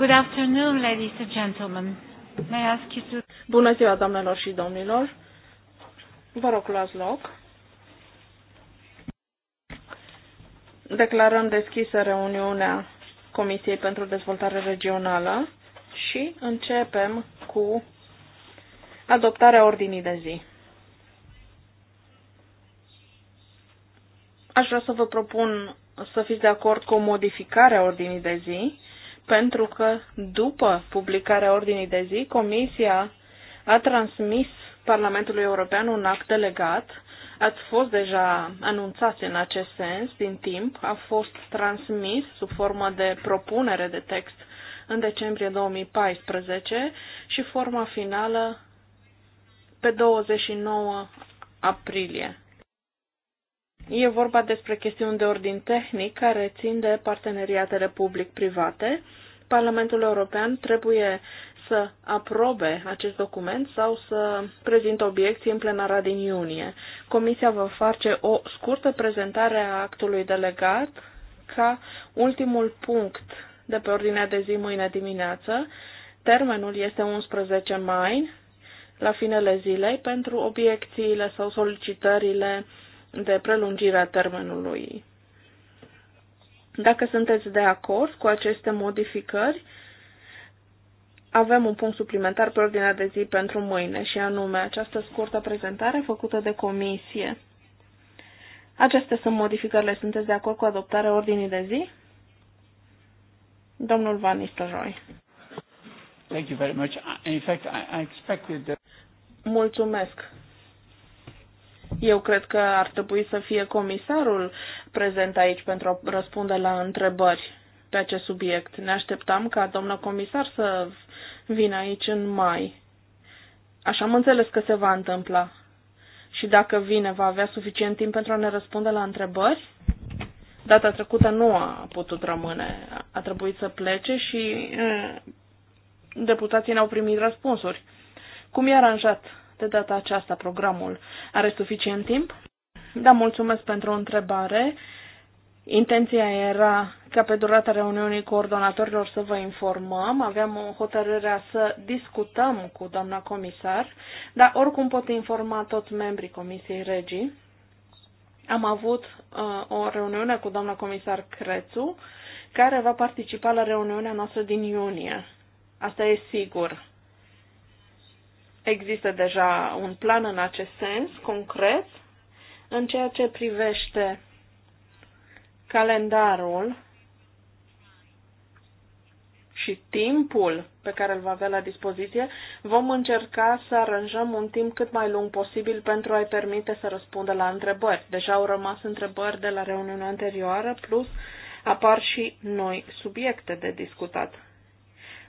Good afternoon, ladies and gentlemen. May I ask you to... Bună ziua, doamnelor și domnilor. Vă rog, luați loc. Declarăm deschisă reuniunea Comisiei pentru Dezvoltare Regională și începem cu adoptarea ordinii de zi. Aș vrea să vă propun să fiți de acord cu o modificare a ordinii de zi pentru că după publicarea ordinii de zi, Comisia a transmis Parlamentului European un act delegat. Ați fost deja anunțați în acest sens din timp, a fost transmis sub formă de propunere de text în decembrie 2014 și forma finală pe 29 aprilie. E vorba despre chestiuni de ordin tehnic care țin de parteneriatele public-private Parlamentul European trebuie să aprobe acest document sau să prezintă obiecții în plenara din iunie. Comisia va face o scurtă prezentare a actului delegat ca ultimul punct de pe ordinea de zi mâine dimineață. Termenul este 11 mai, la finele zilei, pentru obiecțiile sau solicitările de prelungire a termenului dacă sunteți de acord cu aceste modificări, avem un punct suplimentar pe ordinea de zi pentru mâine și anume această scurtă prezentare făcută de comisie. Acestea sunt modificările. Sunteți de acord cu adoptarea ordinii de zi? Domnul Van Nistelrooy. Thank you very much. In fact, I expected that... Mulțumesc. Eu cred că ar trebui să fie comisarul prezent aici pentru a răspunde la întrebări pe acest subiect. Ne așteptam ca doamna comisar să vină aici în mai. Așa am înțeles că se va întâmpla. Și dacă vine, va avea suficient timp pentru a ne răspunde la întrebări? Data trecută nu a putut rămâne. A trebuit să plece și eh, deputații n-au primit răspunsuri. Cum i-a aranjat de data aceasta programul are suficient timp? Da, mulțumesc pentru o întrebare. Intenția era ca pe durata reuniunii coordonatorilor să vă informăm. Aveam o hotărârea să discutăm cu doamna comisar, dar oricum pot informa toți membrii Comisiei Regii. Am avut uh, o reuniune cu doamna comisar Crețu, care va participa la reuniunea noastră din iunie. Asta e sigur. Există deja un plan în acest sens, concret, în ceea ce privește calendarul și timpul pe care îl va avea la dispoziție, vom încerca să aranjăm un timp cât mai lung posibil pentru a-i permite să răspundă la întrebări. Deja au rămas întrebări de la reuniunea anterioară, plus apar și noi subiecte de discutat.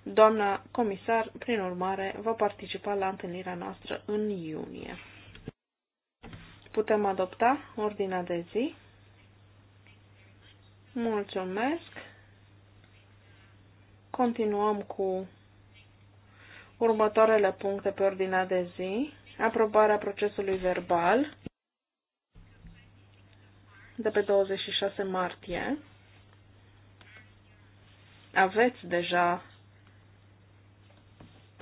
Doamna comisar, prin urmare, va participa la întâlnirea noastră în iunie. Putem adopta ordinea de zi. Mulțumesc. Continuăm cu următoarele puncte pe ordinea de zi. Aprobarea procesului verbal de pe 26 martie. Aveți deja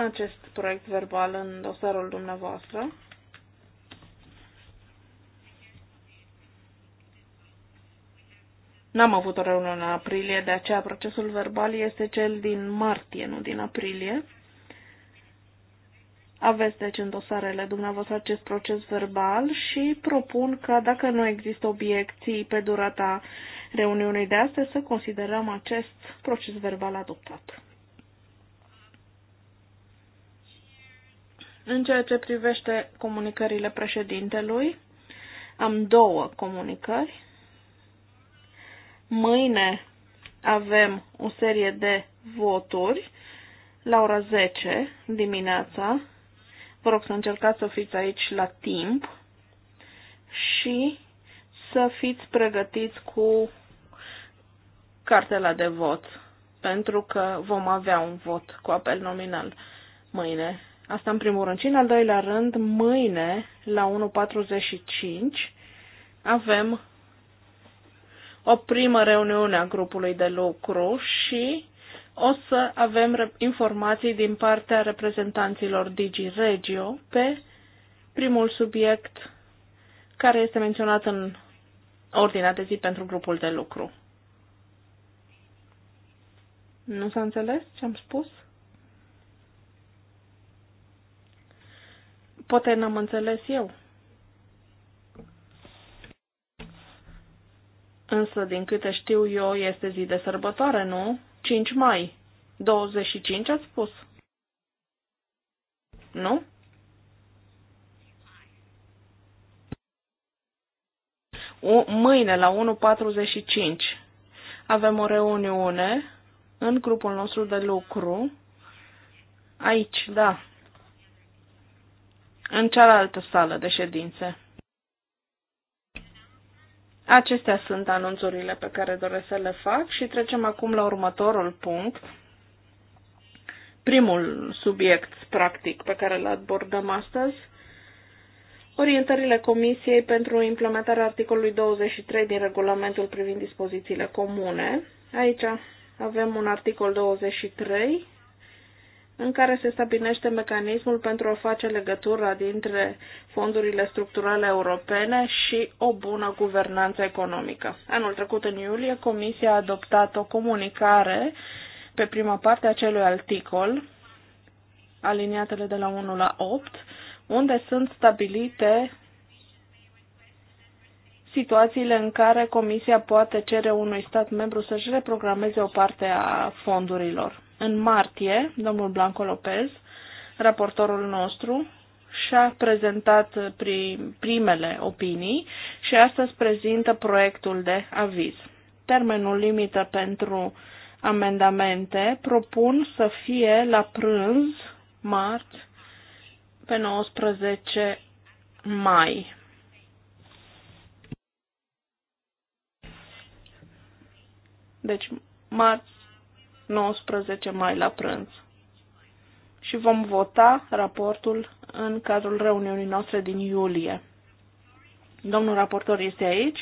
acest proiect verbal în dosarul dumneavoastră. N-am avut o reuniune în aprilie, de aceea procesul verbal este cel din martie, nu din aprilie. Aveți deci în dosarele dumneavoastră acest proces verbal și propun că dacă nu există obiecții pe durata reuniunii de astăzi, să considerăm acest proces verbal adoptat. În ceea ce privește comunicările președintelui, am două comunicări. Mâine avem o serie de voturi la ora 10 dimineața. Vă rog să încercați să fiți aici la timp și să fiți pregătiți cu cartela de vot, pentru că vom avea un vot cu apel nominal mâine. Asta în primul rând. Și în al doilea rând, mâine la 1.45 avem o primă reuniune a grupului de lucru și o să avem informații din partea reprezentanților Digi Regio pe primul subiect care este menționat în ordinea de zi pentru grupul de lucru. Nu s-a înțeles ce am spus? Poate n-am înțeles eu. Însă, din câte știu eu, este zi de sărbătoare, nu? 5 mai. 25 ați spus. Nu? Mâine, la 1.45, avem o reuniune în grupul nostru de lucru. Aici, da, în cealaltă sală de ședințe. Acestea sunt anunțurile pe care doresc să le fac și trecem acum la următorul punct. Primul subiect, practic, pe care îl abordăm astăzi, orientările Comisiei pentru implementarea articolului 23 din regulamentul privind dispozițiile comune. Aici avem un articol 23 în care se stabilește mecanismul pentru a face legătura dintre fondurile structurale europene și o bună guvernanță economică. Anul trecut, în iulie, Comisia a adoptat o comunicare pe prima parte a celui articol, aliniatele de la 1 la 8, unde sunt stabilite situațiile în care Comisia poate cere unui stat membru să-și reprogrameze o parte a fondurilor. În martie, domnul Blanco Lopez, raportorul nostru, și-a prezentat primele opinii și astăzi prezintă proiectul de aviz. Termenul limită pentru amendamente propun să fie la prânz, marți, pe 19 mai. Deci, marți, 19 mai la prânz. Și vom vota raportul în cadrul reuniunii noastre din iulie. Domnul raportor este aici,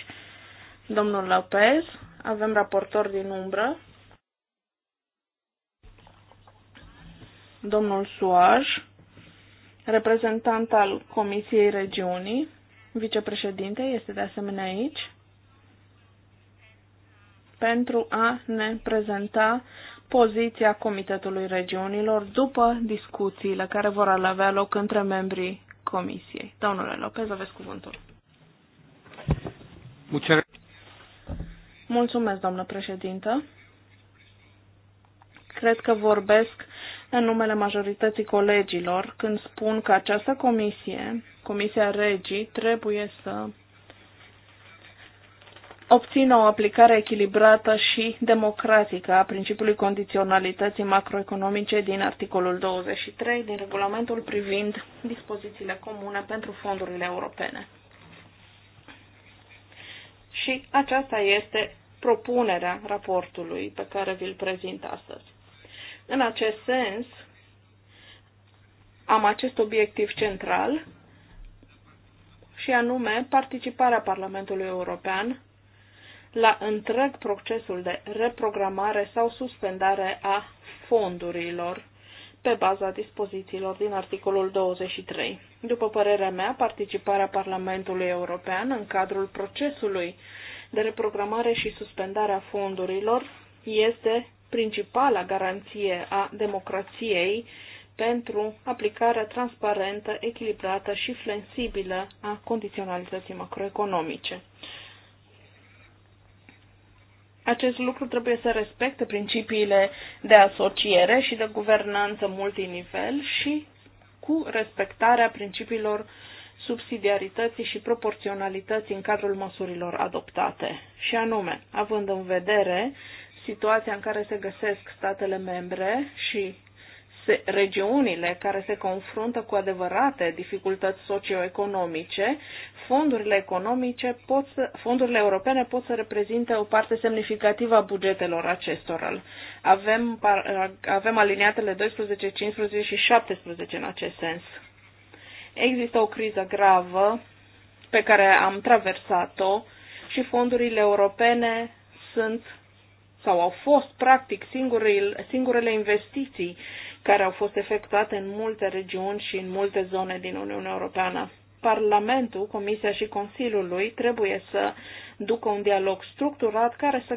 domnul Lopez, avem raportor din umbră, domnul Suaj, reprezentant al Comisiei Regiunii, vicepreședinte, este de asemenea aici, pentru a ne prezenta poziția Comitetului Regiunilor după discuțiile care vor avea loc între membrii Comisiei. Domnule Lopez, aveți cuvântul. Mulțumesc, doamnă președintă. Cred că vorbesc în numele majorității colegilor când spun că această comisie, Comisia Regii, trebuie să obțină o aplicare echilibrată și democratică a principiului condiționalității macroeconomice din articolul 23 din regulamentul privind dispozițiile comune pentru fondurile europene. Și aceasta este propunerea raportului pe care vi-l prezint astăzi. În acest sens, am acest obiectiv central și anume participarea Parlamentului European la întreg procesul de reprogramare sau suspendare a fondurilor pe baza dispozițiilor din articolul 23. După părerea mea, participarea Parlamentului European în cadrul procesului de reprogramare și suspendare a fondurilor este principala garanție a democrației pentru aplicarea transparentă, echilibrată și flexibilă a condiționalității macroeconomice. Acest lucru trebuie să respecte principiile de asociere și de guvernanță multinivel și cu respectarea principiilor subsidiarității și proporționalității în cadrul măsurilor adoptate. Și anume, având în vedere situația în care se găsesc statele membre și se, regiunile care se confruntă cu adevărate dificultăți socioeconomice, fondurile economice pot să, fondurile europene pot să reprezinte o parte semnificativă a bugetelor acestora. Avem, avem aliniatele 12, 15 și 17 în acest sens. Există o criză gravă pe care am traversat-o și fondurile europene sunt sau au fost practic singurele investiții care au fost efectuate în multe regiuni și în multe zone din Uniunea Europeană. Parlamentul, Comisia și Consiliul lui trebuie să ducă un dialog structurat care să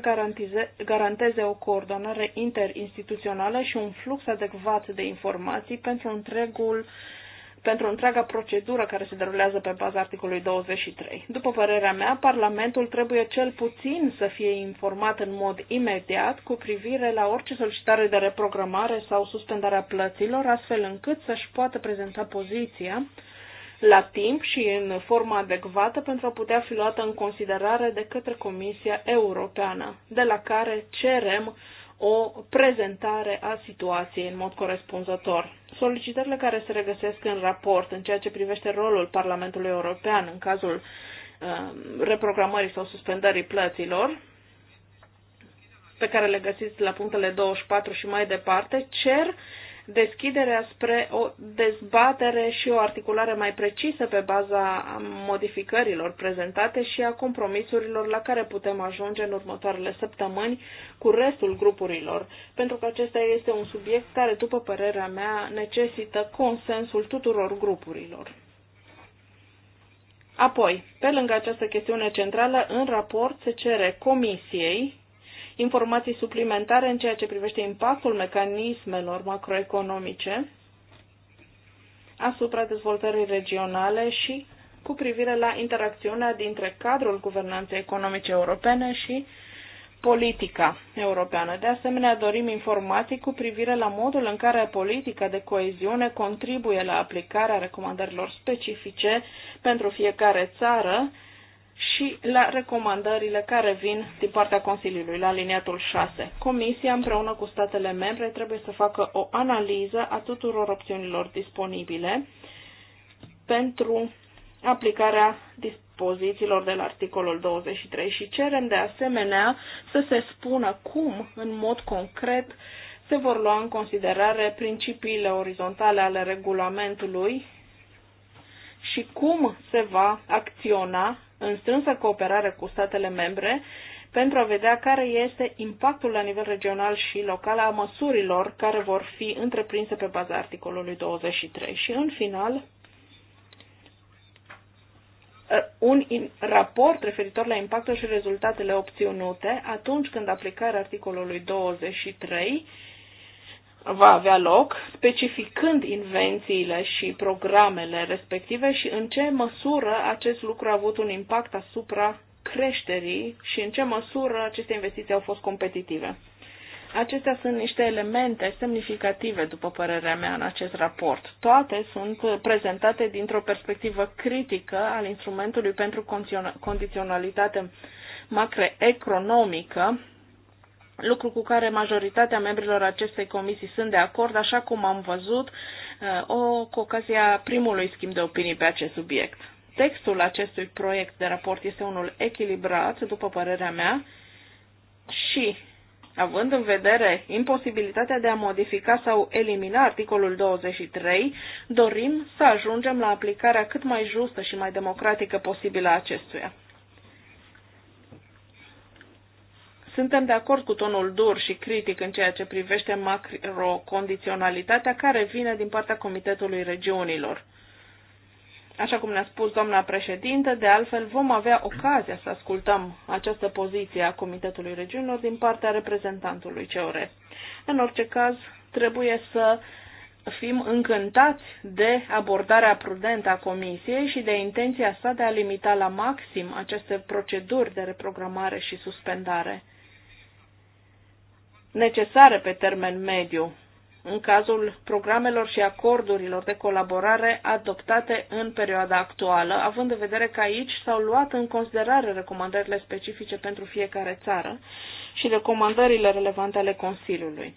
garanteze o coordonare interinstituțională și un flux adecvat de informații pentru întregul pentru întreaga procedură care se derulează pe baza articolului 23. După părerea mea, Parlamentul trebuie cel puțin să fie informat în mod imediat cu privire la orice solicitare de reprogramare sau suspendarea plăților, astfel încât să-și poată prezenta poziția la timp și în forma adecvată pentru a putea fi luată în considerare de către Comisia Europeană, de la care cerem o prezentare a situației în mod corespunzător. Solicitările care se regăsesc în raport în ceea ce privește rolul Parlamentului European în cazul um, reprogramării sau suspendării plăților, pe care le găsiți la punctele 24 și mai departe, cer deschiderea spre o dezbatere și o articulare mai precisă pe baza modificărilor prezentate și a compromisurilor la care putem ajunge în următoarele săptămâni cu restul grupurilor, pentru că acesta este un subiect care, după părerea mea, necesită consensul tuturor grupurilor. Apoi, pe lângă această chestiune centrală, în raport se cere Comisiei informații suplimentare în ceea ce privește impactul mecanismelor macroeconomice asupra dezvoltării regionale și cu privire la interacțiunea dintre cadrul guvernanței economice europene și politica europeană. De asemenea, dorim informații cu privire la modul în care politica de coeziune contribuie la aplicarea recomandărilor specifice pentru fiecare țară și la recomandările care vin din partea Consiliului, la liniatul 6. Comisia, împreună cu statele membre, trebuie să facă o analiză a tuturor opțiunilor disponibile pentru aplicarea dispozițiilor de la articolul 23 și cerem de asemenea să se spună cum, în mod concret, se vor lua în considerare principiile orizontale ale regulamentului și cum se va acționa în strânsă cooperare cu statele membre pentru a vedea care este impactul la nivel regional și local a măsurilor care vor fi întreprinse pe baza articolului 23. Și în final, uh, un raport referitor la impactul și rezultatele obținute atunci când aplicarea articolului 23 va avea loc, specificând invențiile și programele respective și în ce măsură acest lucru a avut un impact asupra creșterii și în ce măsură aceste investiții au fost competitive. Acestea sunt niște elemente semnificative, după părerea mea, în acest raport. Toate sunt prezentate dintr-o perspectivă critică al instrumentului pentru condiționalitate macroeconomică, lucru cu care majoritatea membrilor acestei comisii sunt de acord, așa cum am văzut uh, o, cu ocazia primului schimb de opinii pe acest subiect. Textul acestui proiect de raport este unul echilibrat, după părerea mea, și având în vedere imposibilitatea de a modifica sau elimina articolul 23, dorim să ajungem la aplicarea cât mai justă și mai democratică posibilă a acestuia. Suntem de acord cu tonul dur și critic în ceea ce privește macrocondiționalitatea care vine din partea Comitetului Regiunilor. Așa cum ne-a spus doamna președintă, de altfel vom avea ocazia să ascultăm această poziție a Comitetului Regiunilor din partea reprezentantului CEOR. În orice caz, trebuie să fim încântați de abordarea prudentă a Comisiei și de intenția sa de a limita la maxim aceste proceduri de reprogramare și suspendare necesare pe termen mediu în cazul programelor și acordurilor de colaborare adoptate în perioada actuală, având în vedere că aici s-au luat în considerare recomandările specifice pentru fiecare țară și recomandările relevante ale Consiliului.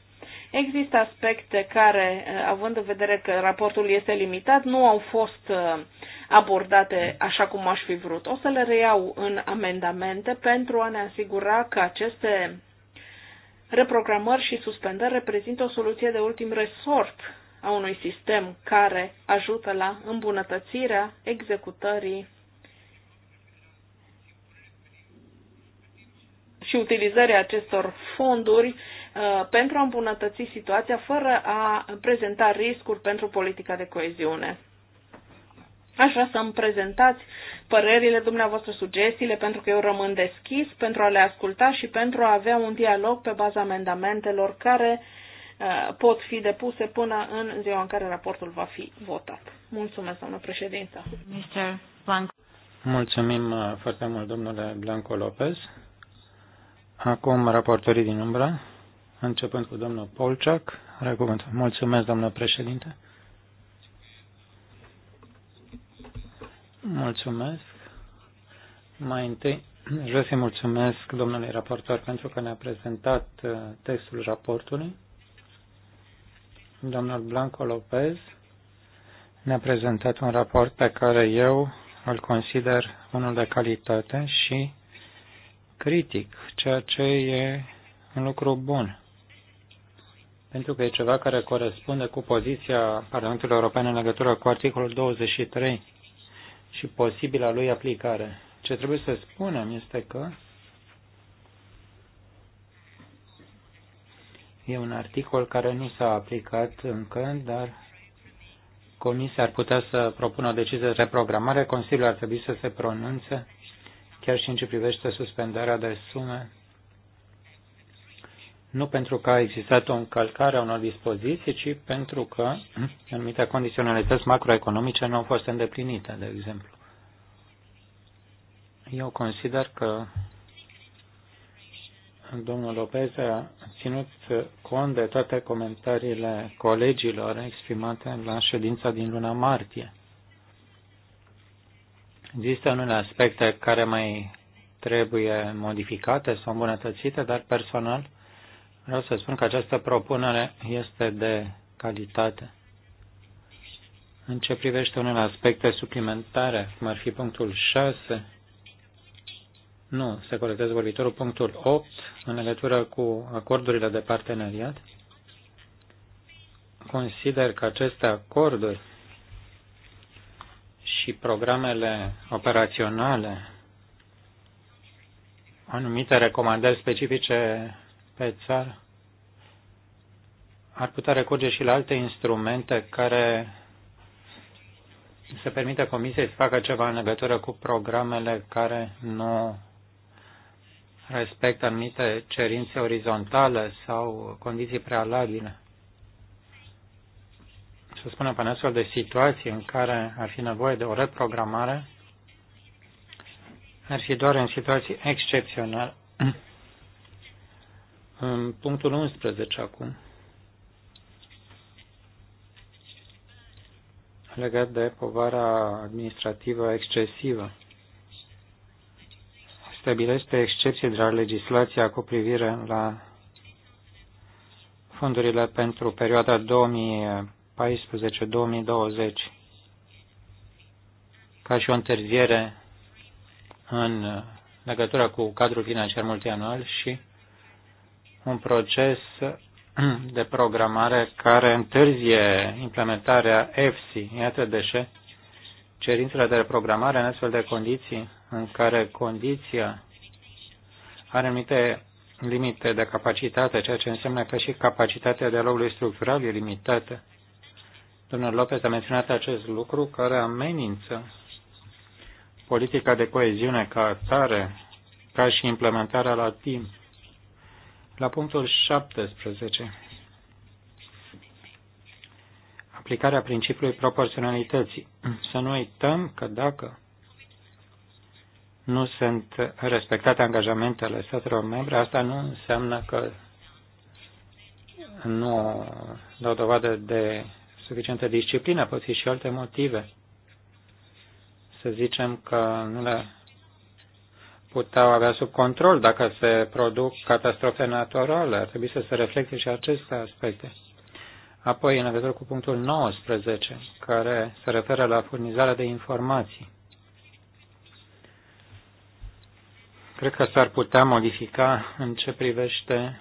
Există aspecte care, eh, având în vedere că raportul este limitat, nu au fost eh, abordate așa cum aș fi vrut. O să le reiau în amendamente pentru a ne asigura că aceste reprogramări și suspendări reprezintă o soluție de ultim resort a unui sistem care ajută la îmbunătățirea executării și utilizării acestor fonduri uh, pentru a îmbunătăți situația fără a prezenta riscuri pentru politica de coeziune. Aș vrea să-mi prezentați părerile dumneavoastră, sugestiile, pentru că eu rămân deschis pentru a le asculta și pentru a avea un dialog pe baza amendamentelor care uh, pot fi depuse până în ziua în care raportul va fi votat. Mulțumesc, doamnă președință. Mr. Blanco. Mulțumim uh, foarte mult, domnule Blanco Lopez. Acum raportorii din umbră, începând cu domnul Polciac, are cuvântul. Mulțumesc, doamnă președinte. Mulțumesc. Mai întâi, vreau să mulțumesc domnului raportor pentru că ne-a prezentat uh, textul raportului. Domnul Blanco Lopez ne-a prezentat un raport pe care eu îl consider unul de calitate și critic, ceea ce e un lucru bun. Pentru că e ceva care corespunde cu poziția Parlamentului European în legătură cu articolul 23 și posibila lui aplicare. Ce trebuie să spunem este că e un articol care nu s-a aplicat încă, dar Comisia ar putea să propună o decizie de reprogramare, Consiliul ar trebui să se pronunțe chiar și în ce privește suspendarea de sume nu pentru că a existat o încălcare a unor dispoziții, ci pentru că anumite condiționalități macroeconomice nu au fost îndeplinite, de exemplu. Eu consider că domnul Lopez a ținut cont de toate comentariile colegilor exprimate la ședința din luna martie. Există unele aspecte care mai trebuie modificate sau îmbunătățite, dar personal Vreau să spun că această propunere este de calitate. În ce privește unele aspecte suplimentare, cum ar fi punctul 6, nu, se corectează vorbitorul, punctul 8, în legătură cu acordurile de parteneriat, consider că aceste acorduri și programele operaționale, anumite recomandări specifice pe țară ar putea recurge și la alte instrumente care să permită Comisiei să facă ceva în legătură cu programele care nu respectă anumite cerințe orizontale sau condiții prealabile. Să spunem, până astfel de situații în care ar fi nevoie de o reprogramare, ar fi doar în situații excepționale în punctul 11 acum, legat de povara administrativă excesivă, stabilește excepție de la legislația cu privire la fondurile pentru perioada 2014-2020 ca și o întârziere în legătură cu cadrul financiar multianual și un proces de programare care întârzie implementarea EFSI. Iată de ce cerințele de reprogramare în astfel de condiții în care condiția are anumite limite de capacitate, ceea ce înseamnă că și capacitatea dialogului structural e limitată. Domnul Lopez a menționat acest lucru care amenință politica de coeziune ca atare, ca și implementarea la timp. La punctul 17. Aplicarea principiului proporționalității. Să nu uităm că dacă nu sunt respectate angajamentele statelor membre, asta nu înseamnă că nu dau dovadă de suficientă disciplină, pot fi și alte motive. Să zicem că nu le puteau avea sub control dacă se produc catastrofe naturale. Ar trebui să se reflecte și aceste aspecte. Apoi, în legătură cu punctul 19, care se referă la furnizarea de informații. Cred că s-ar putea modifica în ce privește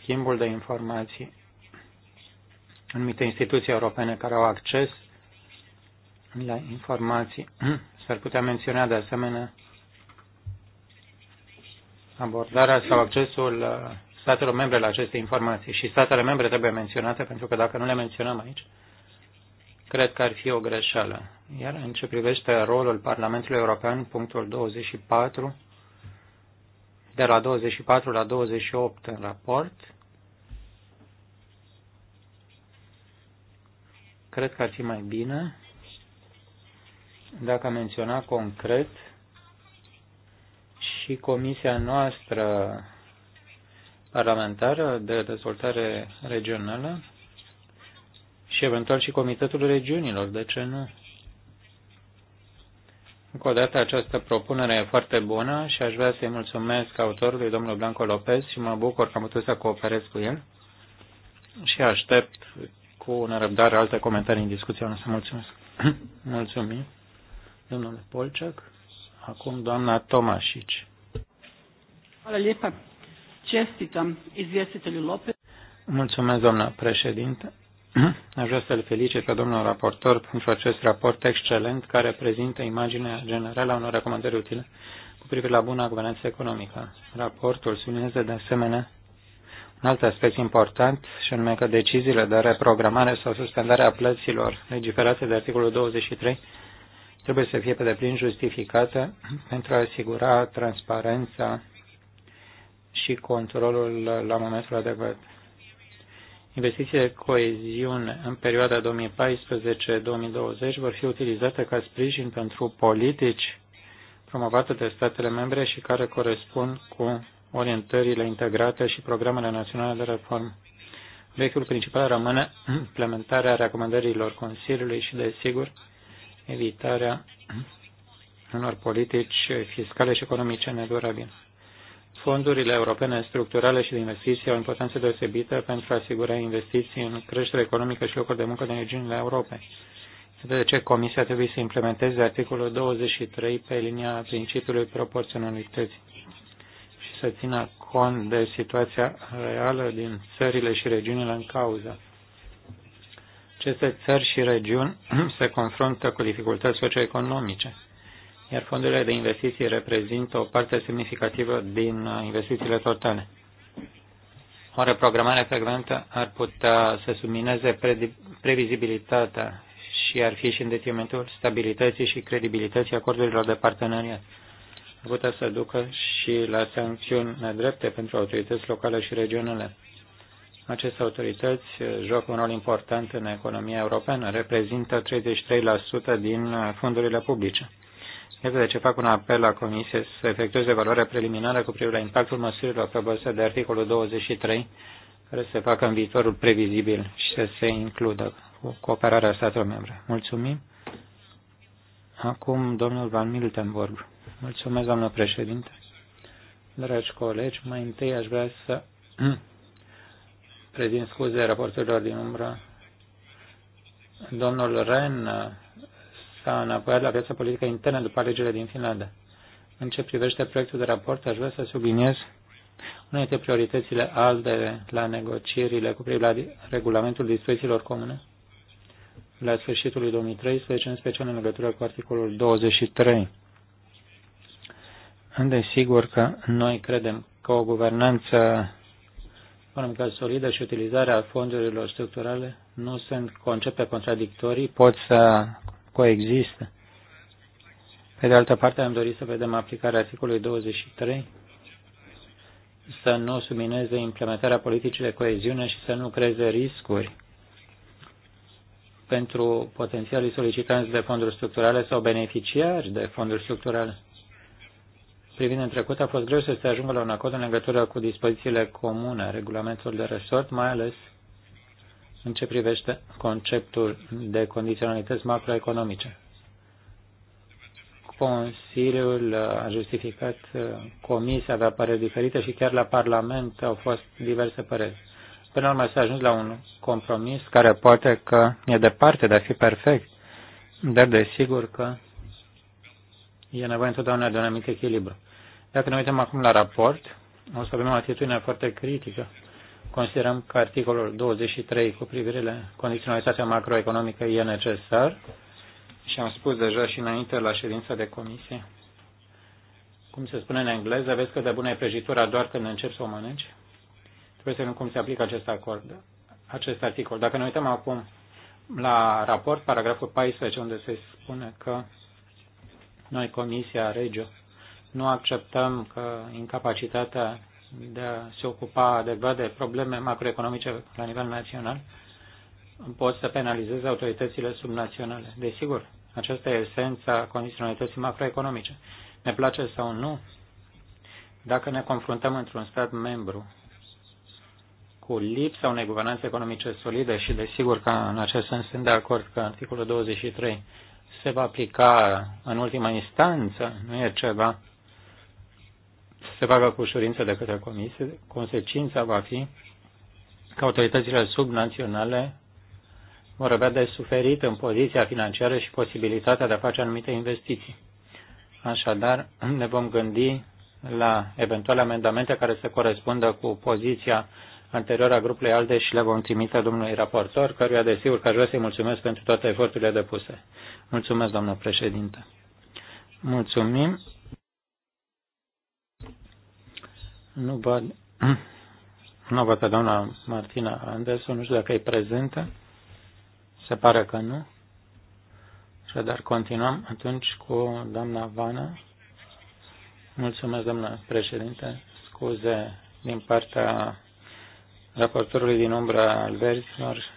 schimbul de informații. Anumite instituții europene care au acces la informații s-ar putea menționa de asemenea abordarea sau accesul uh, statelor membre la aceste informații. Și statele membre trebuie menționate, pentru că dacă nu le menționăm aici, cred că ar fi o greșeală. Iar în ce privește rolul Parlamentului European, punctul 24, de la 24 la 28 în raport, cred că ar fi mai bine dacă menționa concret și comisia noastră parlamentară de dezvoltare regională și eventual și Comitetul Regiunilor, de ce nu? Încă o dată, această propunere e foarte bună și aș vrea să-i mulțumesc autorului, domnul Blanco Lopez, și mă bucur că am putut să cooperez cu el și aștept cu nerăbdare alte comentarii în discuția noastră. Mulțumesc. Mulțumim, domnule Polceac. Acum, doamna Tomașici. Hvala lijepa. Čestitam izvjestitelju Lopez. Mulțumesc, doamna președinte. Aș vrea să-l felicit pe domnul raportor pentru acest raport excelent care prezintă imaginea generală a unor recomandări utile cu privire la buna guvernanță economică. Raportul sublinează de asemenea un alt aspect important și anume că deciziile de reprogramare sau suspendare a plăților legiferate de articolul 23 trebuie să fie pe deplin justificate pentru a asigura transparența și controlul la momentul adecvat. Investițiile de coeziune în perioada 2014-2020 vor fi utilizate ca sprijin pentru politici promovate de statele membre și care corespund cu orientările integrate și programele naționale de reformă. Obiectul principal rămâne implementarea recomandărilor Consiliului și, desigur, evitarea unor politici fiscale și economice nedurabile. Fondurile europene structurale și de investiții au importanță deosebită pentru a asigura investiții în creștere economică și locuri de muncă din regiunile Europei. De ce Comisia trebuie să implementeze articolul 23 pe linia principiului proporționalității și să țină cont de situația reală din țările și regiunile în cauză. Aceste țări și regiuni se confruntă cu dificultăți socioeconomice iar fondurile de investiții reprezintă o parte semnificativă din uh, investițiile totale. O reprogramare frecventă ar putea să submineze previzibilitatea și ar fi și în detrimentul stabilității și credibilității acordurilor de parteneriat. Ar putea să ducă și la sancțiuni nedrepte pentru autorități locale și regionale. Aceste autorități uh, joacă un rol important în economia europeană, reprezintă 33% din uh, fondurile publice. Iată de ce fac un apel la Comisie să efectueze valoarea preliminară cu privire la impactul măsurilor propuse de articolul 23, care se facă în viitorul previzibil și să se includă cu cooperarea statelor membre. Mulțumim. Acum domnul Van Miltenborg. Mulțumesc, doamnă președinte. Dragi colegi, mai întâi aș vrea să prezint scuze raporturilor din umbră. Domnul Ren s-a înapoiat la viața politică internă după alegerile din Finlanda. În ce privește proiectul de raport, aș vrea să subliniez una dintre prioritățile ALDE la negocierile cu privire la regulamentul dispozițiilor comune la sfârșitul lui 2013, în special în legătură cu articolul 23. sigur că noi credem că o guvernanță economică solidă și utilizarea fondurilor structurale nu sunt concepte contradictorii, pot să coexistă. Pe de altă parte, am dorit să vedem aplicarea articolului 23, să nu submineze implementarea politicii de coeziune și să nu creeze riscuri pentru potențialii solicitanți de fonduri structurale sau beneficiari de fonduri structurale. Privind în trecut, a fost greu să se ajungă la un acord în legătură cu dispozițiile comune, regulamentul de resort, mai ales în ce privește conceptul de condiționalități macroeconomice. Consiliul a justificat, uh, comisia avea păreri diferite și chiar la Parlament au fost diverse păreri. Până la urmă s-a ajuns la un compromis care poate că e departe de a fi perfect, dar desigur că e nevoie întotdeauna de un anumit echilibru. Dacă ne uităm acum la raport, o să avem o atitudine foarte critică Considerăm că articolul 23 cu privire la condiționalitatea macroeconomică e necesar și am spus deja și înainte la ședința de comisie. Cum se spune în engleză, vezi că de bună e prăjitura doar când încep să o mănânci? Trebuie să vedem cum se aplică acest acord, acest articol. Dacă ne uităm acum la raport, paragraful 14, unde se spune că noi, Comisia Regio, nu acceptăm că incapacitatea de a se ocupa adecvat de probleme macroeconomice la nivel național, pot să penalizeze autoritățile subnaționale. Desigur, aceasta e esența condiționalității macroeconomice. Ne place sau nu, dacă ne confruntăm într-un stat membru cu lipsa unei guvernanțe economice solide și desigur că în acest sens sunt de acord că articolul 23 se va aplica în ultima instanță, nu e ceva se facă cu ușurință de către comisie, consecința va fi că autoritățile subnaționale vor avea de suferit în poziția financiară și posibilitatea de a face anumite investiții. Așadar, ne vom gândi la eventuale amendamente care să corespundă cu poziția anterioară a grupului ALDE și le vom trimite domnului raportor, căruia desigur că aș vrea să-i mulțumesc pentru toate eforturile depuse. Mulțumesc, doamnă președinte. Mulțumim. Nu văd, nu văd pe doamna Martina Anderson, nu știu dacă e prezentă. Se pare că nu. Și dar continuăm atunci cu doamna Vana. Mulțumesc, doamna președinte. Scuze din partea raportorului din umbra al verzilor.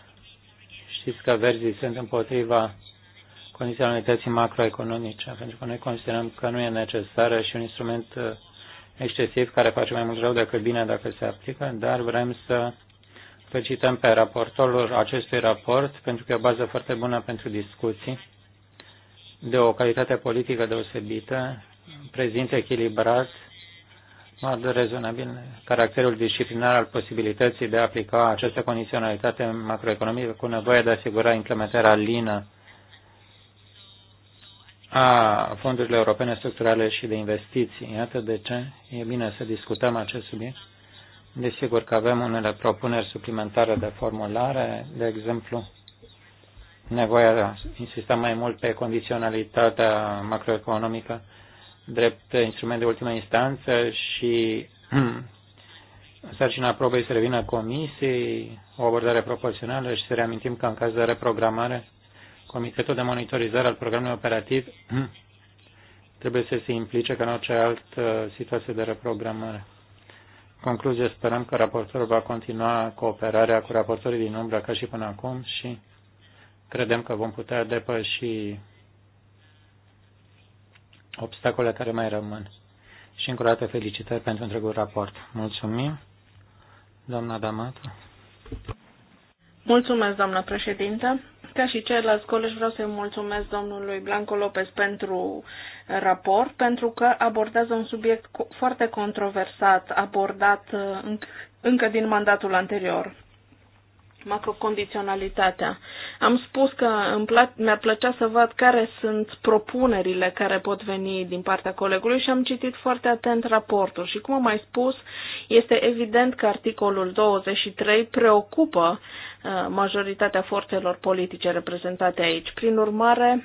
Știți că verzii sunt împotriva condiționalității macroeconomice, pentru că noi considerăm că nu e necesară și un instrument uh, excesiv care face mai mult rău decât bine dacă se aplică, dar vrem să felicităm pe raportorul acestui raport pentru că e o bază foarte bună pentru discuții, de o calitate politică deosebită, prezintă echilibrat, mod rezonabil caracterul disciplinar al posibilității de a aplica această condiționalitate macroeconomică cu nevoie de a asigura implementarea lină a fondurilor europene structurale și de investiții. Iată de ce e bine să discutăm acest subiect. Desigur că avem unele propuneri suplimentare de formulare, de exemplu, nevoia de a insista mai mult pe condiționalitatea macroeconomică drept instrument de ultimă instanță și sarcina probei să revină comisiei, o abordare proporțională și să reamintim că în caz de reprogramare Comitetul de monitorizare al programului operativ trebuie să se implice ca în orice altă uh, situație de reprogramare. Concluzie, sperăm că raportorul va continua cooperarea cu raportorii din umbră ca și până acum și credem că vom putea depăși obstacole care mai rămân. Și încă o dată felicitări pentru întregul raport. Mulțumim, doamna Damato. Mulțumesc, doamna președintă. Ca și ceilalți colegi, vreau să-i mulțumesc domnului Blanco Lopez pentru uh, raport, pentru că abordează un subiect foarte controversat, abordat uh, încă din mandatul anterior macrocondiționalitatea. Am spus că îmi pla- mi-ar plăcea să văd care sunt propunerile care pot veni din partea colegului și am citit foarte atent raportul. Și cum am mai spus, este evident că articolul 23 preocupă uh, majoritatea forțelor politice reprezentate aici. Prin urmare,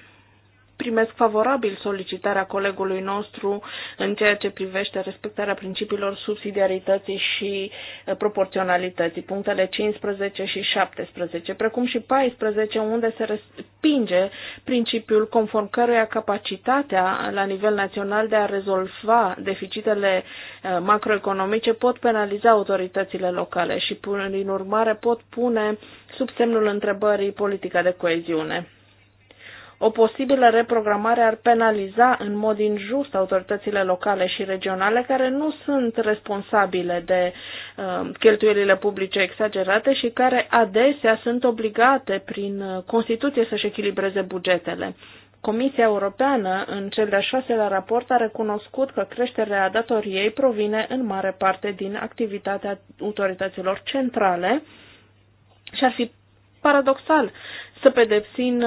primesc favorabil solicitarea colegului nostru în ceea ce privește respectarea principiilor subsidiarității și eh, proporționalității, punctele 15 și 17, precum și 14, unde se respinge principiul conform căruia capacitatea la nivel național de a rezolva deficitele eh, macroeconomice pot penaliza autoritățile locale și, prin urmare, pot pune sub semnul întrebării politica de coeziune. O posibilă reprogramare ar penaliza în mod injust autoritățile locale și regionale care nu sunt responsabile de uh, cheltuielile publice exagerate și care adesea sunt obligate prin uh, Constituție să-și echilibreze bugetele. Comisia Europeană, în cel de-a șaselea raport, a recunoscut că creșterea datoriei provine în mare parte din activitatea autorităților centrale și ar fi paradoxal să pedepsim,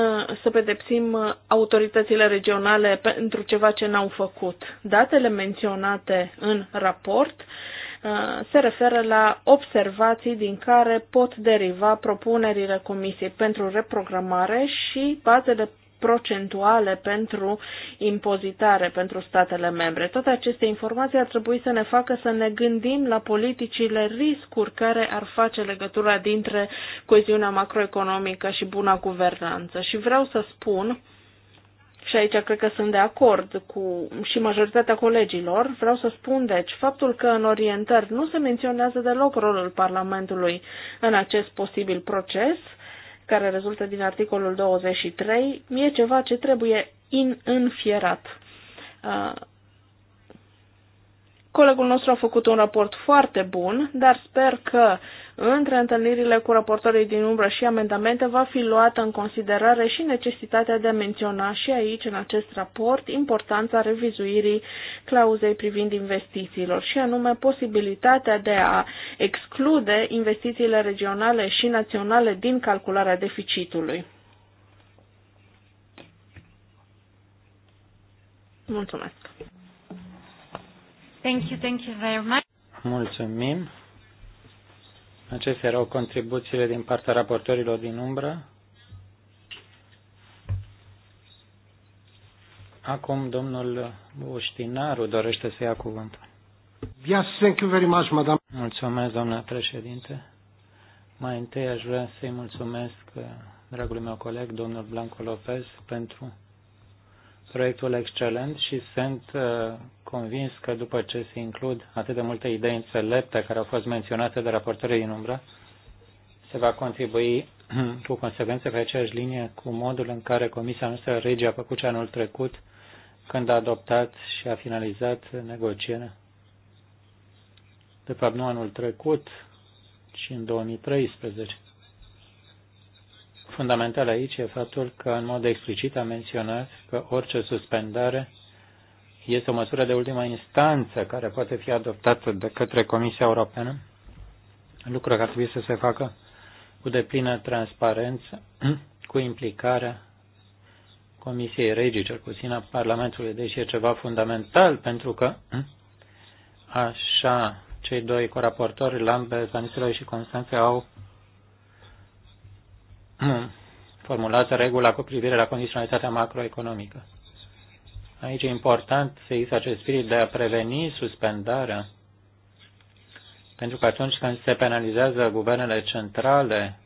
să pedepsim autoritățile regionale pentru ceva ce n-au făcut. Datele menționate în raport uh, se referă la observații din care pot deriva propunerile Comisiei pentru reprogramare și bazele procentuale pentru impozitare pentru statele membre. Toate aceste informații ar trebui să ne facă să ne gândim la politicile riscuri care ar face legătura dintre coeziunea macroeconomică și buna guvernanță. Și vreau să spun și aici cred că sunt de acord cu și majoritatea colegilor, vreau să spun deci faptul că în orientări nu se menționează deloc rolul Parlamentului în acest posibil proces care rezultă din articolul 23, e ceva ce trebuie înfierat. Uh, Colegul nostru a făcut un raport foarte bun, dar sper că între întâlnirile cu raportorii din umbră și amendamente va fi luată în considerare și necesitatea de a menționa și aici, în acest raport, importanța revizuirii clauzei privind investițiilor și anume posibilitatea de a exclude investițiile regionale și naționale din calcularea deficitului. Mulțumesc! Thank you, thank you very much. Mulțumim. Acestea erau contribuțiile din partea raportorilor din umbră. Acum domnul Uștinaru dorește să ia cuvântul. Yes, thank you very much, madam. Mulțumesc, doamna președinte. Mai întâi aș vrea să-i mulțumesc dragului meu coleg, domnul Blanco Lopez, pentru proiectul excelent și sunt uh, convins că după ce se includ atât de multe idei înțelepte care au fost menționate de raportorii din umbră, se va contribui cu consecvențe pe aceeași linie cu modul în care Comisia noastră Rege a făcut ce anul trecut când a adoptat și a finalizat negocierea. De fapt, nu anul trecut, ci în 2013 fundamental aici e faptul că în mod explicit a menționat că orice suspendare este o măsură de ultimă instanță care poate fi adoptată de către Comisia Europeană, lucru care trebuie să se facă cu deplină transparență, cu implicarea Comisiei Regii, cel puțin a Parlamentului, deși e ceva fundamental, pentru că așa cei doi coraportori, Lambert, Stanislav și Constanțe, au Hmm. formulează regula cu privire la condiționalitatea macroeconomică. Aici e important să există acest spirit de a preveni suspendarea, pentru că atunci când se penalizează guvernele centrale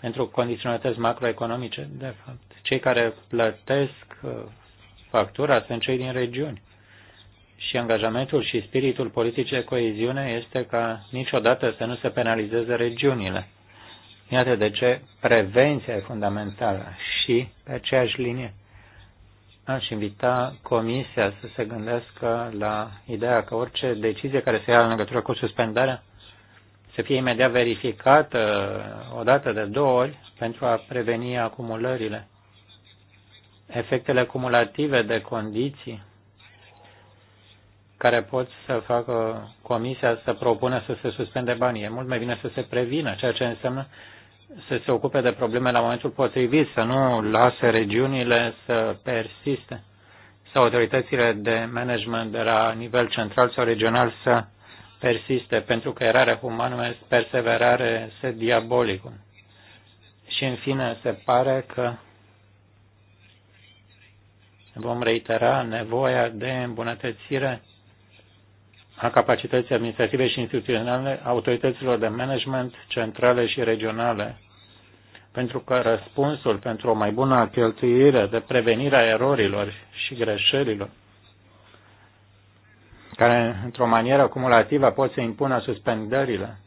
pentru condiționalități macroeconomice, de fapt, cei care plătesc uh, factura sunt cei din regiuni. Și angajamentul și spiritul politic de coeziune este ca niciodată să nu se penalizeze regiunile Iată de ce prevenția e fundamentală și pe aceeași linie aș invita comisia să se gândească la ideea că orice decizie care se ia în legătură cu suspendarea să fie imediat verificată o dată de două ori pentru a preveni acumulările, efectele cumulative de condiții care pot să facă comisia să propună să se suspende banii. E mult mai bine să se prevină, ceea ce înseamnă să se ocupe de probleme la momentul potrivit, să nu lase regiunile să persiste sau autoritățile de management de la nivel central sau regional să persiste, pentru că erarea umană este perseverare, este diabolicum. Și în fine, se pare că vom reitera nevoia de îmbunătățire a capacității administrative și instituționale autorităților de management centrale și regionale, pentru că răspunsul pentru o mai bună cheltuire de prevenirea erorilor și greșelilor, care într-o manieră cumulativă pot să impună suspendările,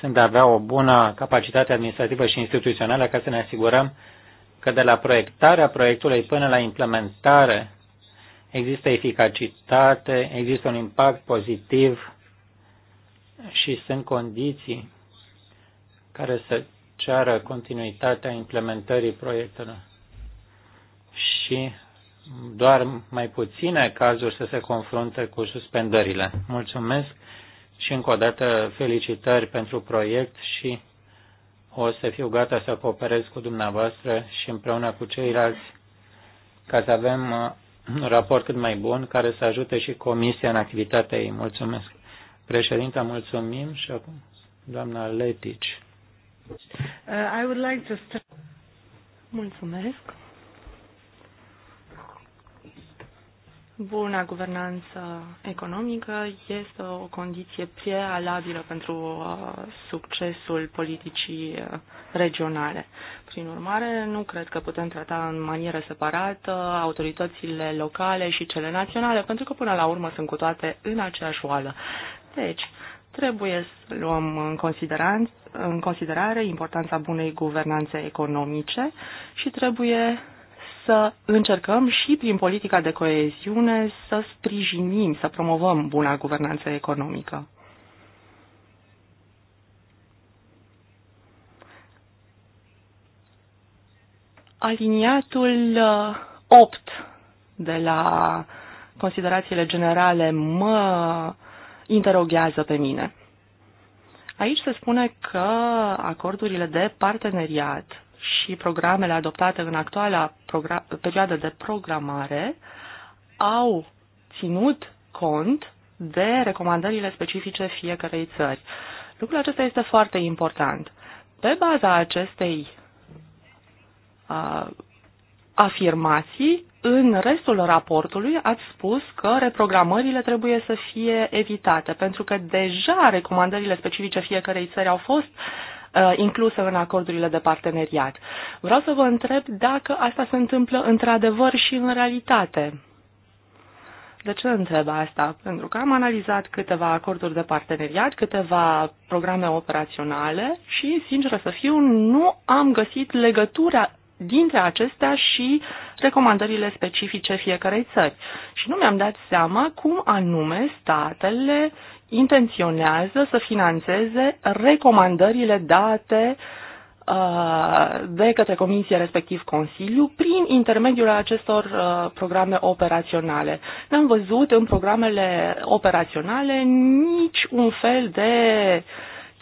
sunt de a avea o bună capacitate administrativă și instituțională ca să ne asigurăm că de la proiectarea proiectului până la implementare există eficacitate, există un impact pozitiv și sunt condiții care să ceară continuitatea implementării proiectelor. Și doar mai puține cazuri să se confrunte cu suspendările. Mulțumesc și încă o dată felicitări pentru proiect și o să fiu gata să cooperez cu dumneavoastră și împreună cu ceilalți ca să avem uh, un raport cât mai bun care să ajute și Comisia în activitatea ei. Mulțumesc. Președinte, mulțumim și acum doamna Letici. Uh, I would like to start... Mulțumesc. Buna guvernanță economică este o condiție prealabilă pentru uh, succesul politicii uh, regionale. Prin urmare, nu cred că putem trata în manieră separată autoritățile locale și cele naționale, pentru că până la urmă sunt cu toate în aceeași oală. Deci, trebuie să luăm în, în considerare importanța bunei guvernanțe economice și trebuie să încercăm și prin politica de coeziune să sprijinim, să promovăm buna guvernanță economică. Aliniatul 8 uh, de la considerațiile generale mă interoghează pe mine. Aici se spune că acordurile de parteneriat și programele adoptate în actuala perioadă de programare au ținut cont de recomandările specifice fiecarei țări. Lucrul acesta este foarte important. Pe baza acestei uh, afirmații, în restul raportului ați spus că reprogramările trebuie să fie evitate, pentru că deja recomandările specifice fiecarei țări au fost uh, Uh, inclusă în acordurile de parteneriat. Vreau să vă întreb dacă asta se întâmplă într-adevăr și în realitate. De ce întreb asta? Pentru că am analizat câteva acorduri de parteneriat, câteva programe operaționale și, sinceră să fiu, nu am găsit legătura dintre acestea și recomandările specifice fiecarei țări. Și nu mi-am dat seama cum anume statele intenționează să financeze recomandările date uh, de către Comisie, respectiv Consiliu, prin intermediul acestor uh, programe operaționale. N-am văzut în programele operaționale nici un fel de uh,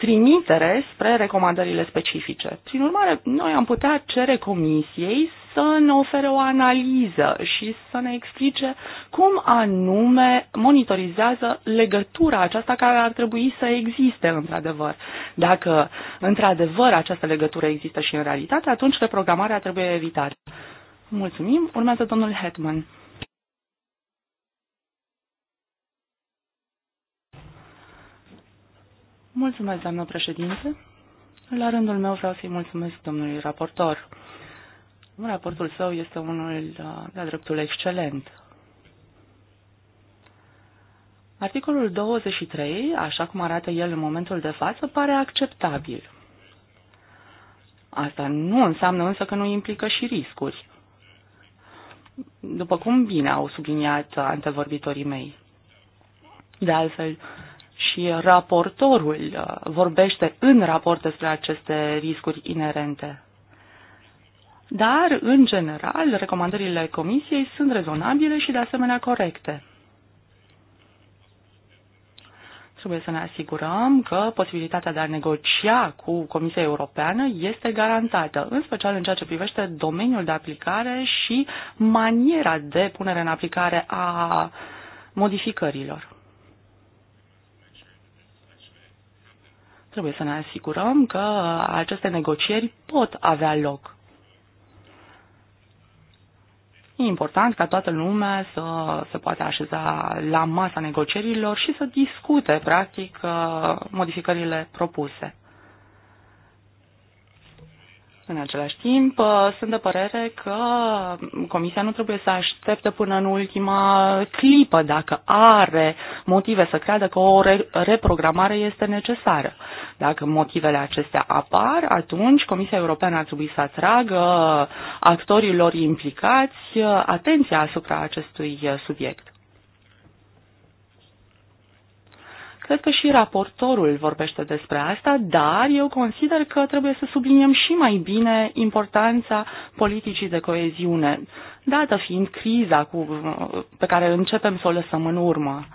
trimitere spre recomandările specifice. Prin urmare, noi am putea cere comisiei să ne ofere o analiză și să ne explice cum anume monitorizează legătura aceasta care ar trebui să existe într-adevăr. Dacă într-adevăr această legătură există și în realitate, atunci reprogramarea trebuie evitată. Mulțumim. Urmează domnul Hetman. Mulțumesc, doamnă președinte. La rândul meu vreau să-i mulțumesc domnului raportor. Raportul său este unul da, de dreptul excelent. Articolul 23, așa cum arată el în momentul de față, pare acceptabil. Asta nu înseamnă însă că nu implică și riscuri. După cum bine au subliniat antevorbitorii mei. De altfel, și raportorul uh, vorbește în raport despre aceste riscuri inerente. Dar, în general, recomandările Comisiei sunt rezonabile și, de asemenea, corecte. Trebuie să ne asigurăm că posibilitatea de a negocia cu Comisia Europeană este garantată, în special în ceea ce privește domeniul de aplicare și maniera de punere în aplicare a modificărilor. Trebuie să ne asigurăm că aceste negocieri pot avea loc. E important ca toată lumea să se poată așeza la masa negocierilor și să discute, practic, modificările propuse. În același timp, uh, sunt de părere că Comisia nu trebuie să aștepte până în ultima clipă dacă are motive să creadă că o reprogramare este necesară. Dacă motivele acestea apar, atunci Comisia Europeană ar trebui să atragă actorilor implicați uh, atenția asupra acestui subiect. Cred că și raportorul vorbește despre asta, dar eu consider că trebuie să subliniem și mai bine importanța politicii de coeziune, dată fiind criza cu, pe care începem să o lăsăm în urmă.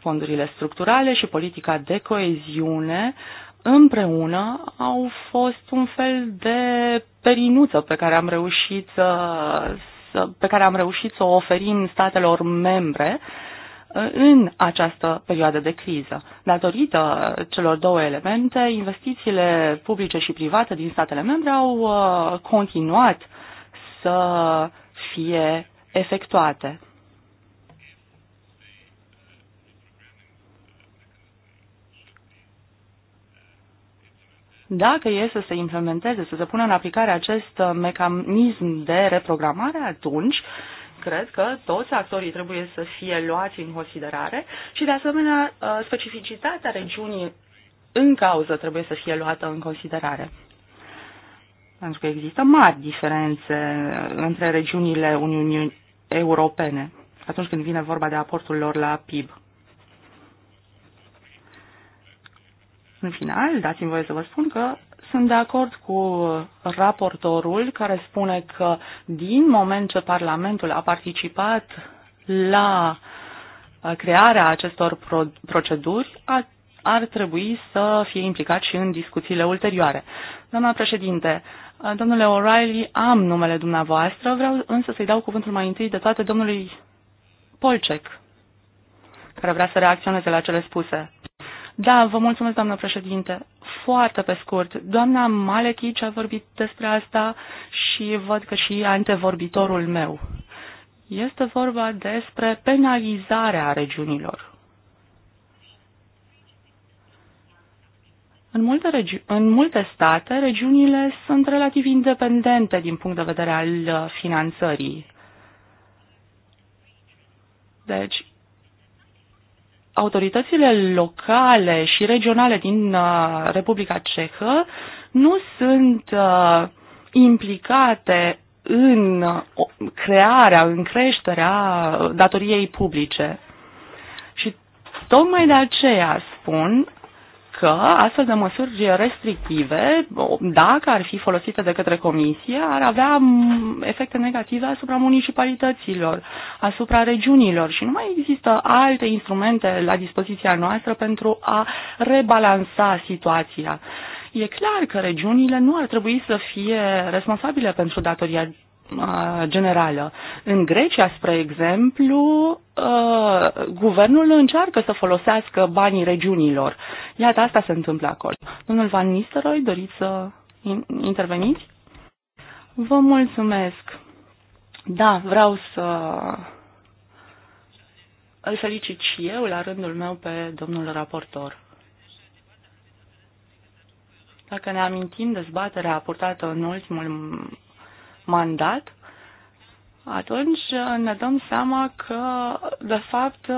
Fondurile structurale și politica de coeziune împreună au fost un fel de perinuță pe care am reușit să, pe care am reușit să o oferim statelor membre în această perioadă de criză. Datorită celor două elemente, investițiile publice și private din statele membre au uh, continuat să fie efectuate. Dacă e să se implementeze, să se pună în aplicare acest uh, mecanism de reprogramare, atunci uh, cred că toți actorii trebuie să fie luați în considerare și, de asemenea, uh, specificitatea regiunii în cauză trebuie să fie luată în considerare. Pentru că există mari diferențe între regiunile Uniunii Europene atunci când vine vorba de aportul lor la PIB. În final, dați-mi voie să vă spun că sunt de acord cu raportorul care spune că din moment ce Parlamentul a participat la crearea acestor proceduri, ar trebui să fie implicat și în discuțiile ulterioare. Doamna președinte, domnule O'Reilly, am numele dumneavoastră, vreau însă să-i dau cuvântul mai întâi de toate domnului Polcec, care vrea să reacționeze la cele spuse. Da, vă mulțumesc, doamnă președinte foarte pe scurt. Doamna Malechici a vorbit despre asta și văd că și antevorbitorul meu. Este vorba despre penalizarea regiunilor. În multe, regi- în multe state, regiunile sunt relativ independente din punct de vedere al uh, finanțării. Deci, autoritățile locale și regionale din uh, Republica Cehă nu sunt uh, implicate în crearea, în creșterea uh, datoriei publice. Și tocmai de aceea spun că astfel de măsuri restrictive, dacă ar fi folosite de către comisie, ar avea efecte negative asupra municipalităților, asupra regiunilor și nu mai există alte instrumente la dispoziția noastră pentru a rebalansa situația. E clar că regiunile nu ar trebui să fie responsabile pentru datoria generală. În Grecia, spre exemplu, guvernul încearcă să folosească banii regiunilor. Iată, asta se întâmplă acolo. Domnul Van Nistelrooy, doriți să interveniți? Vă mulțumesc. Da, vreau să îl felicit și eu la rândul meu pe domnul raportor. Dacă ne amintim dezbaterea purtată în ultimul mandat, atunci ne dăm seama că, de fapt,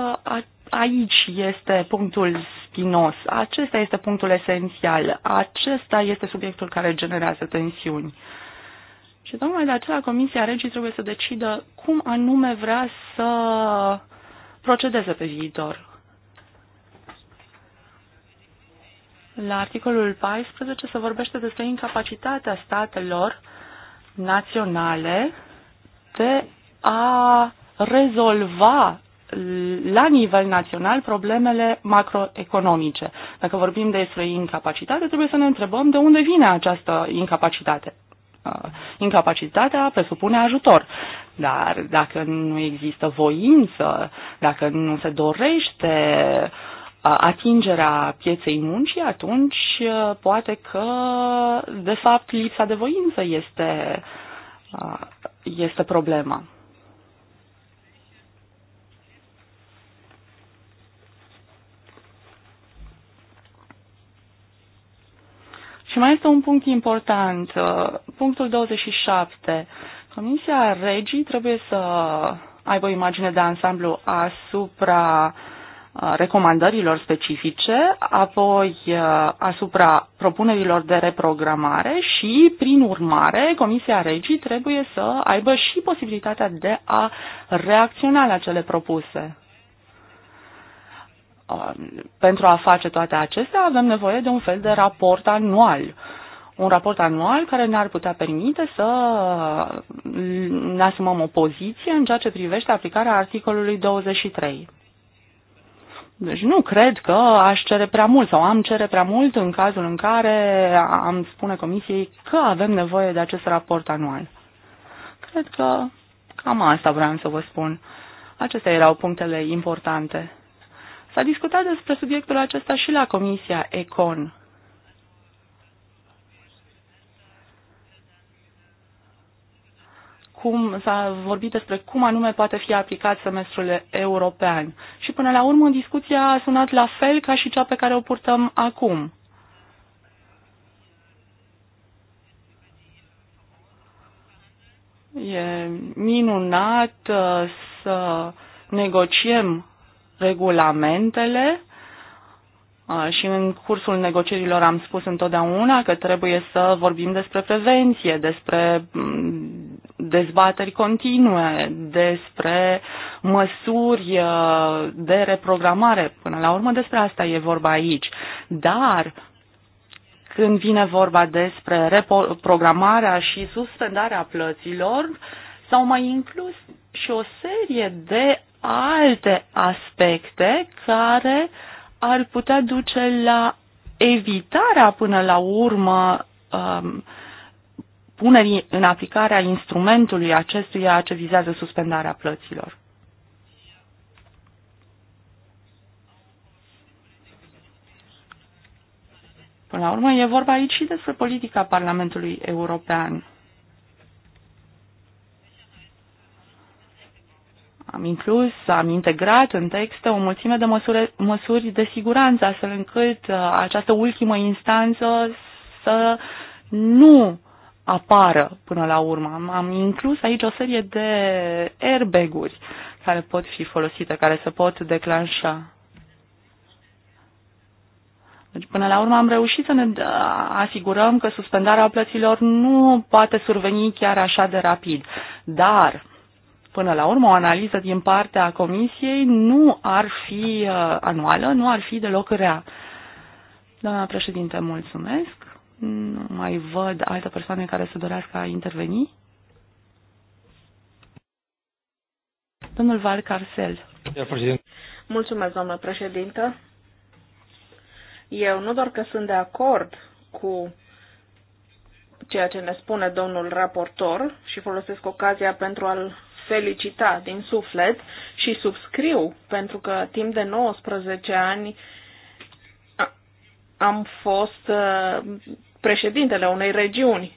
aici este punctul spinos, acesta este punctul esențial, acesta este subiectul care generează tensiuni. Și tocmai de aceea Comisia Regii trebuie să decidă cum anume vrea să procedeze pe viitor. La articolul 14 se vorbește despre incapacitatea statelor naționale de a rezolva la nivel național problemele macroeconomice. Dacă vorbim despre incapacitate, trebuie să ne întrebăm de unde vine această incapacitate. Uh, incapacitatea presupune ajutor, dar dacă nu există voință, dacă nu se dorește uh, atingerea pieței muncii, atunci poate că, de fapt, lipsa de voință este, este problema. Și mai este un punct important, punctul 27. Comisia Regii trebuie să aibă o imagine de ansamblu asupra uh, recomandărilor specifice, apoi asupra propunerilor de reprogramare și, prin urmare, Comisia Regii trebuie să aibă și posibilitatea de a reacționa la cele propuse. Pentru a face toate acestea avem nevoie de un fel de raport anual un raport anual care ne-ar putea permite să ne asumăm o poziție în ceea ce privește aplicarea articolului 23. Deci nu cred că aș cere prea mult sau am cere prea mult în cazul în care am spune comisiei că avem nevoie de acest raport anual. Cred că cam asta vreau să vă spun. Acestea erau punctele importante. S-a discutat despre subiectul acesta și la Comisia Econ. cum, s-a vorbit despre cum anume poate fi aplicat semestrul european. Și până la urmă discuția a sunat la fel ca și cea pe care o purtăm acum. E minunat uh, să negociem regulamentele uh, și în cursul negocierilor am spus întotdeauna că trebuie să vorbim despre prevenție, despre mm, dezbateri continue despre măsuri uh, de reprogramare. Până la urmă despre asta e vorba aici. Dar când vine vorba despre reprogramarea și suspendarea plăților, s-au mai inclus și o serie de alte aspecte care ar putea duce la evitarea până la urmă um, punerii în aplicare a instrumentului acestuia ce vizează suspendarea plăților. Până la urmă, e vorba aici și despre politica Parlamentului European. Am inclus, am integrat în text o mulțime de măsure, măsuri de siguranță, astfel încât uh, această ultimă instanță să nu apară până la urmă. Am, am inclus aici o serie de airbag-uri care pot fi folosite, care se pot declanșa. Deci, până la urmă, am reușit să ne uh, asigurăm că suspendarea plăților nu poate surveni chiar așa de rapid. Dar, până la urmă, o analiză din partea Comisiei nu ar fi uh, anuală, nu ar fi deloc rea. Doamna președinte, mulțumesc. Nu mai văd alte persoane care să dorească a interveni. Domnul Val Carcel. Mulțumesc, doamnă președintă. Eu nu doar că sunt de acord cu ceea ce ne spune domnul raportor și folosesc ocazia pentru a-l felicita din suflet și subscriu pentru că timp de 19 ani am fost uh, președintele unei regiuni.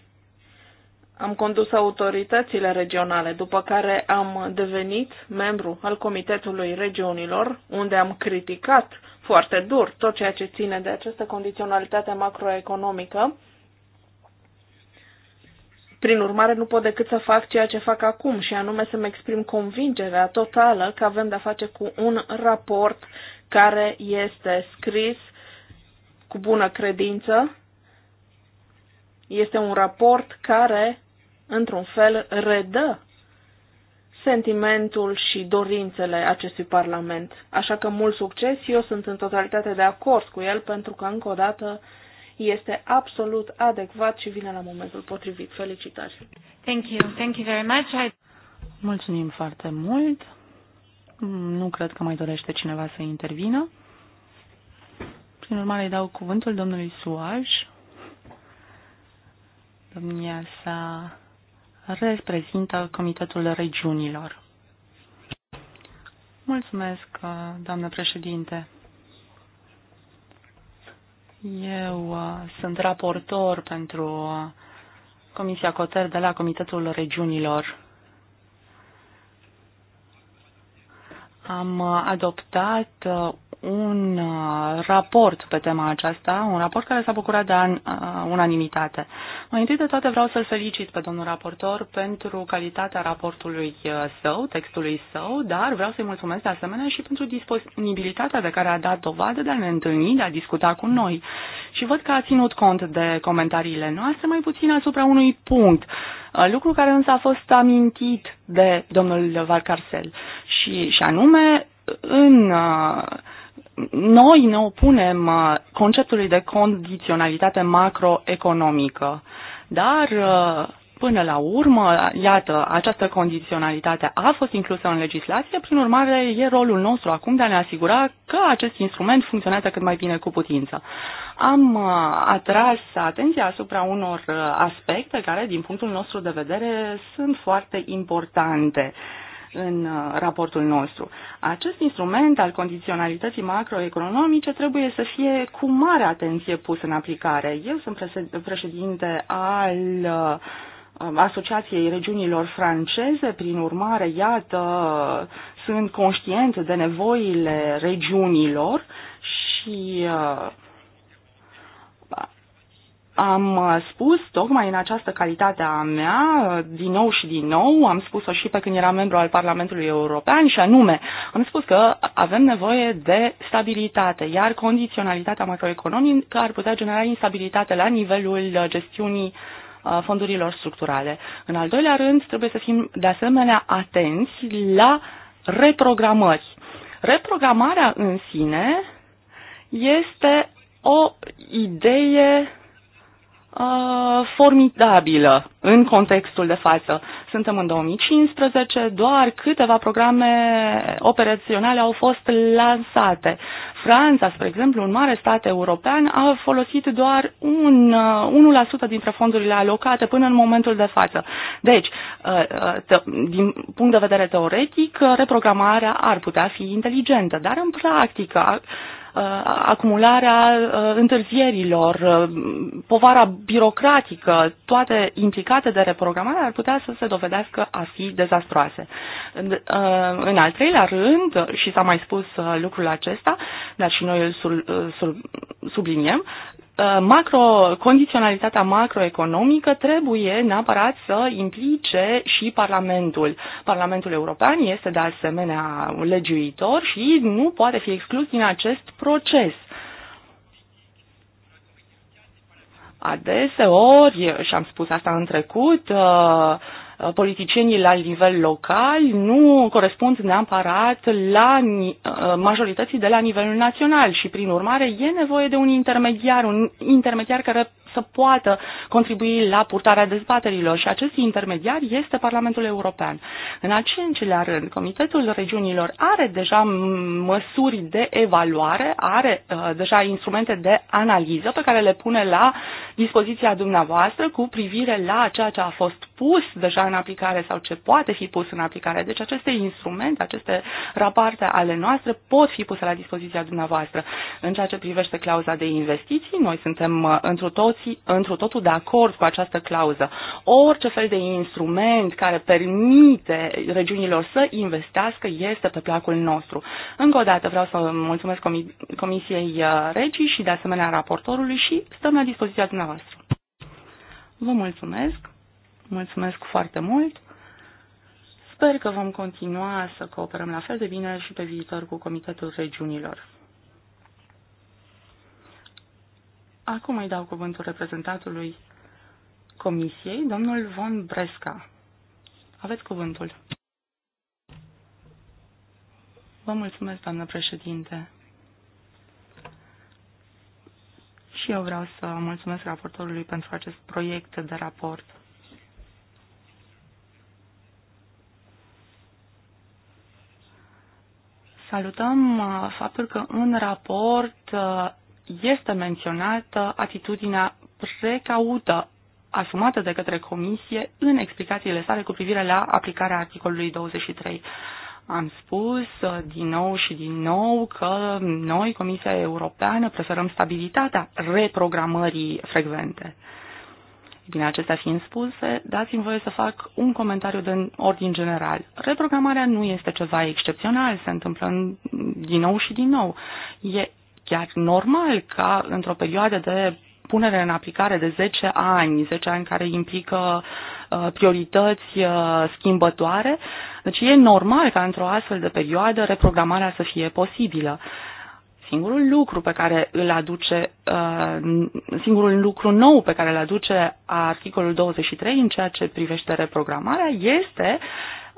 Am condus autoritățile regionale, după care am devenit membru al Comitetului Regiunilor, unde am criticat foarte dur tot ceea ce ține de această condiționalitate macroeconomică. Prin urmare, nu pot decât să fac ceea ce fac acum, și anume să-mi exprim convingerea totală că avem de-a face cu un raport care este scris cu bună credință, este un raport care, într-un fel, redă sentimentul și dorințele acestui Parlament. Așa că mult succes, eu sunt în totalitate de acord cu el, pentru că, încă o dată, este absolut adecvat și vine la momentul potrivit. Felicitări! Thank you. Thank you very much. I... Mulțumim foarte mult. Nu cred că mai dorește cineva să intervină. Prin urmare, îi dau cuvântul domnului Suaj Domnia sa reprezintă Comitetul Regiunilor. Mulțumesc, doamnă președinte. Eu uh, sunt raportor pentru uh, Comisia Coter de la Comitetul Regiunilor. Am uh, adoptat un uh, raport pe tema aceasta, un raport care s-a bucurat de an, uh, unanimitate. Mai întâi de toate vreau să-l felicit pe domnul raportor pentru calitatea raportului uh, său, textului său, dar vreau să-i mulțumesc de asemenea și pentru disponibilitatea de care a dat dovadă de a ne întâlni, de a discuta cu noi. Și văd că a ținut cont de comentariile noastre, mai puțin asupra unui punct, lucru care însă a fost amintit de domnul Valcarcel și, și anume în noi ne opunem uh, conceptului de condiționalitate macroeconomică, dar uh, până la urmă, iată, această condiționalitate a fost inclusă în legislație, prin urmare e rolul nostru acum de a ne asigura că acest instrument funcționează cât mai bine cu putință. Am uh, atras atenția asupra unor aspecte care, din punctul nostru de vedere, sunt foarte importante. Uh, în uh, raportul nostru. Acest instrument al condiționalității macroeconomice trebuie să fie cu mare atenție pus în aplicare. Eu sunt președinte al uh, Asociației Regiunilor Franceze, prin urmare, iată, sunt conștient de nevoile regiunilor și uh, am uh, spus, tocmai în această calitate a mea, uh, din nou și din nou, am spus-o și pe când eram membru al Parlamentului European, și anume, am spus că avem nevoie de stabilitate, iar condiționalitatea macroeconomică ar putea genera instabilitate la nivelul uh, gestiunii fondurilor structurale. În al doilea rând, trebuie să fim de asemenea atenți la reprogramări. Reprogramarea în sine este o idee Uh, formidabilă în contextul de față. Suntem în 2015, doar câteva programe operaționale au fost lansate. Franța, spre exemplu, un mare stat european, a folosit doar un, 1% uh, dintre fondurile alocate până în momentul de față. Deci, uh, din punct de vedere teoretic, reprogramarea ar putea fi inteligentă, dar în practică Uh, acumularea uh, întârzierilor, uh, povara birocratică, toate implicate de reprogramare ar putea să se dovedească a fi dezastroase. În al treilea rând, și s-a mai spus lucrul acesta, dar și noi îl subliniem, Uh, macro, condiționalitatea macroeconomică trebuie neapărat să implice și Parlamentul. Parlamentul European este de asemenea legiuitor și nu poate fi exclus din acest proces. Adeseori, și am spus asta în trecut, uh, Uh, politicienii la nivel local nu corespund neapărat la uh, majorității de la nivelul național și, prin urmare, e nevoie de un intermediar, un intermediar care să poată contribui la purtarea dezbaterilor și acest intermediar este Parlamentul European. În al cincilea rând, Comitetul Regiunilor are deja măsuri de evaluare, are uh, deja instrumente de analiză pe care le pune la dispoziția dumneavoastră cu privire la ceea ce a fost pus deja în aplicare sau ce poate fi pus în aplicare. Deci aceste instrumente, aceste rapoarte ale noastre pot fi puse la dispoziția dumneavoastră. În ceea ce privește clauza de investiții, noi suntem uh, într toți într o totul de acord cu această clauză. Orice fel de instrument care permite regiunilor să investească este pe placul nostru. Încă o dată vreau să mulțumesc Comisiei uh, Regii și de asemenea raportorului și stăm la dispoziția dumneavoastră. Vă mulțumesc, mulțumesc foarte mult. Sper că vom continua să cooperăm la fel de bine și pe viitor cu Comitetul Regiunilor. Acum îi dau cuvântul reprezentantului Comisiei, domnul Von Bresca. Aveți cuvântul. Vă mulțumesc, doamnă președinte. Și eu vreau să mulțumesc raportorului pentru acest proiect de raport. Salutăm uh, faptul că în raport uh, este menționată atitudinea precaută asumată de către Comisie în explicațiile sale cu privire la aplicarea articolului 23. Am spus uh, din nou și din nou că noi, Comisia Europeană, preferăm stabilitatea reprogramării frecvente. Bine, acestea fiind spuse, dați-mi voie să fac un comentariu de ordin general. Reprogramarea nu este ceva excepțional, se întâmplă din nou și din nou. E chiar normal ca într-o perioadă de punere în aplicare de 10 ani, 10 ani care implică uh, priorități uh, schimbătoare, deci e normal ca într-o astfel de perioadă reprogramarea să fie posibilă singurul lucru pe care îl aduce, uh, singurul lucru nou pe care îl aduce articolul 23 în ceea ce privește reprogramarea este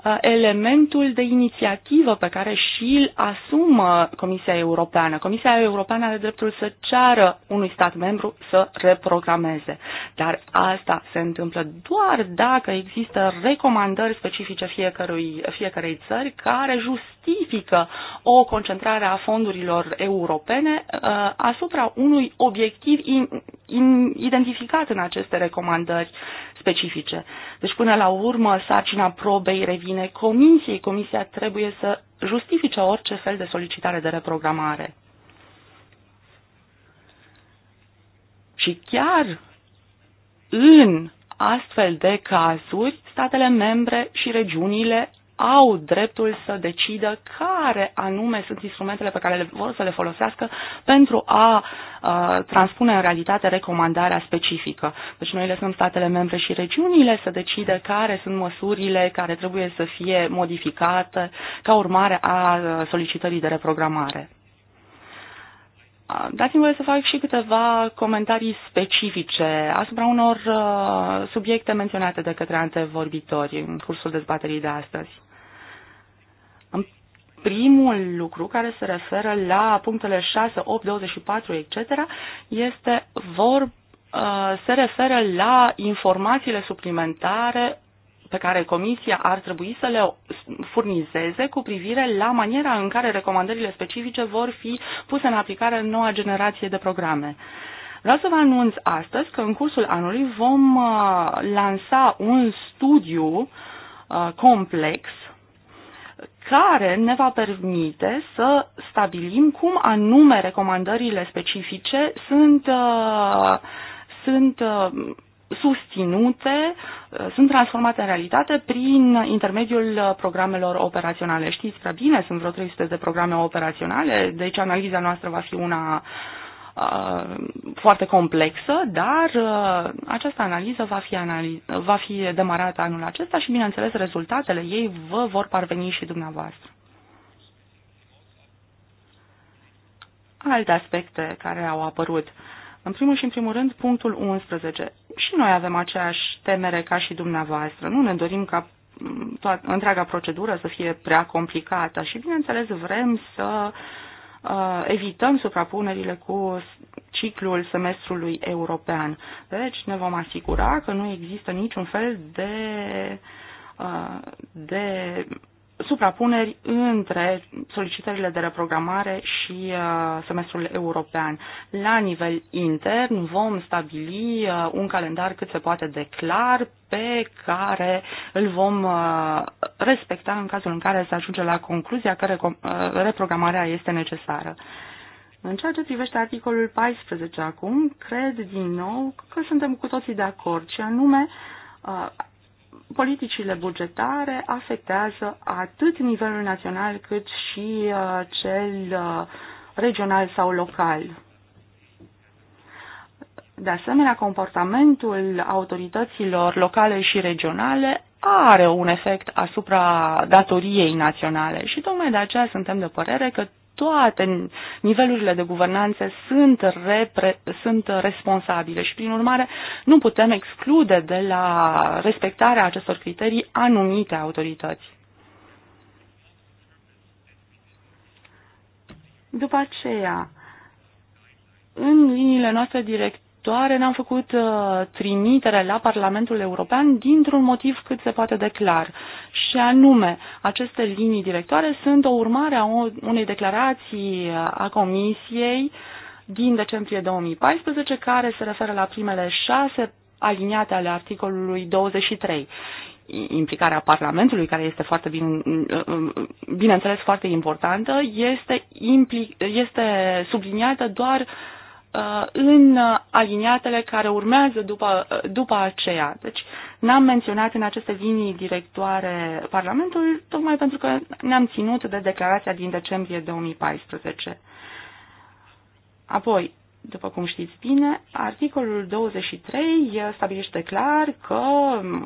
Uh, elementul de inițiativă pe care și îl asumă Comisia Europeană. Comisia Europeană are dreptul să ceară unui stat membru să reprogrameze, dar asta se întâmplă doar dacă există recomandări specifice fiecărui, fiecarei țări care justifică o concentrare a fondurilor europene uh, asupra unui obiectiv in, in, identificat în aceste recomandări specifice. Deci, până la urmă, sarcina probei revine comisiei. Comisia trebuie să justifice orice fel de solicitare de reprogramare. Și chiar în astfel de cazuri, statele membre și regiunile au dreptul să decidă care anume sunt instrumentele pe care le vor să le folosească pentru a uh, transpune în realitate recomandarea specifică. Deci noi lăsăm statele membre și regiunile să decidă care sunt măsurile care trebuie să fie modificate ca urmare a solicitării de reprogramare. Dați-mi voie să fac și câteva comentarii specifice asupra unor subiecte menționate de către antevorbitori în cursul dezbaterii de astăzi primul lucru care se referă la punctele 6, 8, 24, etc., este vor, uh, se referă la informațiile suplimentare pe care Comisia ar trebui să le furnizeze cu privire la maniera în care recomandările specifice vor fi puse în aplicare în noua generație de programe. Vreau să vă anunț astăzi că în cursul anului vom uh, lansa un studiu uh, complex care ne va permite să stabilim cum anume recomandările specifice sunt, uh, sunt uh, susținute, uh, sunt transformate în realitate prin intermediul programelor operaționale. Știți prea bine, sunt vreo 300 de programe operaționale, deci analiza noastră va fi una uh, Uh, foarte complexă, dar uh, această analiză va fi, analiz- va fi demarată anul acesta și, bineînțeles, rezultatele ei vă vor parveni și dumneavoastră. Alte aspecte care au apărut. În primul și în primul rând, punctul 11. Și noi avem aceeași temere ca și dumneavoastră. Nu ne dorim ca toată, întreaga procedură să fie prea complicată și, bineînțeles, vrem să uh, Uh, evităm suprapunerile cu ciclul semestrului european. Deci ne vom asigura că nu există niciun fel de, uh, de suprapuneri între solicitările de reprogramare și uh, semestrul european. La nivel intern vom stabili uh, un calendar cât se poate de clar pe care îl vom uh, respecta în cazul în care se ajunge la concluzia că reprogramarea este necesară. În ceea ce privește articolul 14 acum, cred din nou că suntem cu toții de acord, și anume politicile bugetare afectează atât nivelul național cât și uh, cel uh, regional sau local. De asemenea, comportamentul autorităților locale și regionale are un efect asupra datoriei naționale și tocmai de aceea suntem de părere că toate nivelurile de guvernanță sunt, repre, sunt responsabile și, prin urmare, nu putem exclude de la respectarea acestor criterii anumite autorități. După aceea, în liniile noastre direct, viitoare n-am făcut uh, trimitere la Parlamentul European dintr-un motiv cât se poate de clar. Și anume, aceste linii directoare sunt o urmare a unei declarații uh, a Comisiei din decembrie 2014 care se referă la primele șase aliniate ale articolului 23 implicarea Parlamentului, care este foarte bine, bineînțeles foarte importantă, este, impli, este subliniată doar uh, Uh, în uh, aliniatele care urmează după, uh, după aceea. Deci n-am menționat în aceste linii directoare Parlamentul, tocmai pentru că ne-am ținut de declarația din decembrie 2014. Apoi, după cum știți bine, articolul 23 stabilește clar că um,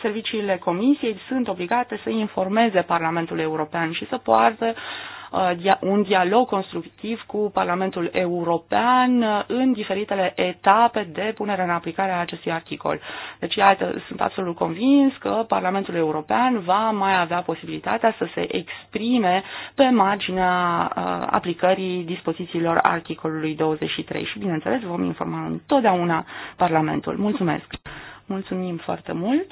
serviciile Comisiei sunt obligate să informeze Parlamentul European și să poartă uh, Uh, un dialog constructiv cu Parlamentul European uh, în diferitele etape de punere în aplicare a acestui articol. Deci, iată, sunt absolut convins că Parlamentul European va mai avea posibilitatea să se exprime pe marginea uh, aplicării dispozițiilor articolului 23 și, bineînțeles, vom informa întotdeauna Parlamentul. Mulțumesc! Mulțumim foarte mult!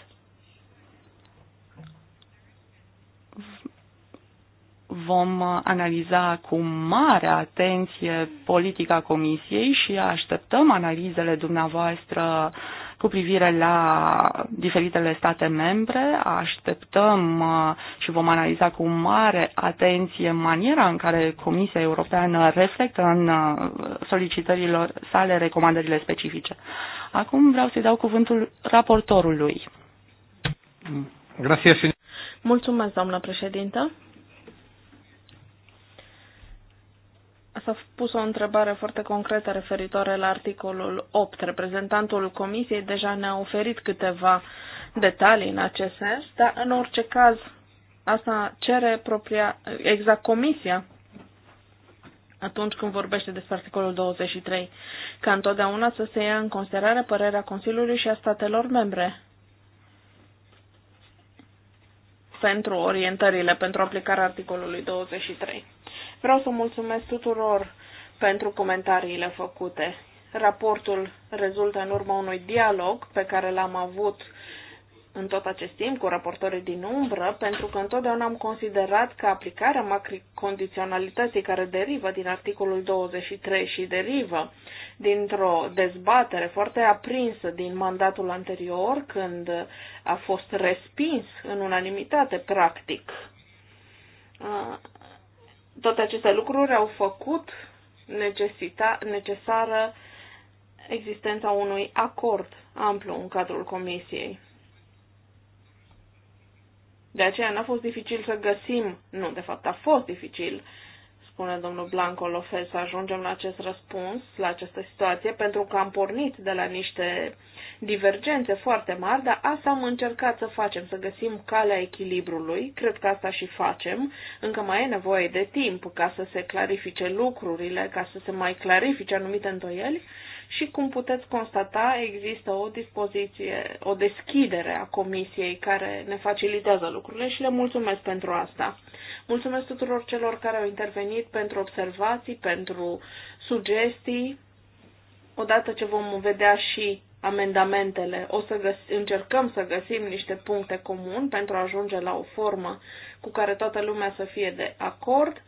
vom uh, analiza cu mare atenție politica Comisiei și așteptăm analizele dumneavoastră cu privire la diferitele state membre. Așteptăm uh, și vom analiza cu mare atenție maniera în care Comisia Europeană reflectă în uh, solicitărilor sale recomandările specifice. Acum vreau să-i dau cuvântul raportorului. Mulțumesc, doamnă președintă. S-a pus o întrebare foarte concretă referitoare la articolul 8. Reprezentantul Comisiei deja ne-a oferit câteva detalii în acest sens, dar în orice caz asta cere propria, exact Comisia atunci când vorbește despre articolul 23, ca întotdeauna să se ia în considerare părerea Consiliului și a statelor membre pentru orientările pentru aplicarea articolului 23. Vreau să mulțumesc tuturor pentru comentariile făcute. Raportul rezultă în urma unui dialog pe care l-am avut în tot acest timp cu raportorii din umbră, pentru că întotdeauna am considerat că aplicarea macricondiționalității care derivă din articolul 23 și derivă dintr-o dezbatere foarte aprinsă din mandatul anterior, când a fost respins în unanimitate, practic, toate aceste lucruri au făcut necesita, necesară existența unui acord amplu în cadrul Comisiei. De aceea n-a fost dificil să găsim, nu, de fapt a fost dificil, spune domnul Blanco Lofel, să ajungem la acest răspuns, la această situație, pentru că am pornit de la niște divergențe foarte mari, dar asta am încercat să facem, să găsim calea echilibrului. Cred că asta și facem. Încă mai e nevoie de timp ca să se clarifice lucrurile, ca să se mai clarifice anumite îndoieli și, cum puteți constata, există o dispoziție, o deschidere a comisiei care ne facilitează lucrurile și le mulțumesc pentru asta. Mulțumesc tuturor celor care au intervenit pentru observații, pentru sugestii. Odată ce vom vedea și amendamentele. O să găs- încercăm să găsim niște puncte comuni pentru a ajunge la o formă cu care toată lumea să fie de acord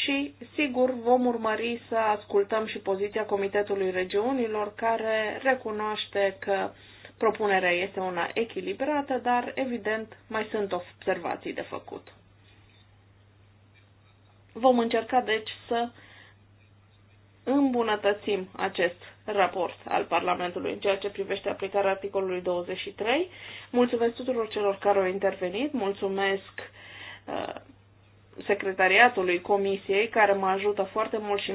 și, sigur, vom urmări să ascultăm și poziția Comitetului Regiunilor, care recunoaște că propunerea este una echilibrată, dar, evident, mai sunt observații de făcut. Vom încerca, deci, să îmbunătățim acest raport al Parlamentului în ceea ce privește aplicarea articolului 23. Mulțumesc tuturor celor care au intervenit, mulțumesc uh, secretariatului comisiei care mă ajută foarte mult și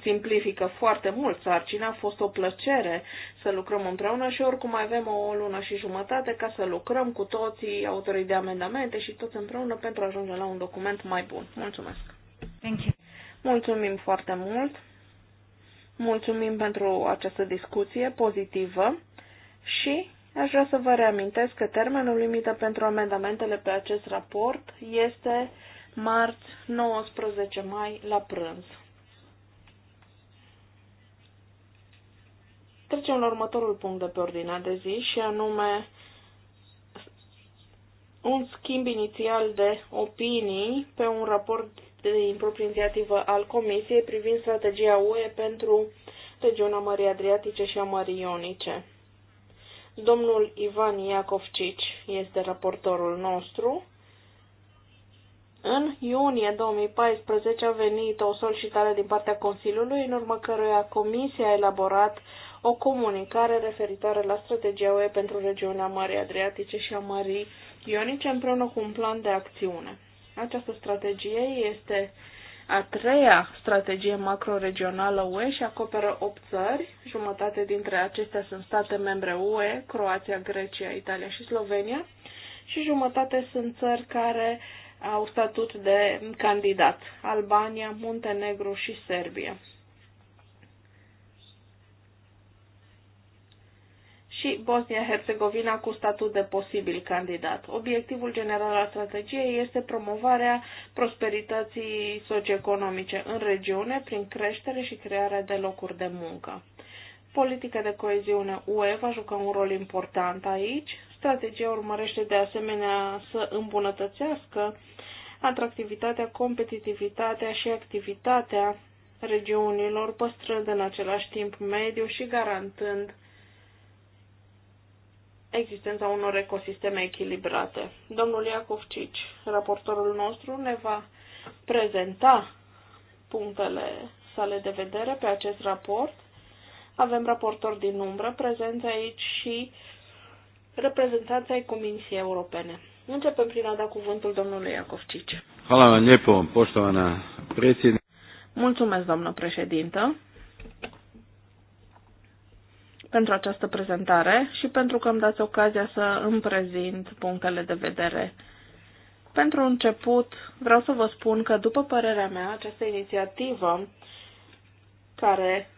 simplifică foarte mult sarcina. A fost o plăcere să lucrăm împreună și oricum avem o lună și jumătate ca să lucrăm cu toții, autorii de amendamente și toți împreună pentru a ajunge la un document mai bun. Mulțumesc! Thank you. Mulțumim foarte mult! Mulțumim pentru această discuție pozitivă și aș vrea să vă reamintesc că termenul limită pentru amendamentele pe acest raport este marți 19 mai la prânz. Trecem la următorul punct de pe ordinea de zi și anume un schimb inițial de opinii pe un raport din propria inițiativă al Comisiei privind strategia UE pentru regiunea Mării Adriatice și a Mării Ionice. Domnul Ivan Iacovcici este raportorul nostru. În iunie 2014 a venit o solicitare din partea Consiliului, în urma căruia Comisia a elaborat o comunicare referitoare la strategia UE pentru regiunea Mării Adriatice și a Mării Ionice împreună cu un plan de acțiune. Această strategie este a treia strategie macroregională UE și acoperă 8 țări. Jumătate dintre acestea sunt state membre UE, Croația, Grecia, Italia și Slovenia și jumătate sunt țări care au statut de candidat, Albania, Muntenegru și Serbia. și Bosnia-Herzegovina cu statut de posibil candidat. Obiectivul general al strategiei este promovarea prosperității socioeconomice în regiune prin creștere și crearea de locuri de muncă. Politica de coeziune UE va juca un rol important aici. Strategia urmărește de asemenea să îmbunătățească atractivitatea, competitivitatea și activitatea regiunilor, păstrând în același timp mediu și garantând existența unor ecosisteme echilibrate. Domnul Iacov Cici, raportorul nostru, ne va prezenta punctele sale de vedere pe acest raport. Avem raportor din umbră prezenți aici și reprezentanța ai Comisiei Europene. Începem prin a da cuvântul domnului Iacov Cici. Hvala vam Mulțumesc, doamnă președintă pentru această prezentare și pentru că îmi dați ocazia să îmi prezint punctele de vedere. Pentru început, vreau să vă spun că, după părerea mea, această inițiativă care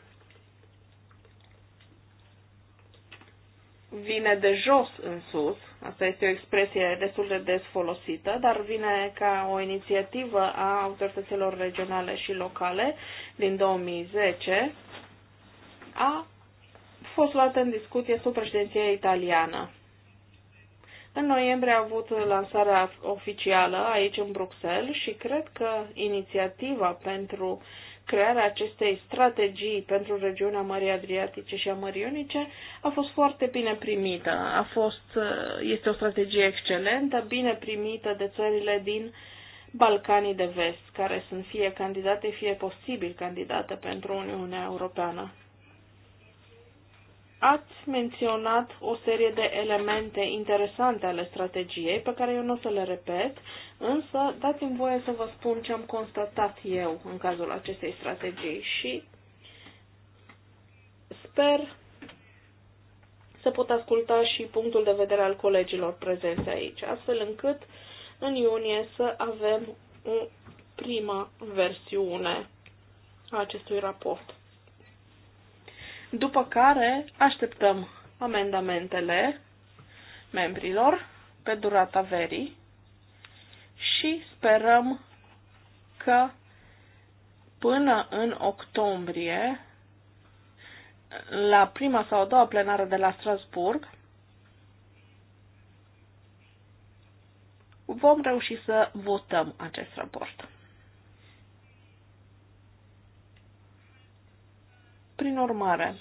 vine de jos în sus, asta este o expresie destul de des folosită, dar vine ca o inițiativă a autorităților regionale și locale din 2010, a fost luată în discuție sub președinția italiană. În noiembrie a avut lansarea oficială aici în Bruxelles și cred că inițiativa pentru crearea acestei strategii pentru regiunea Mării Adriatice și a Mării Ionice a fost foarte bine primită. A fost, este o strategie excelentă, bine primită de țările din Balcanii de Vest, care sunt fie candidate, fie posibil candidate pentru Uniunea Europeană. Ați menționat o serie de elemente interesante ale strategiei, pe care eu nu o să le repet, însă dați-mi voie să vă spun ce am constatat eu în cazul acestei strategii și sper să pot asculta și punctul de vedere al colegilor prezenți aici, astfel încât în iunie să avem o prima versiune a acestui raport după care așteptăm amendamentele membrilor pe durata verii și sperăm că până în octombrie, la prima sau a doua plenară de la Strasburg, vom reuși să votăm acest raport. Prin urmare,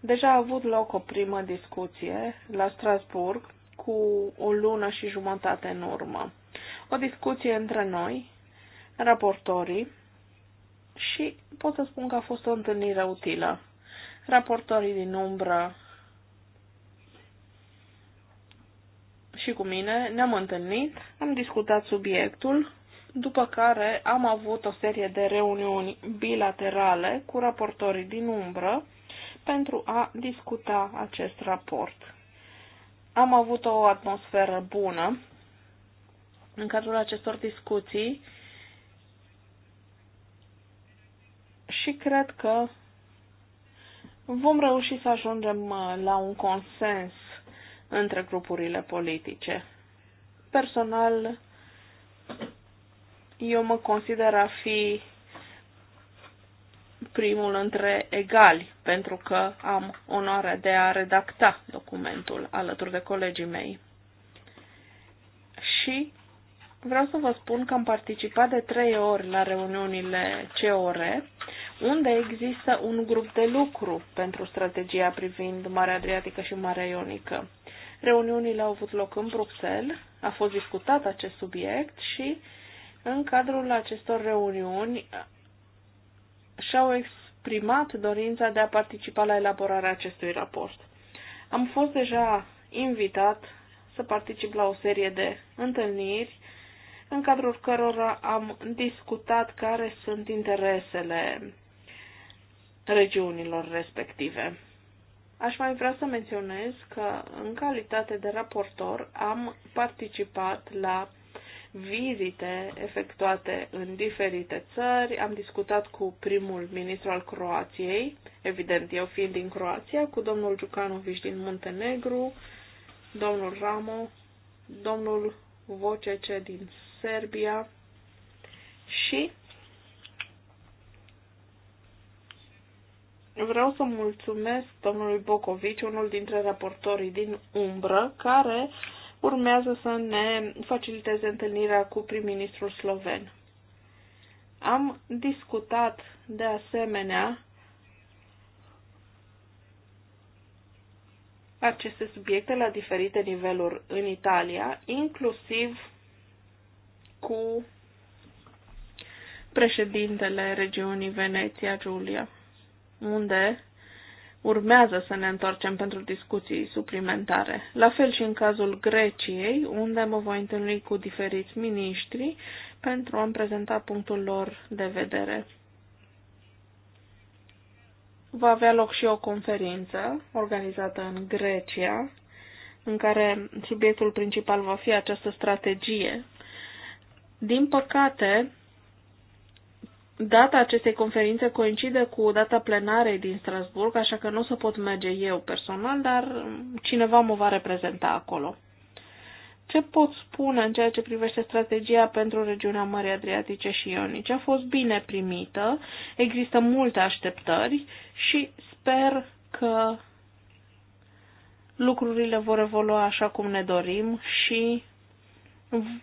deja a avut loc o primă discuție la Strasburg cu o lună și jumătate în urmă. O discuție între noi, raportorii, și pot să spun că a fost o întâlnire utilă. Raportorii din umbră și cu mine ne-am întâlnit, am discutat subiectul, după care am avut o serie de reuniuni bilaterale cu raportorii din umbră pentru a discuta acest raport. Am avut o atmosferă bună în cadrul acestor discuții și cred că vom reuși să ajungem uh, la un consens între grupurile politice. Personal, eu mă consider a fi primul între egali, pentru că am onoarea de a redacta documentul alături de colegii mei. Și vreau să vă spun că am participat de trei ori la reuniunile COR, unde există un grup de lucru pentru strategia privind Marea Adriatică și Marea Ionică. Reuniunile au avut loc în Bruxelles, a fost discutat acest subiect și uh, în cadrul acestor reuniuni și-au exprimat dorința de a participa la elaborarea acestui raport. Am fost deja invitat să particip la o serie de întâlniri în cadrul cărora am discutat care sunt interesele regiunilor respective. Aș mai vrea să menționez că, în calitate de raportor, am participat la vizite efectuate în diferite țări. Am discutat cu primul ministru al Croației, evident eu fiind din Croația, cu domnul Giucanoviș din Muntenegru, domnul Ramo, domnul Vocece din Serbia și vreau să mulțumesc domnului Bocovici, unul dintre raportorii din umbră, care uh, urmează să ne faciliteze întâlnirea cu prim-ministrul sloven. Am discutat de asemenea aceste subiecte la diferite niveluri în Italia, inclusiv cu președintele regiunii Veneția Giulia, unde urmează să ne întoarcem pentru discuții suplimentare. La fel și în cazul Greciei, unde mă voi întâlni cu diferiți miniștri pentru a-mi prezenta punctul lor de vedere. Va avea loc și o conferință organizată în Grecia, în care subiectul principal va fi această strategie. Din păcate, Data acestei conferințe coincide cu data plenarei din Strasburg, așa că nu o să pot merge eu personal, dar cineva mă va reprezenta acolo. Ce pot spune în ceea ce privește strategia pentru regiunea Mării Adriatice și Ionice? A fost bine primită, există multe așteptări și sper că lucrurile vor evolua așa cum ne dorim și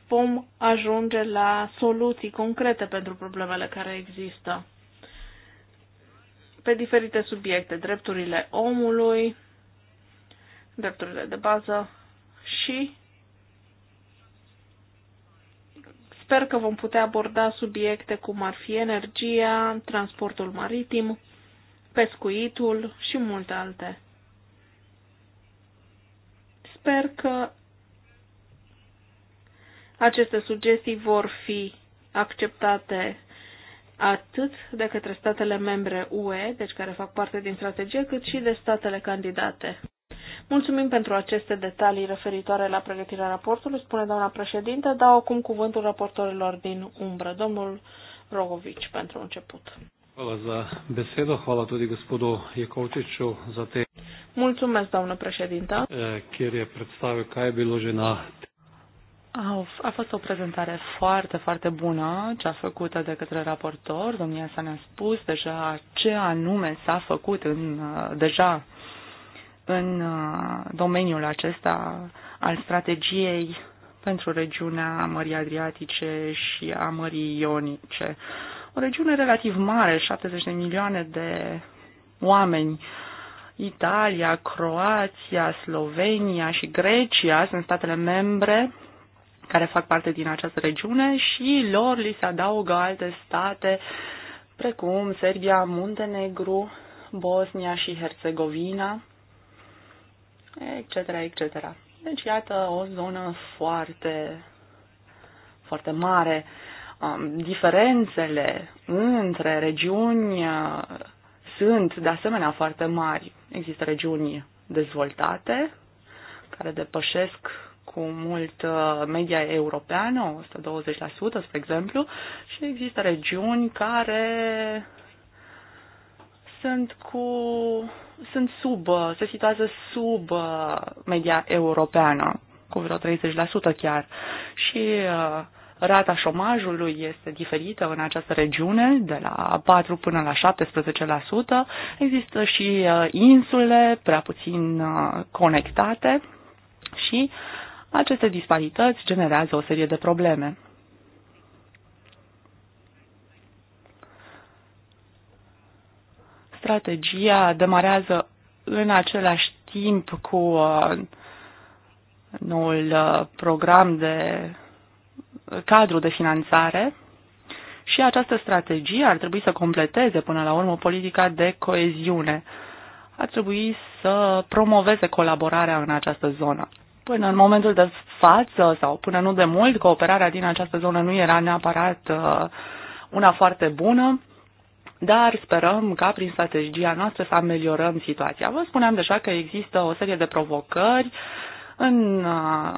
vom ajunge la soluții concrete pentru problemele care există pe diferite subiecte, drepturile omului, drepturile de bază și sper că vom putea aborda subiecte cum ar fi energia, transportul maritim, pescuitul și multe alte. Sper că aceste sugestii vor fi acceptate atât de către statele membre UE, deci care fac parte din strategie, cât și de statele candidate. Mulțumim pentru aceste detalii referitoare la pregătirea raportului, spune doamna președinte. Dau acum cuvântul raportorilor din umbră, domnul Rogovici, pentru început. Mulțumesc, doamnă președintă. Eh, kjer je predstavil kaj je a fost o prezentare foarte, foarte bună, cea făcută de către raportor. Domnia sa ne-a spus deja ce anume s-a făcut în, uh, deja în uh, domeniul acesta al strategiei pentru regiunea Mării Adriatice și a Mării Ionice. O regiune relativ mare, 70 de milioane de oameni. Italia, Croația, Slovenia și Grecia sunt statele membre care fac parte din această regiune și lor li se adaugă alte state precum Serbia, Muntenegru, Bosnia și Herțegovina, etc., etc. Deci, iată o zonă foarte, foarte mare. Um, diferențele între regiuni uh, sunt, de asemenea, foarte mari. Există regiuni dezvoltate care depășesc cu mult uh, media europeană, 120%, spre exemplu, și există regiuni care sunt cu sunt sub, uh, se situează sub uh, media europeană, cu vreo 30% chiar. Și rata șomajului este diferită în această regiune, de la 4 până la 17%. Există și insule prea puțin conectate și uh, aceste disparități generează o serie de probleme. Strategia demarează în același timp cu uh, noul uh, program de uh, cadru de finanțare și această strategie ar trebui să completeze până la urmă politica de coeziune. Ar trebui să promoveze colaborarea în această zonă. Până în momentul de față sau până nu de mult, cooperarea din această zonă nu era neapărat uh, una foarte bună, dar sperăm ca prin strategia noastră să ameliorăm situația. Vă spuneam deja că există o serie de provocări în uh,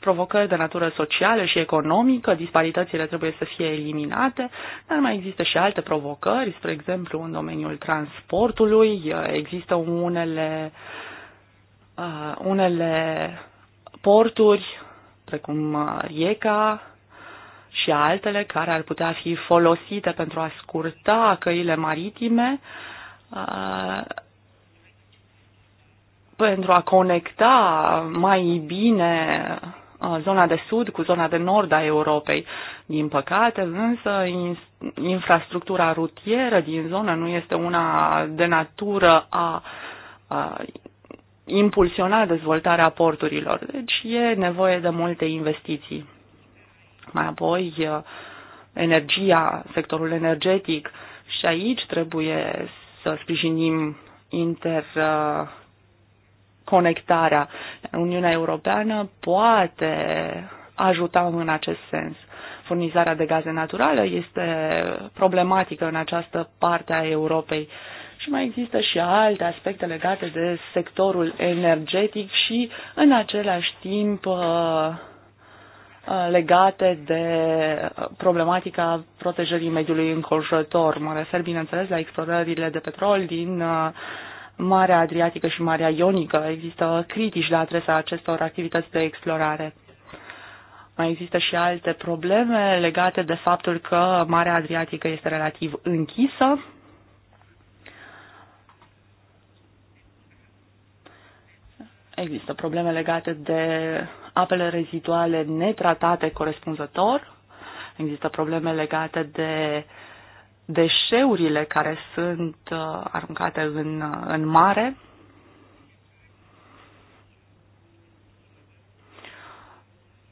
provocări de natură socială și economică, disparitățile trebuie să fie eliminate, dar mai există și alte provocări, spre exemplu în domeniul transportului, uh, există unele, unele porturi precum Rieca uh, și altele care ar putea fi folosite pentru a scurta căile maritime uh, pentru a conecta mai bine uh, zona de sud cu zona de nord a Europei. Din păcate, însă, infrastructura rutieră din zonă nu este una de natură a impulsiona dezvoltarea porturilor. Deci e nevoie de multe investiții. Mai apoi, uh, energia, sectorul energetic și aici trebuie să sprijinim interconectarea. Uh, Uniunea Europeană poate ajuta în acest sens. Furnizarea de gaze naturale este problematică în această parte a Europei. Uh, și mai există și alte aspecte legate de sectorul energetic și în același timp uh, uh, legate de problematica protejării mediului înconjurător. Mă refer, bineînțeles, la explorările de petrol din uh, Marea Adriatică și Marea Ionică. Există critici la adresa acestor activități de explorare. Mai există și alte probleme legate de faptul că Marea Adriatică este relativ închisă, Există probleme legate de apele reziduale netratate corespunzător, există probleme legate de deșeurile care sunt uh, aruncate în, uh, în mare,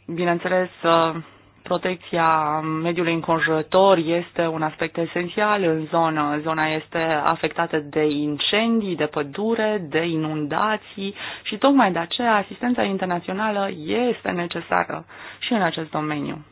bineînțeles, uh, protecția mediului înconjurător este un aspect esențial în zonă. Zona este afectată de incendii, de pădure, de inundații și tocmai de aceea asistența internațională este necesară și în acest domeniu.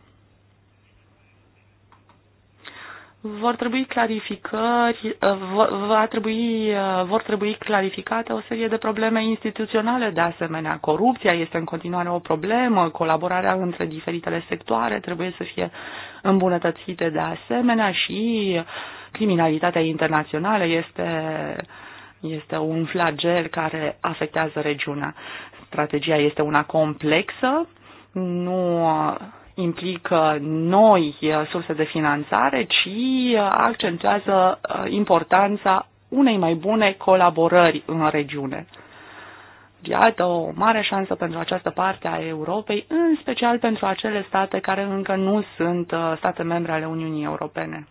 vor trebui clarificări, uh, va trebui, uh, vor trebui clarificate o serie de probleme instituționale de asemenea. Corupția este în continuare o problemă, colaborarea între diferitele sectoare trebuie să fie îmbunătățite de asemenea și criminalitatea internațională este, este un flagel care afectează regiunea. Strategia este una complexă, nu implică noi uh, surse de finanțare, ci uh, accentuează uh, importanța unei mai bune colaborări în regiune. Iată o mare șansă pentru această parte a Europei, în special pentru acele state care încă nu sunt state membre ale Uniunii Europene.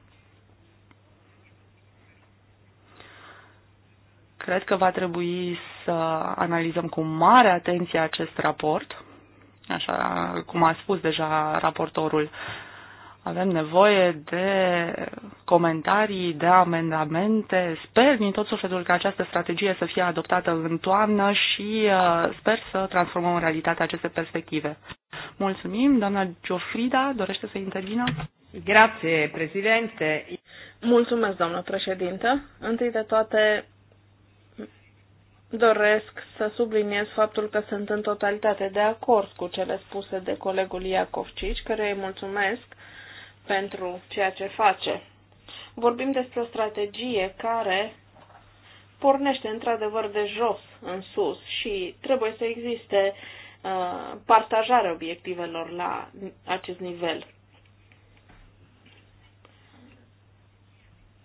Cred că va trebui să analizăm cu mare atenție acest raport așa cum a spus deja raportorul. Avem nevoie de comentarii, de amendamente. Sper din tot sufletul că această strategie să fie adoptată în toamnă și uh, sper să transformăm în realitate aceste perspective. Mulțumim. Doamna Giofrida dorește să intervină? Grație, președinte. Mulțumesc, doamnă președintă. Întâi de toate, doresc să subliniez faptul că sunt în totalitate de acord cu cele spuse de colegul Iacovcici, care îi mulțumesc pentru ceea ce face. Vorbim despre o strategie care pornește într-adevăr de jos în sus și trebuie să existe uh, partajarea obiectivelor la acest nivel.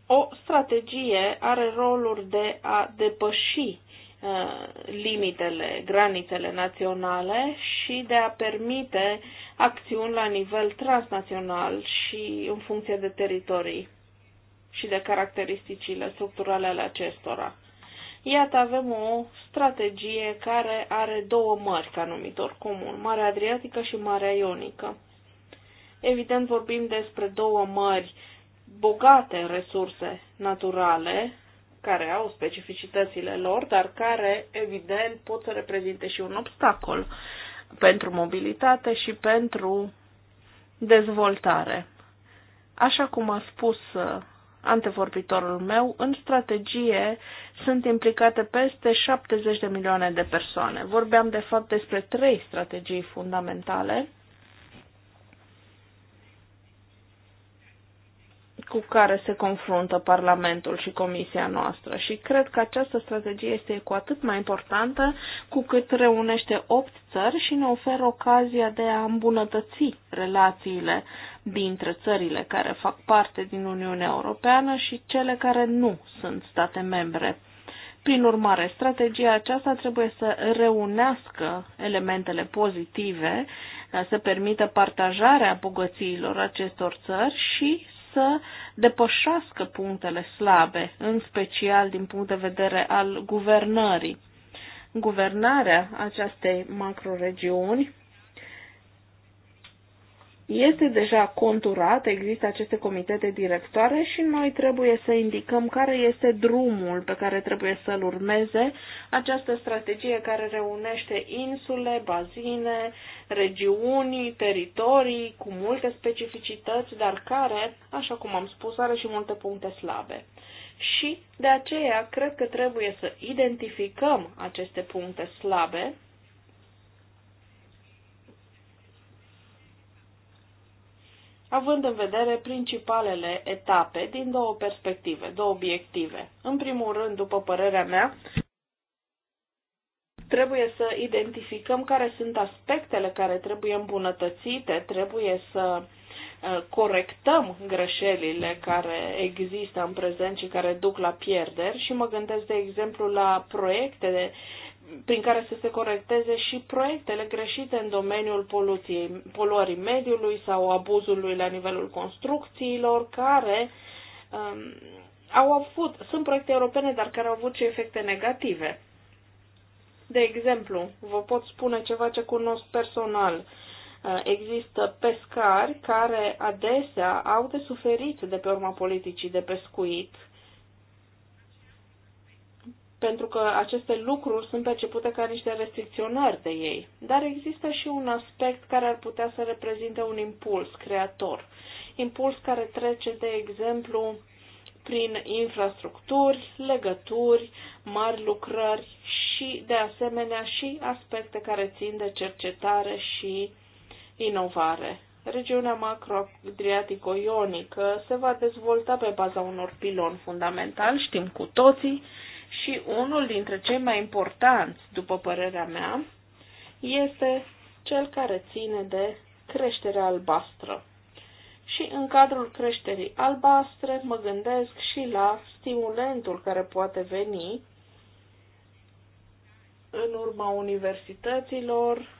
O strategie are rolul de a depăși Uh, limitele, granițele naționale și de a permite acțiuni la nivel transnațional și în funcție de teritorii și de caracteristicile structurale ale acestora. Iată, avem o strategie care are două mări ca numitor comun, Marea Adriatică și Marea Ionică. Evident, vorbim despre două mări bogate în resurse naturale, care au specificitățile lor, dar care, evident, pot să reprezinte și un obstacol pentru mobilitate și pentru dezvoltare. Așa cum a spus uh, antevorbitorul meu, în strategie sunt implicate peste 70 de milioane de persoane. Vorbeam de fapt despre trei strategii fundamentale cu care se confruntă Parlamentul și Comisia noastră și cred că această strategie este cu atât mai importantă cu cât reunește opt țări și ne oferă ocazia de a îmbunătăți relațiile dintre țările care fac parte din Uniunea Europeană și cele care nu sunt state membre. Prin urmare, strategia aceasta trebuie să reunească elementele pozitive, să permită partajarea bogățiilor acestor țări și să depășească punctele slabe, în special din punct de vedere al guvernării. Guvernarea acestei macroregiuni este deja conturat, există aceste comitete directoare și noi trebuie să indicăm care este drumul pe care trebuie să-l urmeze această strategie care reunește insule, bazine, regiuni, teritorii cu multe specificități, dar care, așa cum am spus, are și multe puncte slabe. Și de aceea cred că trebuie să identificăm aceste puncte slabe având în vedere principalele etape din două perspective, două obiective. În primul rând, după părerea mea, trebuie să identificăm care sunt aspectele care trebuie îmbunătățite, trebuie să uh, corectăm greșelile care există în prezent și care duc la pierderi și mă gândesc, de exemplu, la proiecte prin care să se corecteze și proiectele greșite în domeniul poluției, poluării mediului sau abuzului la nivelul construcțiilor, care um, au avut, sunt proiecte europene, dar care au avut și efecte negative. De exemplu, vă pot spune ceva ce cunosc personal. Uh, există pescari care adesea au de suferit de pe urma politicii de pescuit pentru că aceste lucruri sunt percepute ca niște restricționări de ei. Dar există și un aspect care ar putea să reprezinte un impuls creator. Impuls care trece, de exemplu, prin infrastructuri, legături, mari lucrări și, de asemenea, și aspecte care țin de cercetare și inovare. Regiunea macro-adriatico-ionică se va dezvolta pe baza unor piloni fundamentali, știm cu toții, și unul dintre cei mai importanți, după părerea mea, este cel care ține de creșterea albastră. Și în cadrul creșterii albastre mă gândesc și la stimulentul care poate veni în urma universităților,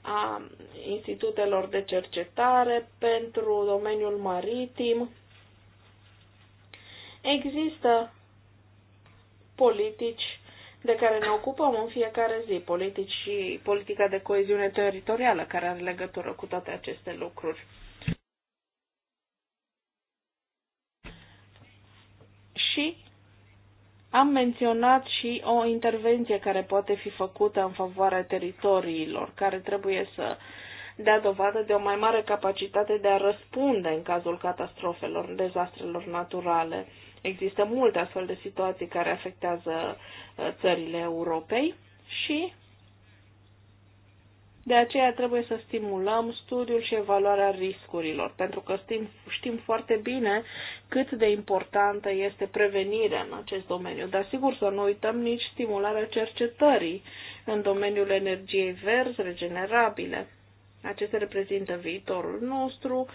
a institutelor de cercetare pentru domeniul maritim. Există politici de care ne ocupăm în fiecare zi, politici și politica de coeziune teritorială care are legătură cu toate aceste lucruri. Și am menționat și o intervenție care poate fi făcută în favoarea teritoriilor, care trebuie să dea dovadă de o mai mare capacitate de a răspunde în cazul catastrofelor, dezastrelor naturale. Există multe astfel de situații care afectează uh, țările Europei și de aceea trebuie să stimulăm studiul și evaluarea riscurilor, pentru că știm, știm foarte bine cât de importantă este prevenirea în acest domeniu. Dar sigur să nu uităm nici stimularea cercetării în domeniul energiei verzi regenerabile. Acestea reprezintă viitorul nostru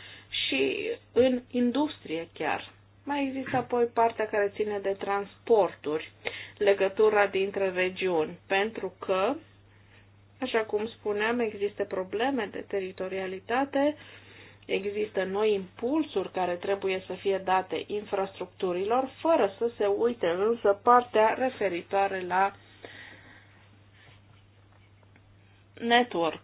și în industrie chiar. Mai există apoi partea care ține de transporturi, legătura dintre regiuni, pentru că, așa cum spuneam, există probleme de teritorialitate, există noi impulsuri care trebuie să fie date infrastructurilor, fără să se uite însă partea referitoare la network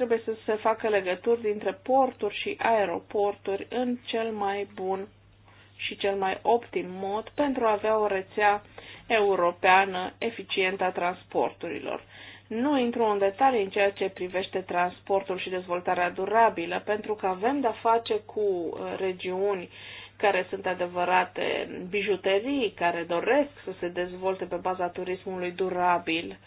Trebuie să se facă legături dintre porturi și aeroporturi în cel mai bun și cel mai optim mod pentru a avea o rețea europeană eficientă a transporturilor. Nu intru în detalii în ceea ce privește transportul și dezvoltarea durabilă, pentru că avem de-a face cu uh, regiuni care sunt adevărate bijuterii, care doresc să se dezvolte pe baza turismului durabil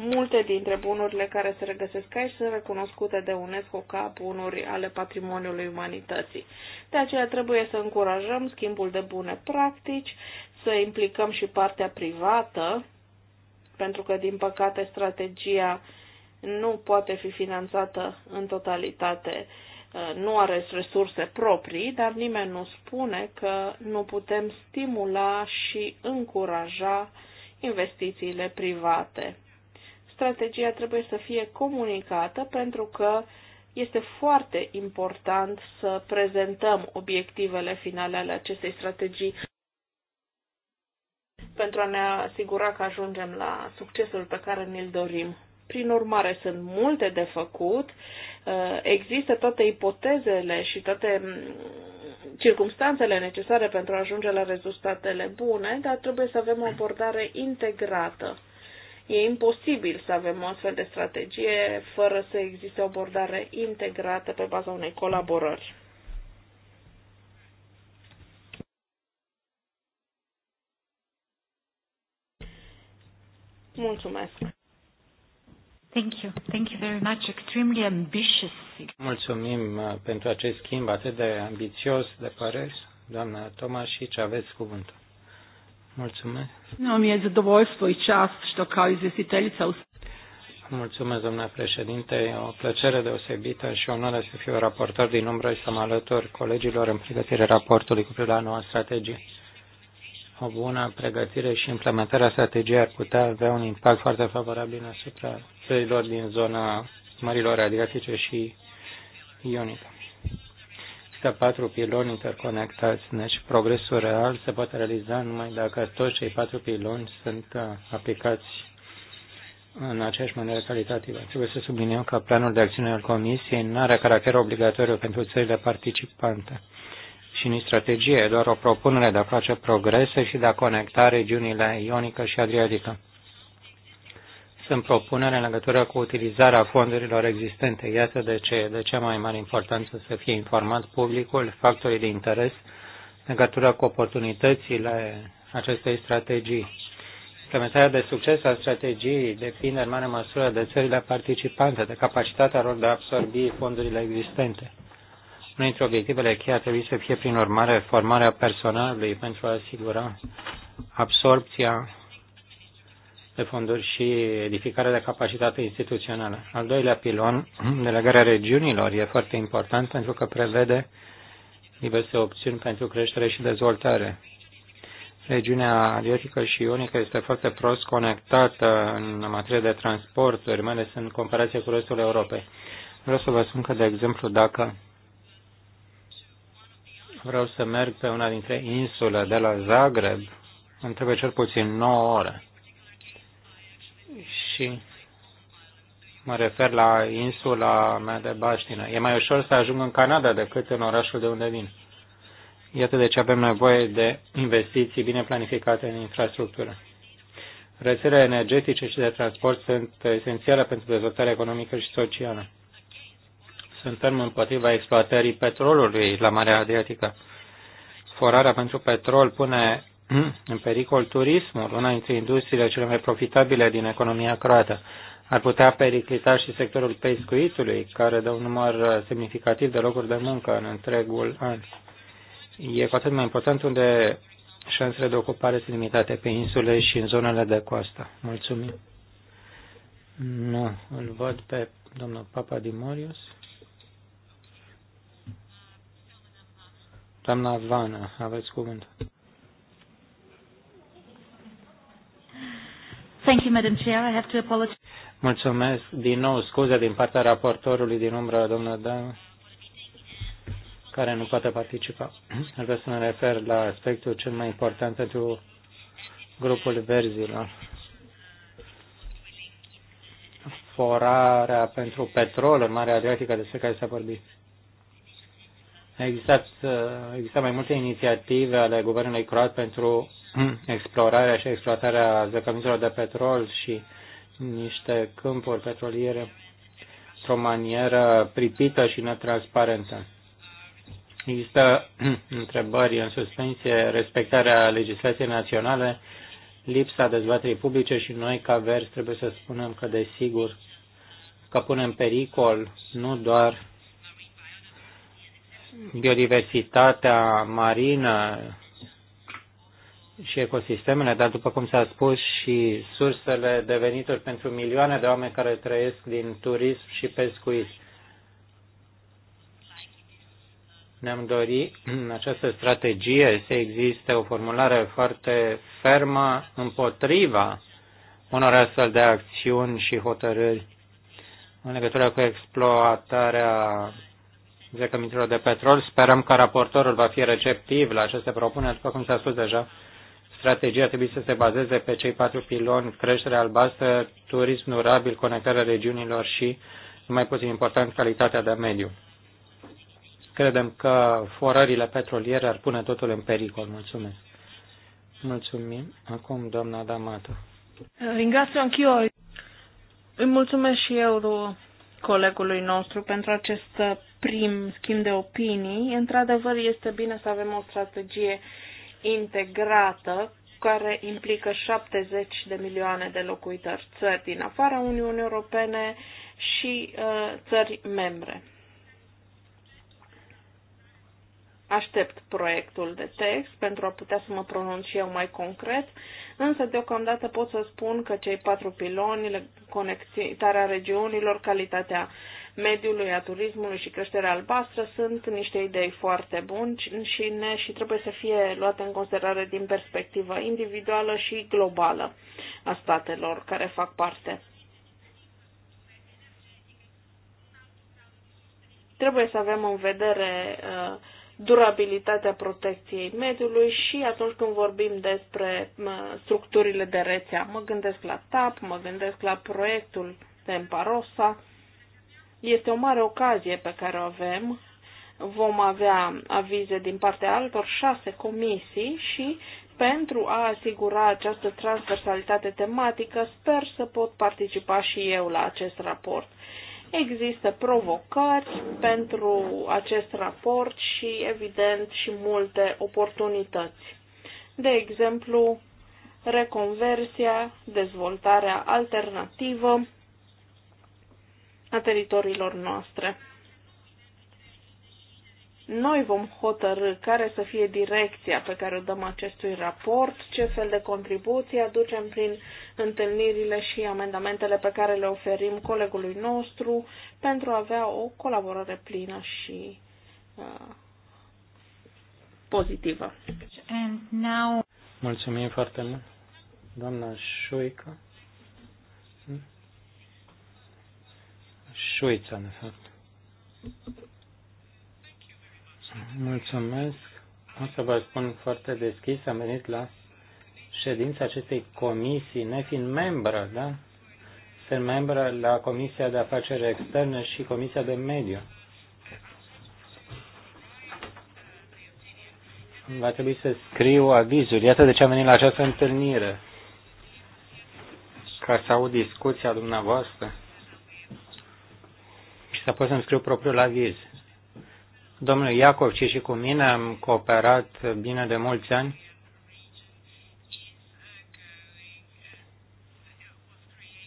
Multe dintre bunurile care se regăsesc aici sunt recunoscute de UNESCO ca bunuri ale patrimoniului umanității. De aceea trebuie să încurajăm schimbul de bune practici, să implicăm și partea privată, pentru că, din păcate, strategia nu poate fi finanțată în totalitate, uh, nu are resurse proprii, dar nimeni nu spune că nu putem stimula și încuraja investițiile private strategia trebuie să fie comunicată pentru că este foarte important să prezentăm obiectivele finale ale acestei strategii pentru a ne asigura că ajungem la succesul pe care ne-l dorim. Prin urmare, sunt multe de făcut, uh, există toate ipotezele și toate mm, circumstanțele necesare pentru a ajunge la rezultatele bune, dar trebuie să avem o abordare integrată E imposibil să avem o astfel de strategie fără să existe o abordare integrată pe baza unei colaborări. Mulțumesc. Thank you. Thank you very much. Extremely ambitious. Mulțumim uh, pentru acest schimb atât de ambițios de păreri. Doamna Toma și ce aveți cuvântul. Mulțumesc. Nu, mi-e zadovoljstvo i čast što kao izvjestiteljica Mulțumesc, domnule președinte. E o plăcere deosebită și onoare să fiu raportor din umbră și să mă alătur colegilor în pregătirea raportului cu privire la noua strategie. O bună pregătire și implementarea strategiei ar putea avea un impact foarte favorabil asupra țărilor din zona mărilor Adriatice și ionică. Există patru piloni interconectați, deci progresul real se poate realiza numai dacă toți cei patru piloni sunt uh, aplicați în aceeași manieră calitativă. Trebuie să subliniem că planul de acțiune al Comisiei nu are caracter obligatoriu pentru țările participante și nici strategie, doar o propunere de a face progrese și de a conecta regiunile ionică și adriatică sunt propuneri în legătură cu utilizarea fondurilor existente. Iată de ce de cea mai mare importanță să fie informat publicul, factorii de interes, în legătură cu oportunitățile acestei strategii. Implementarea de succes a strategiei depinde în mare măsură de țările participante, de capacitatea lor de a absorbi fondurile existente. Unul dintre obiectivele cheie ar trebui să fie, prin urmare, formarea personalului pentru a asigura absorpția de fonduri și edificarea de capacitate instituțională. Al doilea pilon, delegarea regiunilor, e foarte important pentru că prevede diverse opțiuni pentru creștere și dezvoltare. Regiunea adiotică și ionică este foarte prost conectată în materie de transporturi, mai ales în comparație cu restul Europei. Vreau să vă spun că, de exemplu, dacă vreau să merg pe una dintre insule de la Zagreb, îmi trebuie cel puțin 9 ore și mă refer la insula mea de baștină. E mai ușor să ajung în Canada decât în orașul de unde vin. Iată de ce avem nevoie de investiții bine planificate în infrastructură. Rețelele energetice și de transport sunt esențiale pentru dezvoltarea economică și socială. Suntem împotriva exploatării petrolului la Marea Adriatică. Forarea pentru petrol pune Hmm? în pericol turismul, una dintre industriile cele mai profitabile din economia croată. Ar putea periclita și sectorul pescuitului, care dă un număr semnificativ de locuri de muncă în întregul an. E cu atât mai important unde șansele de ocupare sunt limitate pe insule și în zonele de coastă. Mulțumim. Nu, îl văd pe domnul Papa Dimorius. Doamna Vana, aveți cuvântul. Thank you, Madam Chair. I have to apologize. Mulțumesc. Din nou, scuze din partea raportorului din umbră, domnul Dan, care nu poate participa. Ar vrea să mă refer la aspectul cel mai important pentru grupul verzilor. Forarea pentru petrol în Marea Adriatică, despre care s-a vorbit. A exact, uh, existat, existat mai multe inițiative ale guvernului croat pentru Hmm, explorarea și exploatarea zăcăminților de petrol și niște câmpuri petroliere într-o manieră pripită și netransparentă. Există întrebări în suspensie, respectarea legislației naționale, lipsa dezbaterii publice și noi, ca vers, trebuie să spunem că, desigur, că punem pericol nu doar biodiversitatea marină, și ecosistemele, dar după cum s-a spus și sursele de venituri pentru milioane de oameni care trăiesc din turism și pescuit. Ne-am dorit în această strategie să existe o formulare foarte fermă împotriva unor astfel de acțiuni și hotărâri în legătură cu exploatarea zecămintelor de petrol. Sperăm că raportorul va fi receptiv la aceste propuneri, după cum s-a spus deja strategia trebuie să se bazeze pe cei patru piloni, creștere albastră, turism durabil, conectarea regiunilor și, mai puțin important, calitatea de mediu. Credem că forările petroliere ar pune totul în pericol. Mulțumesc. Mulțumim. Acum, doamna D'Amato. Ringrazio anch'io. Îi mulțumesc și eu colegului nostru pentru acest prim schimb de opinii. Într-adevăr, este bine să avem o strategie uh, integrată care implică 70 de milioane de locuitori, țări din afara Uniunii Europene și uh, țări membre. Aștept proiectul de text pentru a putea să mă pronunț și eu mai concret, însă deocamdată pot să spun că cei patru piloni, conectarea regiunilor, calitatea mediului, a turismului și creșterea albastră sunt niște idei foarte bune și, ne, și trebuie să fie luate în considerare din perspectiva individuală și globală a statelor care fac parte. Trebuie să avem în vedere uh, durabilitatea protecției mediului și atunci când vorbim despre uh, structurile de rețea. Mă gândesc la TAP, mă gândesc la proiectul Tempa este o mare ocazie pe care o avem. Vom avea avize din partea altor șase comisii și pentru a asigura această transversalitate tematică, sper să pot participa și eu la acest raport. Există provocări pentru acest raport și, evident, și multe oportunități. De exemplu, reconversia, dezvoltarea alternativă, a teritoriilor noastre. Noi vom hotărâ care să fie direcția pe care o dăm acestui raport, ce fel de contribuții aducem prin întâlnirile și amendamentele pe care le oferim colegului nostru pentru a avea o colaborare plină și uh, pozitivă. And now... Mulțumim foarte mult, doamna Șoica. Șuița, de fapt. Mulțumesc. O să vă spun foarte deschis, am venit la ședința acestei comisii, Ne fiind membră, da? Sunt membră la Comisia de Afaceri Externe și Comisia de Mediu. Va trebui să scriu avizuri. Iată de ce am venit la această întâlnire. Ca să aud discuția dumneavoastră și apoi să-mi scriu propriul aviz. Domnul Iacov, ce și cu mine am cooperat bine de mulți ani.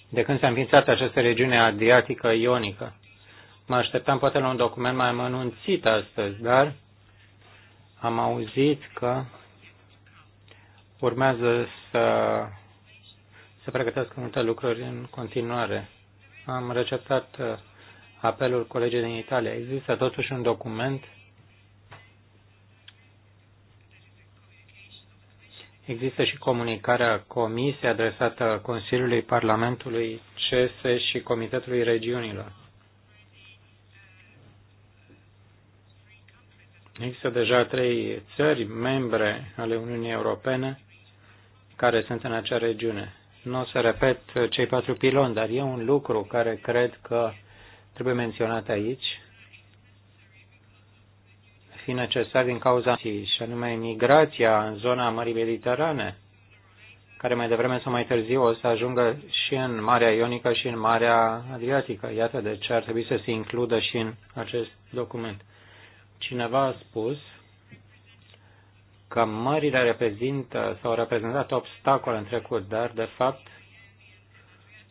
De când s-a înființat această regiune adriatică ionică. Mă așteptam poate la un document mai mănunțit astăzi, dar am auzit că urmează să se pregătească multe lucruri în continuare. Am receptat apelul colegii din Italia. Există totuși un document Există și comunicarea comisiei adresată Consiliului Parlamentului, CS și Comitetului Regiunilor. Există deja trei țări membre ale Uniunii Europene care sunt în acea regiune. Nu o să repet cei patru piloni, dar e un lucru care cred că Trebuie menționat aici fi necesar din cauza și anume migrația în zona Mării Mediterane, care mai devreme sau mai târziu o să ajungă și în Marea Ionică și în Marea Adriatică. Iată de ce ar trebui să se includă și în acest document. Cineva a spus că mările reprezintă sau au reprezentat obstacole în trecut, dar de fapt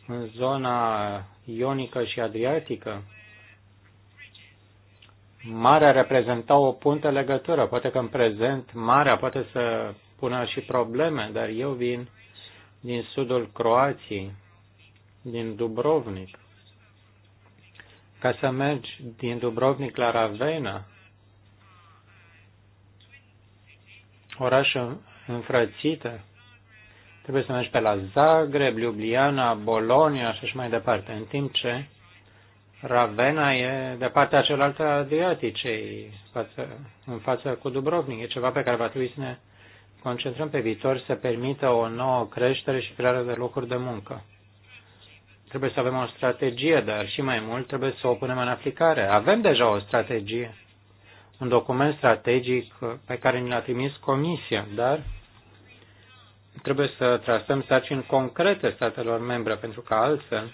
în zona Ionică și Adriatică, marea reprezenta o punte legătură. Poate că în prezent marea poate să pună și probleme, dar eu vin din sudul Croației, din Dubrovnik. Ca să mergi din Dubrovnik la Ravenna, oraș înfrățită, Trebuie să mergi pe la Zagreb, Ljubljana, Bologna și așa mai departe, în timp ce Ravena e de partea cealaltă a Adriaticei, în față cu Dubrovnik. E ceva pe care va trebui să ne concentrăm pe viitor, să permită o nouă creștere și crearea de locuri de muncă. Trebuie să avem o strategie, dar și mai mult trebuie să o punem în aplicare. Avem deja o strategie, un document strategic pe care ni l-a trimis Comisia, dar trebuie să trasăm sarcini concrete statelor membre, pentru că altfel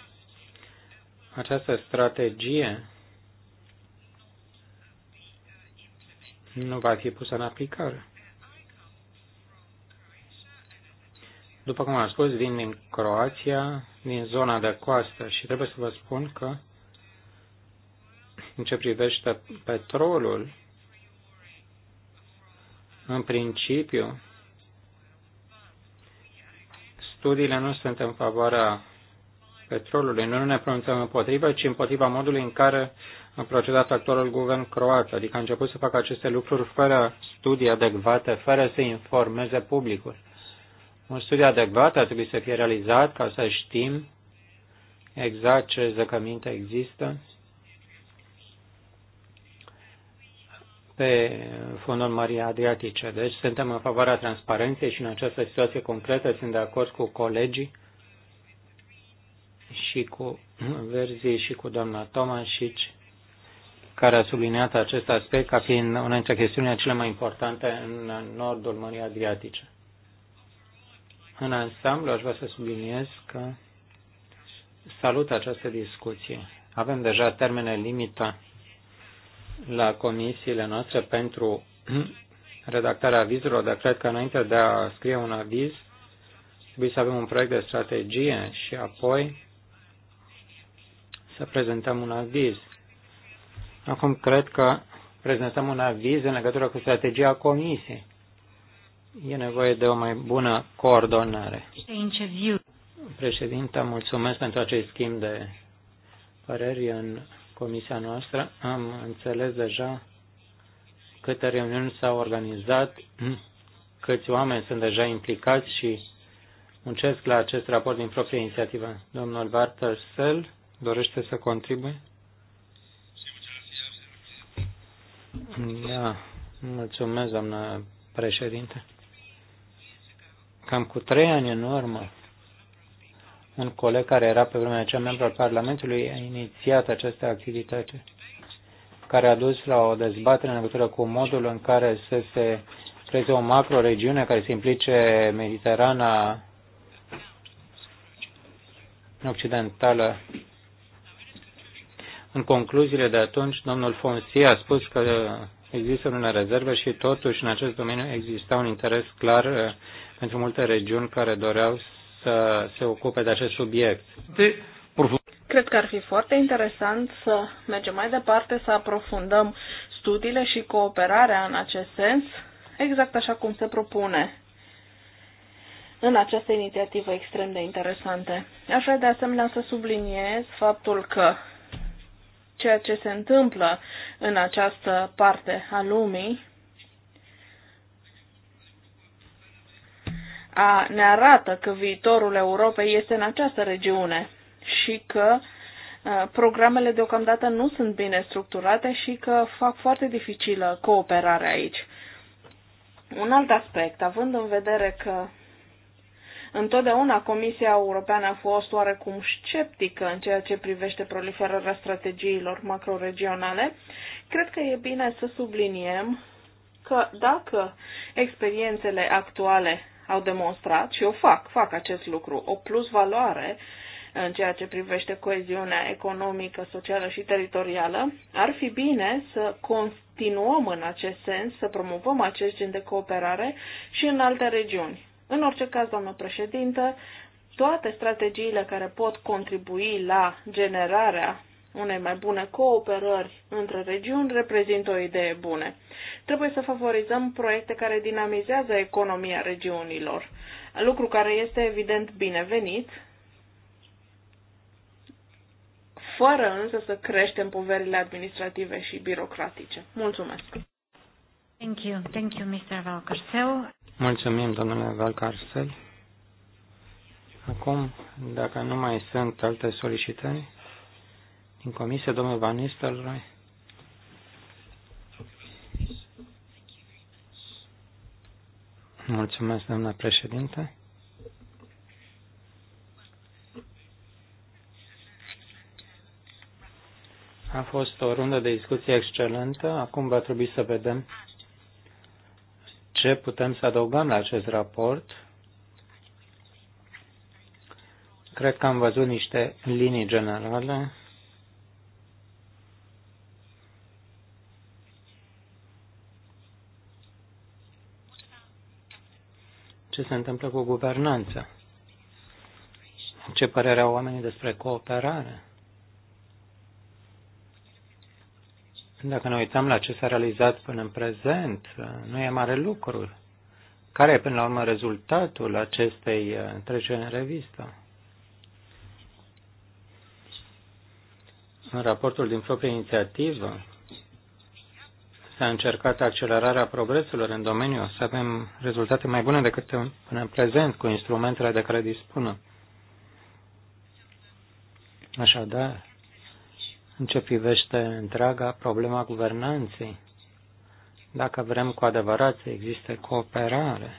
această strategie nu va fi pusă în aplicare. După cum am spus, vin din Croația, din zona de coastă și trebuie să vă spun că în ce privește petrolul, în principiu, studiile nu sunt în favoarea petrolului. Nu ne pronunțăm împotrivă, ci împotriva modului în care a procedat actualul guvern croat, adică a început să facă aceste lucruri fără studii adecvate, fără să informeze publicul. Un studiu adecvat ar trebui să fie realizat ca să știm exact ce zăcăminte există pe fondul Maria Adriatice. Deci suntem în favoarea transparenței și în această situație concretă sunt de acord cu colegii și cu Verzi și cu doamna Tomașici, care a subliniat acest aspect ca fiind una dintre chestiunile cele mai importante în nordul Mării Adriatice. În ansamblu, aș vrea să subliniez că salut această discuție. Avem deja termene limită la comisiile noastre pentru redactarea avizurilor, dar cred că înainte de a scrie un aviz, trebuie să avem un proiect de strategie și apoi să prezentăm un aviz. Acum cred că prezentăm un aviz în legătură cu strategia comisiei. E nevoie de o mai bună coordonare. Președinte, mulțumesc pentru acest schimb de păreri în comisia noastră, am înțeles deja câte reuniuni s-au organizat, câți oameni sunt deja implicați și muncesc la acest raport din proprie inițiativă. Domnul Walter dorește să contribuie? Da, mulțumesc, doamnă președinte. Cam cu trei ani în urmă un coleg care era pe vremea aceea membru al Parlamentului a inițiat această activitate care a dus la o dezbatere în legătură cu modul în care să se creeze o macro-regiune care se implice Mediterana occidentală. În concluziile de atunci, domnul Fonsi a spus că există unele rezerve și totuși în acest domeniu exista un interes clar eh, pentru multe regiuni care doreau să se ocupe de acest subiect. De... Cred că ar fi foarte interesant să mergem mai departe, să aprofundăm studiile și cooperarea în acest sens, exact așa cum se propune în această inițiativă extrem de interesante. Aș vrea de asemenea să subliniez faptul că ceea ce se întâmplă în această parte a lumii a, ne arată că viitorul Europei este în această regiune și că programele deocamdată nu sunt bine structurate și că fac foarte dificilă cooperarea aici. Un alt aspect, având în vedere că întotdeauna Comisia Europeană a fost oarecum sceptică în ceea ce privește proliferarea strategiilor macroregionale, cred că e bine să subliniem că dacă experiențele actuale au demonstrat și o fac, fac acest lucru, o plus valoare în ceea ce privește coeziunea economică, socială și teritorială, ar fi bine să continuăm în acest sens, să promovăm acest gen de cooperare și în alte regiuni. În orice caz, doamnă președintă, toate strategiile care pot contribui la generarea unei mai bune cooperări între regiuni reprezintă o idee bună. Trebuie să favorizăm proiecte care dinamizează economia regiunilor, lucru care este evident binevenit, fără însă să creștem poverile administrative și birocratice. Mulțumesc! Thank you. Thank you, Mr. Valcarcel. Mulțumim, domnule Valcarcel. Acum, dacă nu mai sunt alte solicitări, din comisie, domnul Van Nistelrooy. Mulțumesc, doamna președinte. A fost o rundă de discuție excelentă. Acum va trebui să vedem ce putem să adăugăm la acest raport. Cred că am văzut niște linii generale ce se întâmplă cu guvernanța, ce părere au oamenii despre cooperare. Dacă ne uităm la ce s-a realizat până în prezent, nu e mare lucru. Care e până la urmă rezultatul acestei uh, treceri în revistă? În raportul din proprie inițiativă, S-a încercat accelerarea progreselor în domeniu, să avem rezultate mai bune decât până în prezent cu instrumentele de care dispună. Așadar, în ce privește întreaga problema guvernanței, dacă vrem cu adevărat să existe cooperare,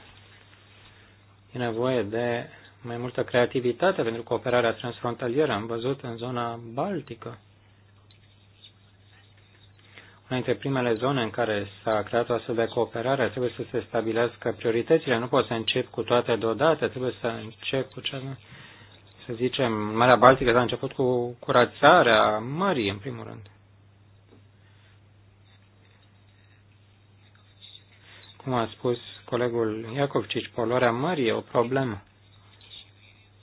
e nevoie de mai multă creativitate pentru cooperarea transfrontalieră. Am văzut în zona Baltică dintre primele zone în care s-a creat o astfel de cooperare, trebuie să se stabilească prioritățile. Nu poți să încep cu toate deodată, trebuie să încep cu ce să zicem, Marea Baltică s-a început cu curățarea mării, în primul rând. Cum a spus colegul Iacovcici, poluarea mării e o problemă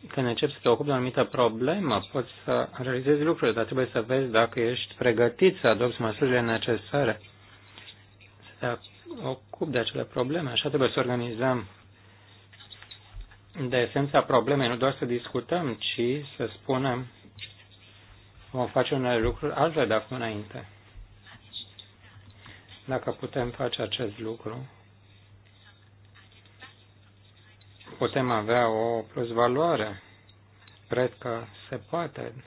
când începi să te ocupi de o anumită problemă, poți să realizezi lucruri, dar trebuie să vezi dacă ești pregătit să adopți măsurile necesare, să te ocupi de acele probleme. Așa trebuie să organizăm de esența problemei, nu doar să discutăm, ci să spunem, vom face unele lucruri altfel de acum înainte. Dacă putem face acest lucru, putem avea o plusvaloare. Cred că se poate.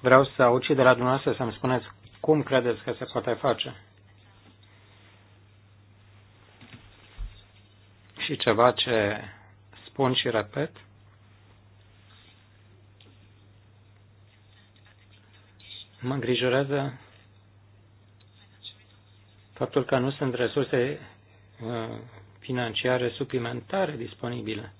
Vreau să aud de la dumneavoastră să-mi spuneți cum credeți că se poate face. Și ceva ce spun și repet, mă îngrijorează faptul că nu sunt resurse uh, financiare suplimentare disponibile.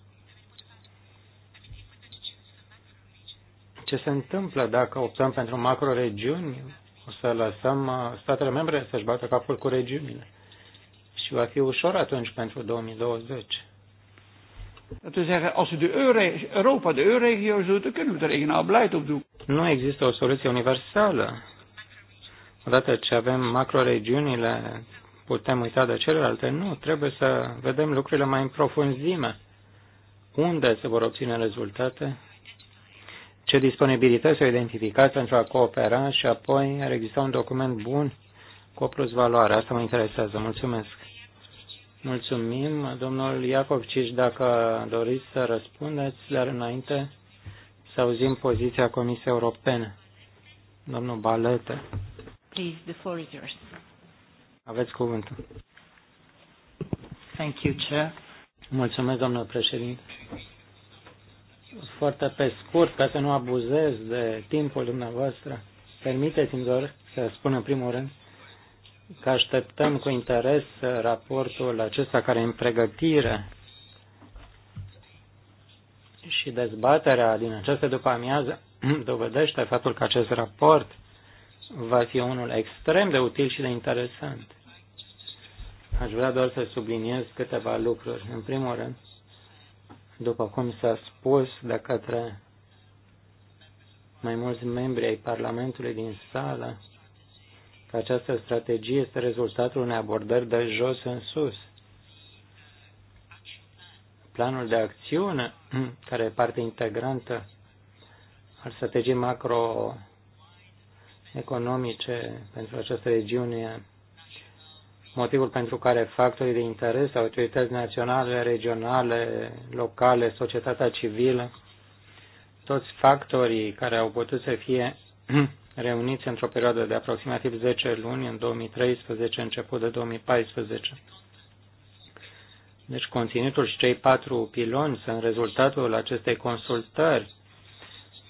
Ce se întâmplă dacă optăm pentru macroregiuni? O să lăsăm uh, statele membre să-și bată capul cu regiunile. Și va fi ușor atunci pentru 2020. Dat wil zeggen, als u de Europa de EU-regio doet, dan kunnen we er regionaal beleid op doen. Nu există o soluție universală. Odată ce avem macroregiunile putem uita de celelalte. Nu, trebuie să vedem lucrurile mai în profunzime. Unde se vor obține rezultate? Ce disponibilități au identificat pentru a coopera și apoi ar exista un document bun cu o plus valoare. Asta mă interesează. Mulțumesc. Mulțumim, domnul Iacov Ciș, dacă doriți să răspundeți, dar înainte să auzim poziția Comisiei Europene. Domnul Balete. Please, the floor is yours. Aveți cuvântul. Thank you, Chair. Mulțumesc, domnule președinte. Foarte pe scurt, ca să nu abuzez de timpul dumneavoastră, permiteți-mi doar să spun în primul rând că așteptăm cu interes raportul acesta care e în pregătire și dezbaterea din această după amiază dovedește faptul că acest raport va fi unul extrem de util și de interesant. Aș vrea doar să subliniez câteva lucruri. În primul rând, după cum s-a spus de către mai mulți membri ai Parlamentului din sală, că această strategie este rezultatul unei abordări de jos în sus. Planul de acțiune, care e parte integrantă al strategiei macro economice pentru această regiune, motivul pentru care factorii de interes, autorități naționale, regionale, locale, societatea civilă, toți factorii care au putut să fie reuniți într-o perioadă de aproximativ 10 luni, în 2013, început de 2014. Deci conținutul și cei patru piloni sunt rezultatul acestei consultări,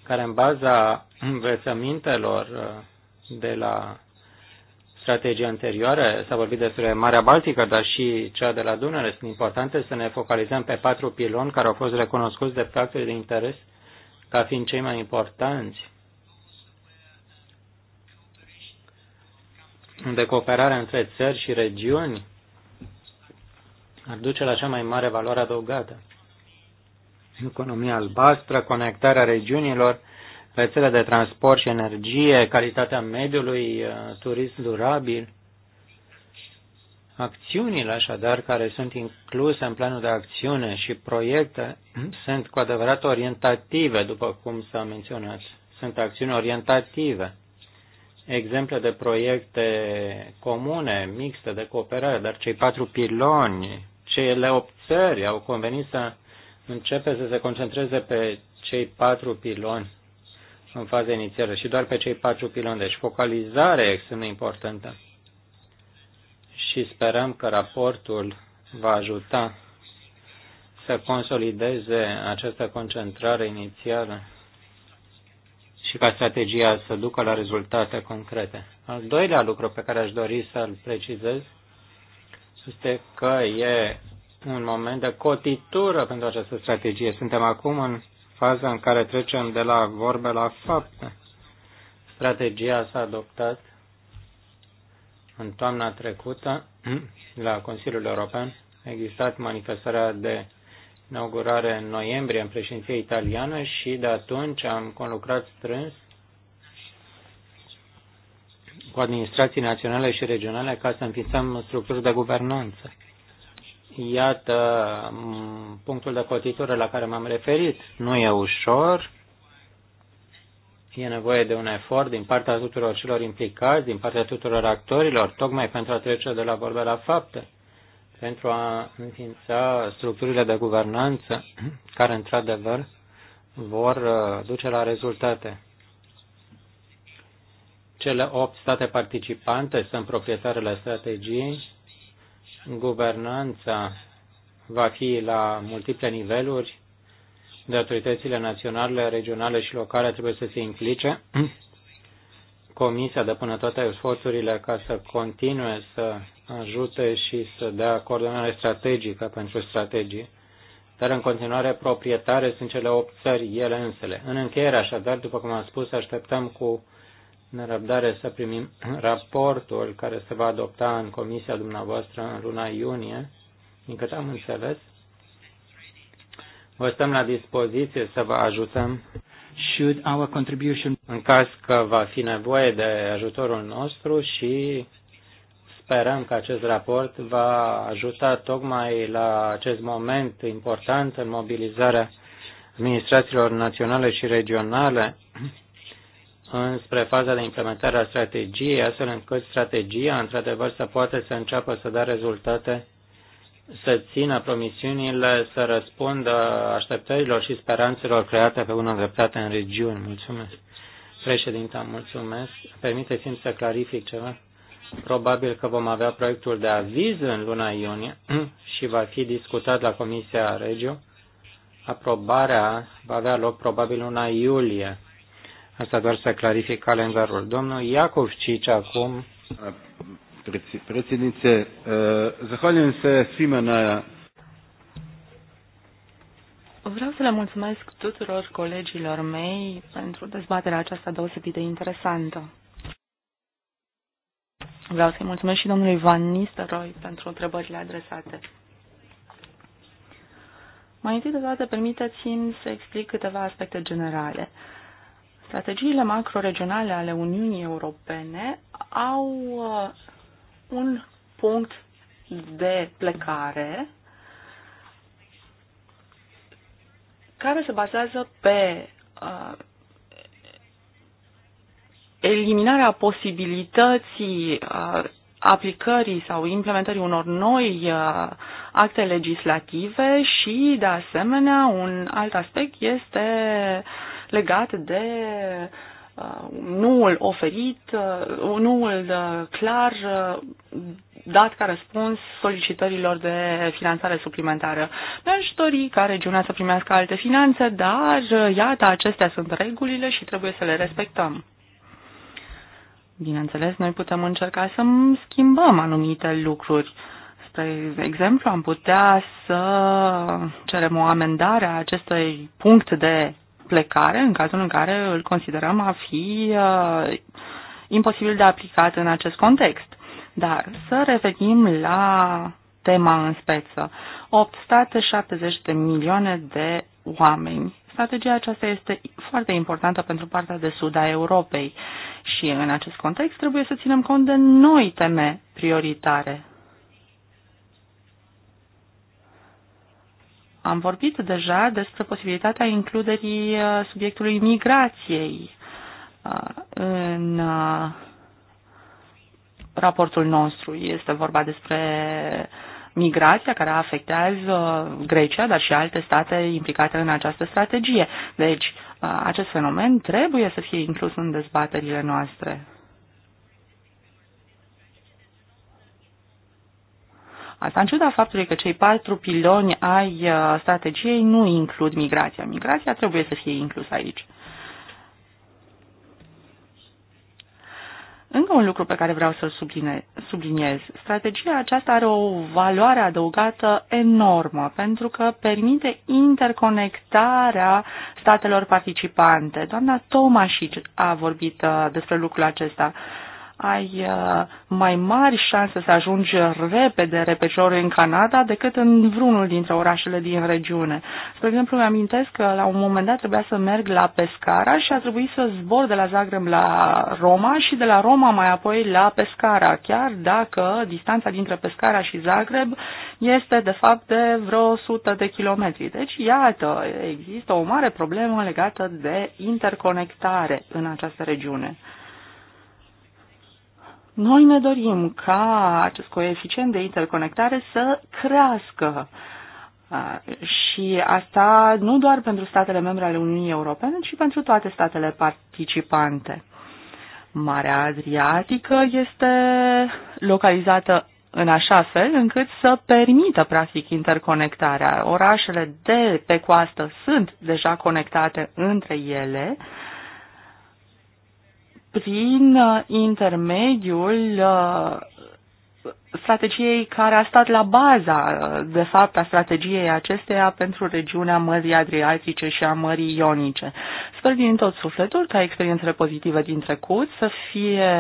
care în baza învățămintelor de la strategia anterioară, s-a vorbit despre Marea Baltică, dar și cea de la Dunăre. Sunt importante să ne focalizăm pe patru piloni care au fost recunoscuți de factori de interes ca fiind cei mai importanți de cooperare între țări și regiuni ar duce la cea mai mare valoare adăugată. Economia albastră, conectarea regiunilor, rețele de transport și energie, calitatea mediului, uh, turism durabil. Acțiunile, așadar, care sunt incluse în planul de acțiune și proiecte sunt cu adevărat orientative, după cum s-a menționat. Sunt acțiuni orientative. Exemple de proiecte comune, mixte, de cooperare, dar cei patru piloni, cele opt țări au convenit să începe să se concentreze pe cei patru piloni în faza inițială și doar pe cei patru piloni. Deci focalizarea e extrem de importantă și sperăm că raportul va ajuta să consolideze această concentrare inițială și ca strategia să ducă la rezultate concrete. Al doilea lucru pe care aș dori să-l precizez este că e un moment de cotitură pentru această strategie. Suntem acum în faza în care trecem de la vorbe la fapte. Strategia s-a adoptat în toamna trecută la Consiliul European. A existat manifestarea de inaugurare în noiembrie în președinție italiană și de atunci am conlucrat strâns cu administrații naționale și regionale ca să înființăm structuri de guvernanță. Iată punctul de cotitură la care m-am referit. Nu e ușor, e nevoie de un efort din partea tuturor celor implicați, din partea tuturor actorilor, tocmai pentru a trece de la vorbe la fapte, pentru a înființa structurile de guvernanță care, într-adevăr, vor uh, duce la rezultate. Cele opt state participante sunt proprietarele strategiei guvernanța va fi la multiple niveluri, de autoritățile naționale, regionale și locale trebuie să se implice. Comisia până toate eforturile ca să continue să ajute și să dea coordonare strategică pentru strategii, dar în continuare proprietare sunt cele opt țări ele însele. În încheiere, așadar, după cum am spus, așteptăm cu nerăbdare să primim raportul care se va adopta în comisia dumneavoastră în luna iunie. Din câte am înțeles, vă stăm la dispoziție să vă ajutăm Should our contribution... în caz că va fi nevoie de ajutorul nostru și sperăm că acest raport va ajuta tocmai la acest moment important în mobilizarea administrațiilor naționale și regionale înspre faza de implementare a strategiei, astfel încât strategia, într-adevăr, să poată să înceapă să dea rezultate, să țină promisiunile, să răspundă așteptărilor și speranțelor create pe bună dreptate în regiuni. Mulțumesc. Președinte, mulțumesc. Permiteți-mi să clarific ceva. Probabil că vom avea proiectul de aviz în luna iunie și va fi discutat la Comisia Regiu. Aprobarea va avea loc probabil luna iulie Asta doar să clarific calendarul. Domnul Iacov Cici acum. Președinte, uh, zahvaljujem se svima na Vreau să le mulțumesc tuturor colegilor mei pentru dezbaterea aceasta deosebit de interesantă. Vreau să-i mulțumesc și domnului Van Nistelrooy pentru întrebările adresate. Mai întâi de toate, permiteți-mi să explic câteva aspecte generale. Strategiile macroregionale ale Uniunii Europene au uh, un punct de plecare care se bazează pe uh, eliminarea posibilității uh, aplicării sau implementării unor noi acte legislative și, de asemenea, un alt aspect este uh, legat de uh, nuul oferit, uh, nuul uh, clar dat ca răspuns solicitărilor de finanțare suplimentară. Mi-aș dori ca regiunea să primească alte finanțe, dar iată, acestea sunt regulile și trebuie să le respectăm. Bineînțeles, noi putem încerca să schimbăm anumite lucruri. Spre exemplu, am putea să cerem o amendare a acestui punct de plecare în cazul în care îl considerăm a fi uh, imposibil de aplicat în acest context. Dar să revenim la tema în speță. 870 de milioane de oameni. Strategia aceasta este foarte importantă pentru partea de sud a Europei și în acest context trebuie să ținem cont de noi teme prioritare. Am vorbit deja despre posibilitatea includerii uh, subiectului migrației uh, în uh, raportul nostru. Este vorba despre migrația care afectează Grecia, dar și alte state implicate în această strategie. Deci, acest fenomen trebuie să fie inclus în dezbaterile noastre. Asta în ciuda faptului că cei patru piloni ai uh, strategiei nu includ migrația. Migrația trebuie să fie inclusă aici. Încă un lucru pe care vreau să-l subliniez. Strategia aceasta are o valoare adăugată enormă pentru că permite interconectarea statelor participante. Doamna Tomașici a vorbit uh, despre lucrul acesta. Uh, ai uh, mai mari șanse să ajungi repede, repeciori în Canada decât în vreunul dintre orașele din regiune. Spre exemplu, îmi amintesc că la un moment dat trebuia să merg la Pescara și a trebuit să zbor de la Zagreb la Roma și de la Roma mai apoi la Pescara, chiar dacă distanța dintre Pescara și Zagreb este de fapt de vreo 100 de kilometri. Deci, iată, există o mare problemă legată de interconectare în această regiune. Noi ne dorim ca acest coeficient de interconectare să crească și asta nu doar pentru statele membre ale Uniunii Europene, ci pentru toate statele participante. Marea Adriatică este localizată în așa fel încât să permită practic interconectarea. Orașele de pe coastă sunt deja conectate între ele, prin uh, intermediul uh, strategiei care a stat la baza, uh, de fapt, a strategiei acesteia pentru regiunea Mării Adriatice și a Mării Ionice. Sper din tot sufletul ca experiențele pozitive din trecut să fie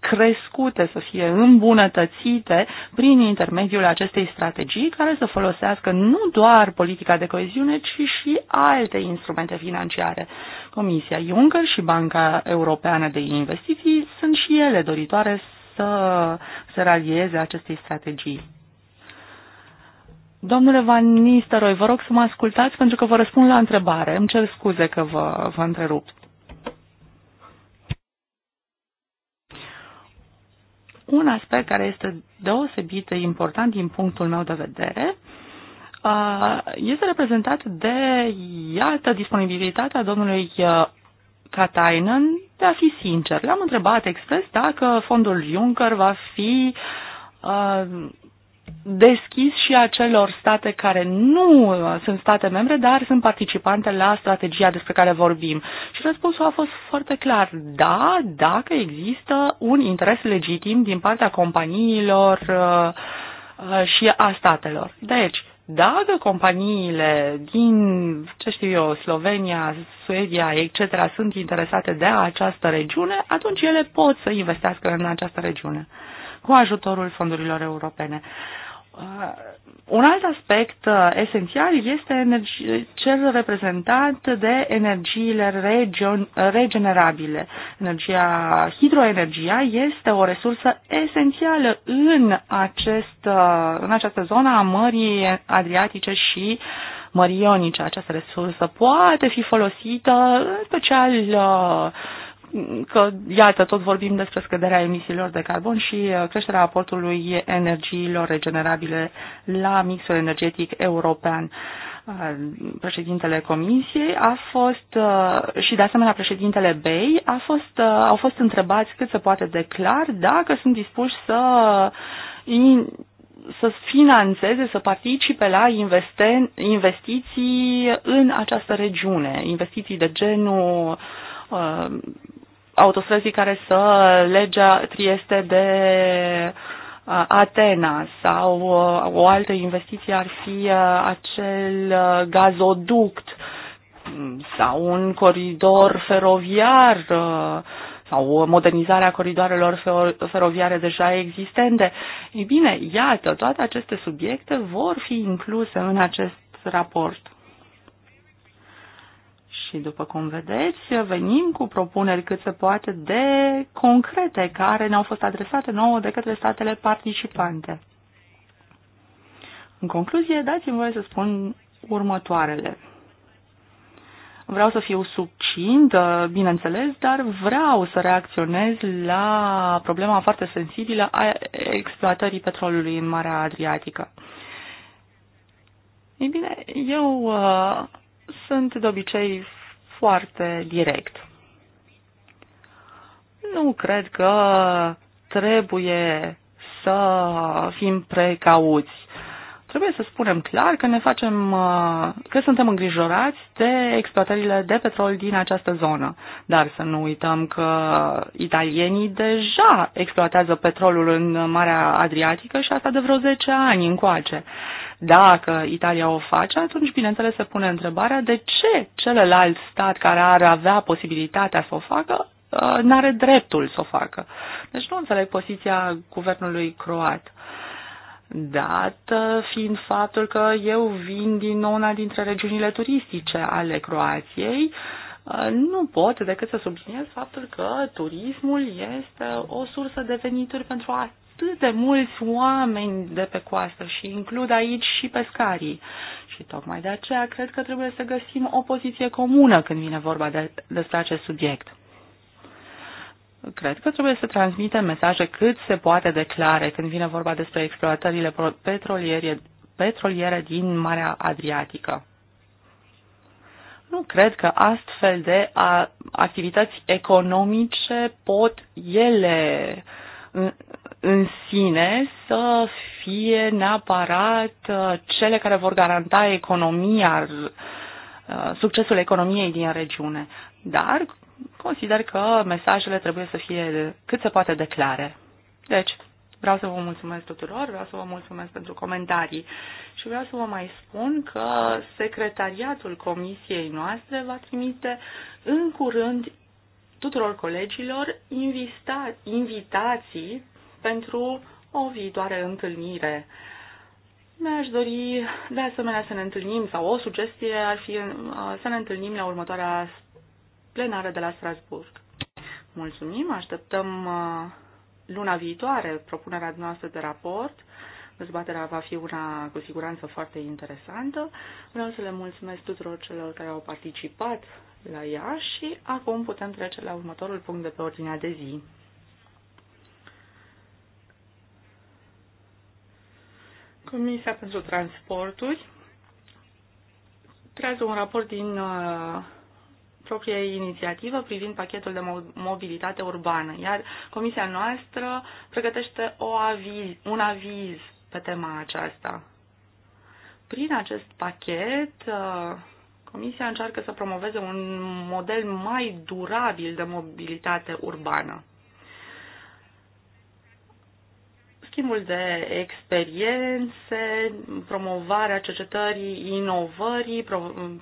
crescute, să fie îmbunătățite prin intermediul acestei strategii care să folosească nu doar politica de coeziune, ci și alte instrumente financiare. Comisia Juncker și Banca Europeană de Investiții sunt și ele doritoare să se ralieze acestei strategii. Domnule Van Nistelrooy, vă rog să mă ascultați pentru că vă răspund la întrebare. Îmi cer scuze că vă, vă întrerup. Un aspect care este deosebit de important din punctul meu de vedere este reprezentat de, iată, disponibilitatea domnului uh, Katainen de a fi sincer. L-am întrebat expres dacă fondul Juncker va fi uh, deschis și acelor state care nu uh, sunt state membre, dar sunt participante la strategia despre care vorbim. Și răspunsul a fost foarte clar, da, dacă există un interes legitim din partea companiilor și a statelor. Deci, dacă companiile din, ce știu eu, Slovenia, Suedia, etc., sunt interesate de această regiune, atunci ele pot să investească în această regiune cu ajutorul fondurilor europene. Uh, Uh, un alt aspect uh, esențial este cel reprezentat de energiile regenerabile. Energia, hidroenergia este o resursă esențială în, acest, uh, în această zonă a Mării Adriatice și Mării Ionice. Această resursă poate fi folosită în special uh, că, iată, tot vorbim despre scăderea emisiilor de carbon și uh, creșterea aportului energiilor regenerabile la mixul energetic european. Uh, președintele Comisiei a fost uh, și, de asemenea, președintele BEI a fost, au fost întrebați cât se poate de clar dacă sunt dispuși să să financeze, să participe la investi investiții în această regiune, investiții de genul autostrăzii care să legea Trieste de uh, Atena sau uh, o altă investiție ar fi uh, acel gazoduct mm, sau un coridor feroviar sau modernizarea coridoarelor feroviare deja existente. Ei bine, iată, toate aceste subiecte vor fi incluse în acest raport. Și după cum vedeți, venim cu propuneri cât se poate de concrete care ne-au fost adresate nouă de către statele participante. În concluzie, dați-mi voie să spun următoarele. Vreau să fiu subcintă, bineînțeles, dar vreau să reacționez la problema foarte sensibilă a exploatării petrolului în Marea Adriatică. Ei bine, eu uh, sunt de obicei foarte direct. Nu cred că trebuie să fim precauți. Trebuie să spunem clar că ne facem, uh, că suntem îngrijorați de exploatările de petrol din această zonă. Dar să nu uităm că italienii deja exploatează petrolul în Marea Adriatică și asta de vreo 10 ani încoace. Dacă Italia o face, atunci, bineînțeles, se pune întrebarea de ce celălalt stat care ar avea posibilitatea să o facă, uh, n-are dreptul să o facă. Deci nu înțeleg poziția guvernului croat dat uh, fiind faptul că eu vin din una dintre regiunile turistice ale Croației, uh, nu pot decât să subliniez faptul că turismul este o sursă de venituri pentru atât de mulți oameni de pe coastă și includ aici și pescarii. Și tocmai de aceea cred că trebuie să găsim o poziție comună când vine vorba de, despre acest subiect. Cred că trebuie să transmitem mesaje cât se poate de clare când vine vorba despre exploatările petroliere, petroliere din Marea Adriatică. Nu cred că astfel de a, activități economice pot ele uh, în sine să fie neapărat uh, cele care vor garanta economia, uh, succesul economiei din regiune. Dar consider că mesajele trebuie să fie cât se poate de clare. Deci, vreau să vă mulțumesc tuturor, vreau să vă mulțumesc pentru comentarii și vreau să vă mai spun că secretariatul comisiei noastre va trimite în curând tuturor colegilor invita- invitații pentru o viitoare întâlnire. Mi-aș dori de asemenea să ne întâlnim sau o sugestie ar fi uh, să ne întâlnim la următoarea plenară de la Strasburg. Mulțumim, așteptăm uh, luna viitoare propunerea noastră de raport. Dezbaterea va fi una cu siguranță foarte interesantă. Vreau să le mulțumesc tuturor celor care au participat la ea și acum putem trece la următorul punct de pe ordinea de zi. Comisia pentru Transporturi trează un raport din propria uh, proprie inițiativă privind pachetul de mobilitate urbană, iar comisia noastră pregătește o aviz, un aviz pe tema aceasta. Prin acest pachet, uh, Comisia încearcă să promoveze un model mai durabil de mobilitate urbană. Schimbul de experiențe, promovarea cercetării, inovării,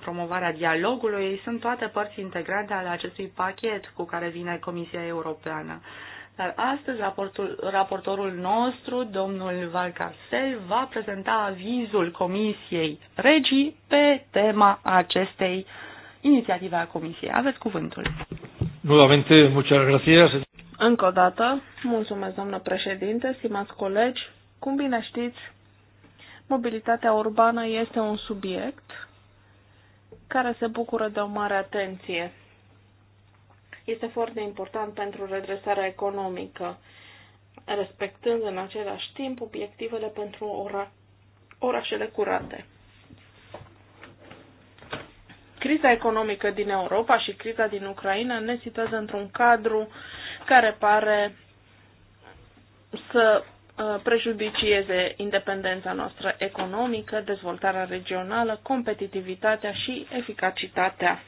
promovarea dialogului sunt toate părți integrante ale acestui pachet cu care vine Comisia Europeană. Dar astăzi raportul, raportorul nostru, domnul Valcarcel, va prezenta avizul Comisiei Regii pe tema acestei inițiative a Comisiei. Aveți cuvântul. Nuevamente, muchas gracias. Încă o dată, mulțumesc, doamnă președinte, stimați colegi. Cum bine știți, mobilitatea urbană este un subiect care se bucură de o mare atenție este foarte important pentru redresarea economică, respectând în același timp obiectivele pentru ora, orașele curate. Criza economică din Europa și criza din Ucraina ne situează într-un cadru care pare să uh, prejudicieze independența noastră economică, dezvoltarea regională, competitivitatea și eficacitatea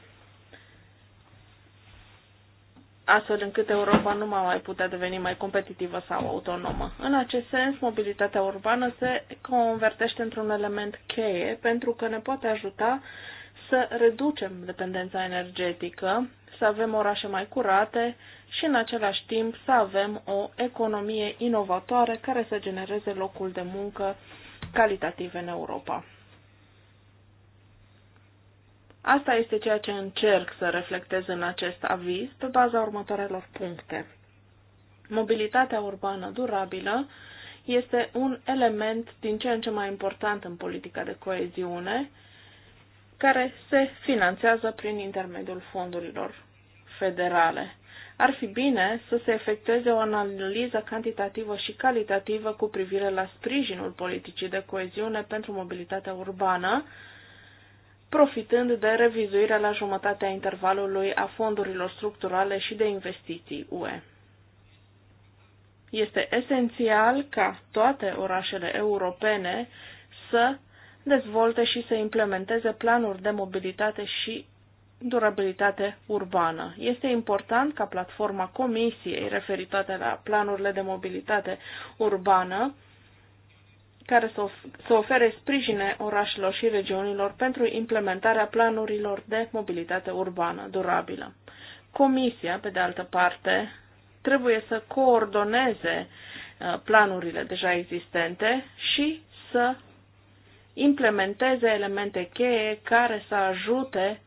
astfel încât Europa nu va mai putea deveni mai competitivă sau autonomă. În acest sens, mobilitatea urbană se convertește într-un element cheie pentru că ne poate ajuta să reducem dependența energetică, să avem orașe mai curate și în același timp să avem o economie inovatoare care să genereze locul de muncă calitativ în Europa. Asta este ceea ce încerc să reflectez în acest aviz pe baza următoarelor puncte. Mobilitatea urbană durabilă este un element din ce în ce mai important în politica de coeziune, care se finanțează prin intermediul fondurilor federale. Ar fi bine să se efectueze o analiză cantitativă și calitativă cu privire la sprijinul politicii de coeziune pentru mobilitatea urbană, profitând de revizuirea la jumătatea intervalului a fondurilor structurale și de investiții UE. Este esențial ca toate orașele europene să dezvolte și să implementeze planuri de mobilitate și durabilitate urbană. Este important ca platforma Comisiei referitoare la planurile de mobilitate urbană care să, of- să ofere sprijine orașelor și regiunilor pentru implementarea planurilor de mobilitate urbană durabilă. Comisia, pe de altă parte, trebuie să coordoneze uh, planurile deja existente și să implementeze elemente cheie care să ajute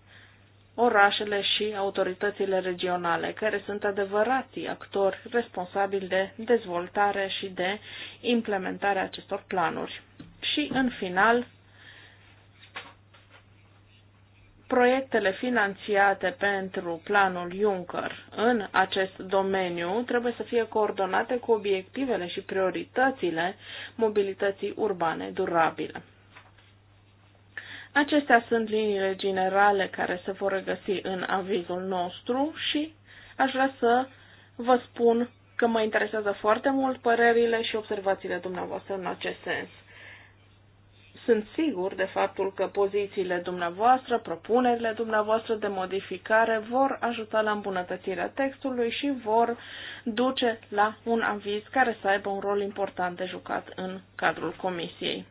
orașele și autoritățile regionale, care sunt adevărații actori responsabili de dezvoltare și de implementarea acestor planuri. Și, în final, proiectele finanțiate pentru planul Juncker în acest domeniu trebuie să fie coordonate cu obiectivele și prioritățile mobilității urbane durabile. Acestea sunt liniile generale care se vor regăsi în avizul nostru și aș vrea să vă spun că mă interesează foarte mult părerile și observațiile dumneavoastră în acest sens. Sunt sigur de faptul că pozițiile dumneavoastră, propunerile dumneavoastră de modificare vor ajuta la îmbunătățirea textului și vor duce la un aviz care să aibă un rol important de jucat în cadrul comisiei.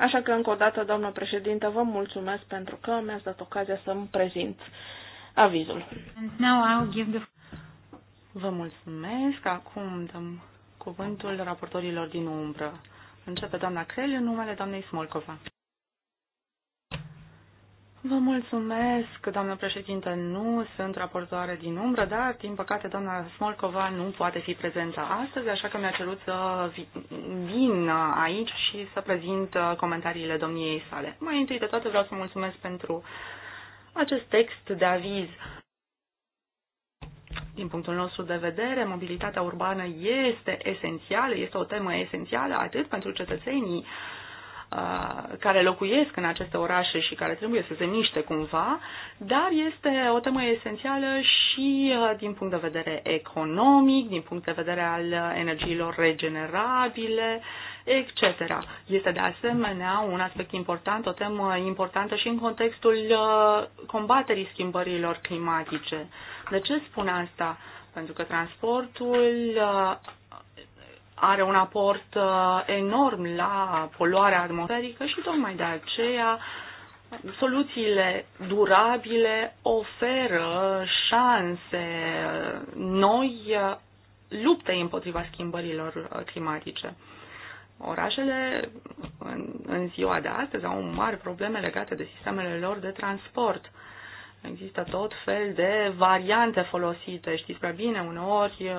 Așa că, încă o dată, doamnă președintă, vă mulțumesc pentru că mi-ați dat ocazia să-mi prezint avizul. Vă mulțumesc. Acum dăm cuvântul raportorilor din umbră. Începe doamna Crel numele doamnei Smolcova. Vă mulțumesc, doamnă președinte. Nu sunt raportoare din umbră, dar, din păcate, doamna Smolcova nu poate fi prezentă astăzi, așa că mi-a cerut să vin aici și să prezint uh, comentariile domniei sale. Mai întâi de toate vreau să mulțumesc pentru acest text de aviz. Din punctul nostru de vedere, mobilitatea urbană este esențială, este o temă esențială atât pentru cetățenii uh, care locuiesc în aceste orașe și care trebuie să se miște cumva, dar este o temă esențială și din punct de vedere economic, din punct de vedere al energiilor regenerabile, etc. Este de asemenea un aspect important, o temă importantă și în contextul combaterii schimbărilor climatice. De ce spun asta? Pentru că transportul are un aport uh, enorm la poluarea atmosferică și tocmai de aceea soluțiile durabile oferă șanse noi uh, luptei împotriva schimbărilor uh, climatice. Orașele în, în ziua de astăzi au mari probleme legate de sistemele lor de transport. Există tot fel de variante folosite. Știți prea bine, uneori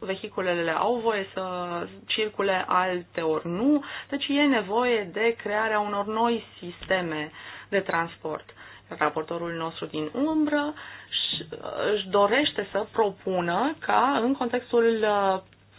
vehiculele au voie să circule, alte ori nu, deci e nevoie de crearea unor noi sisteme de transport. Raportorul nostru din umbră își dorește să propună ca în contextul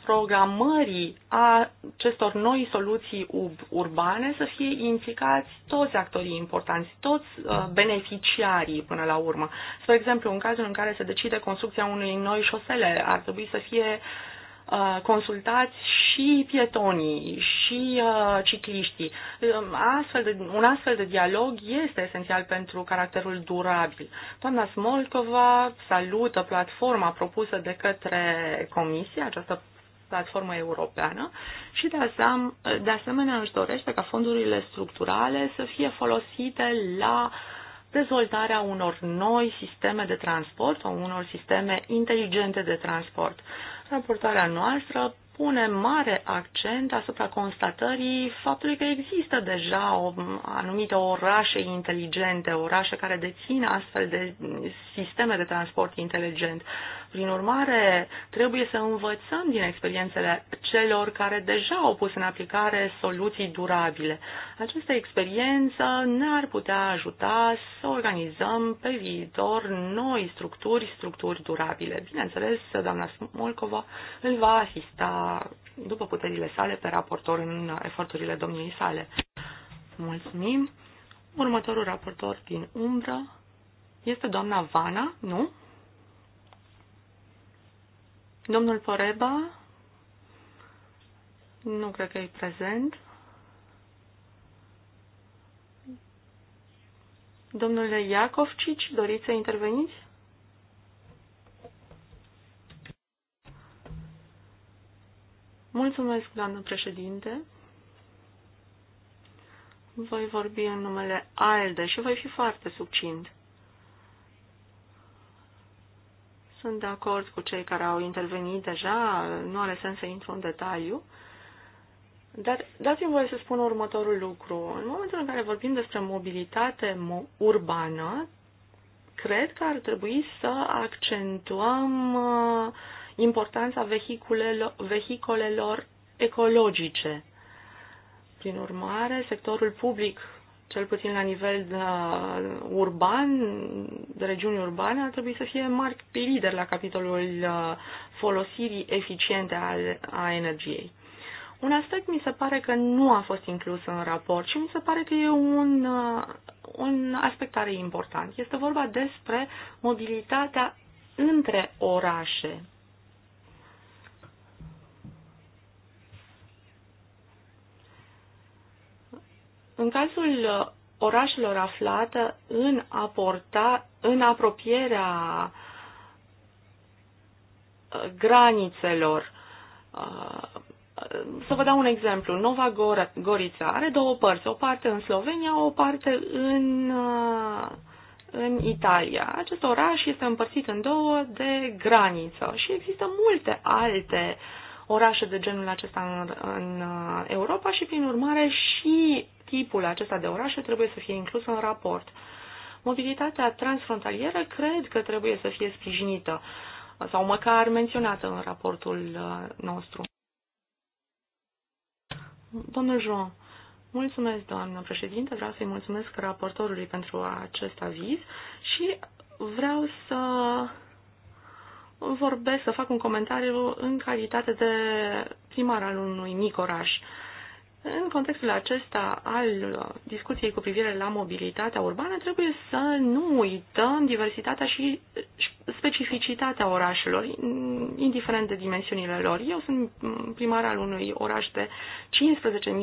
programării a acestor noi soluții urbane să fie implicați toți actorii importanți, toți uh, beneficiarii până la urmă. Spre exemplu, în cazul în care se decide construcția unei noi șosele, ar trebui să fie uh, consultați și pietonii și uh, cicliștii. Um, astfel de, un astfel de dialog este esențial pentru caracterul durabil. Doamna Smolkova salută platforma propusă de către Comisie, această platformă europeană și de, asem, de asemenea își dorește ca fondurile structurale să fie folosite la dezvoltarea unor noi sisteme de transport sau unor sisteme inteligente de transport. Raportarea noastră pune mare accent asupra constatării faptului că există deja o, anumite orașe inteligente, orașe care dețin astfel de sisteme de transport inteligent. Prin urmare, trebuie să învățăm din experiențele celor care deja au pus în aplicare soluții durabile. Această experiență ne-ar putea ajuta să organizăm pe viitor noi structuri, structuri durabile. Bineînțeles, doamna Smolcova îl va asista după puterile sale pe raportor în eforturile domniei sale. Mulțumim! Următorul raportor din umbră este doamna Vana, nu? Domnul Poreba, nu cred că e prezent. Domnule Iacovcici, doriți să interveniți? Mulțumesc, doamnă președinte. Voi vorbi în numele ALDE și voi fi foarte succint. Sunt de acord cu cei care au intervenit deja, nu are sens să intru în detaliu. Dar dați-mi voie să spun următorul lucru. În momentul în care vorbim despre mobilitate urbană, cred că ar trebui să accentuăm uh, importanța vehiculelor, vehicolelor ecologice. Prin urmare, sectorul public cel puțin la nivel de uh, urban, de regiuni urbane, ar trebui să fie mari lider la capitolul uh, folosirii eficiente a energiei. Un aspect mi se pare că nu a fost inclus în raport și mi se pare că e un, uh, un aspect care e important. Este vorba despre mobilitatea între orașe. În cazul uh, orașelor aflate în, aporta, în apropierea uh, granițelor. Uh, să vă dau un exemplu. Nova Gorița are două părți, o parte în Slovenia, o parte în, în Italia. Acest oraș este împărțit în două de graniță și există multe alte orașe de genul acesta în, în Europa și, prin urmare, și tipul acesta de orașe trebuie să fie inclus în raport. Mobilitatea transfrontalieră cred că trebuie să fie sprijinită sau măcar menționată în raportul uh, nostru. Domnul Jean, mulțumesc, doamnă președinte, vreau să-i mulțumesc raportorului pentru acest aviz și vreau să vorbesc, să fac un comentariu în calitate de primar al unui mic oraș. Uh, în contextul acesta al discuției cu privire la mobilitatea urbană, trebuie să nu uităm diversitatea și specificitatea orașelor, indiferent de dimensiunile lor. Eu sunt primar al unui oraș de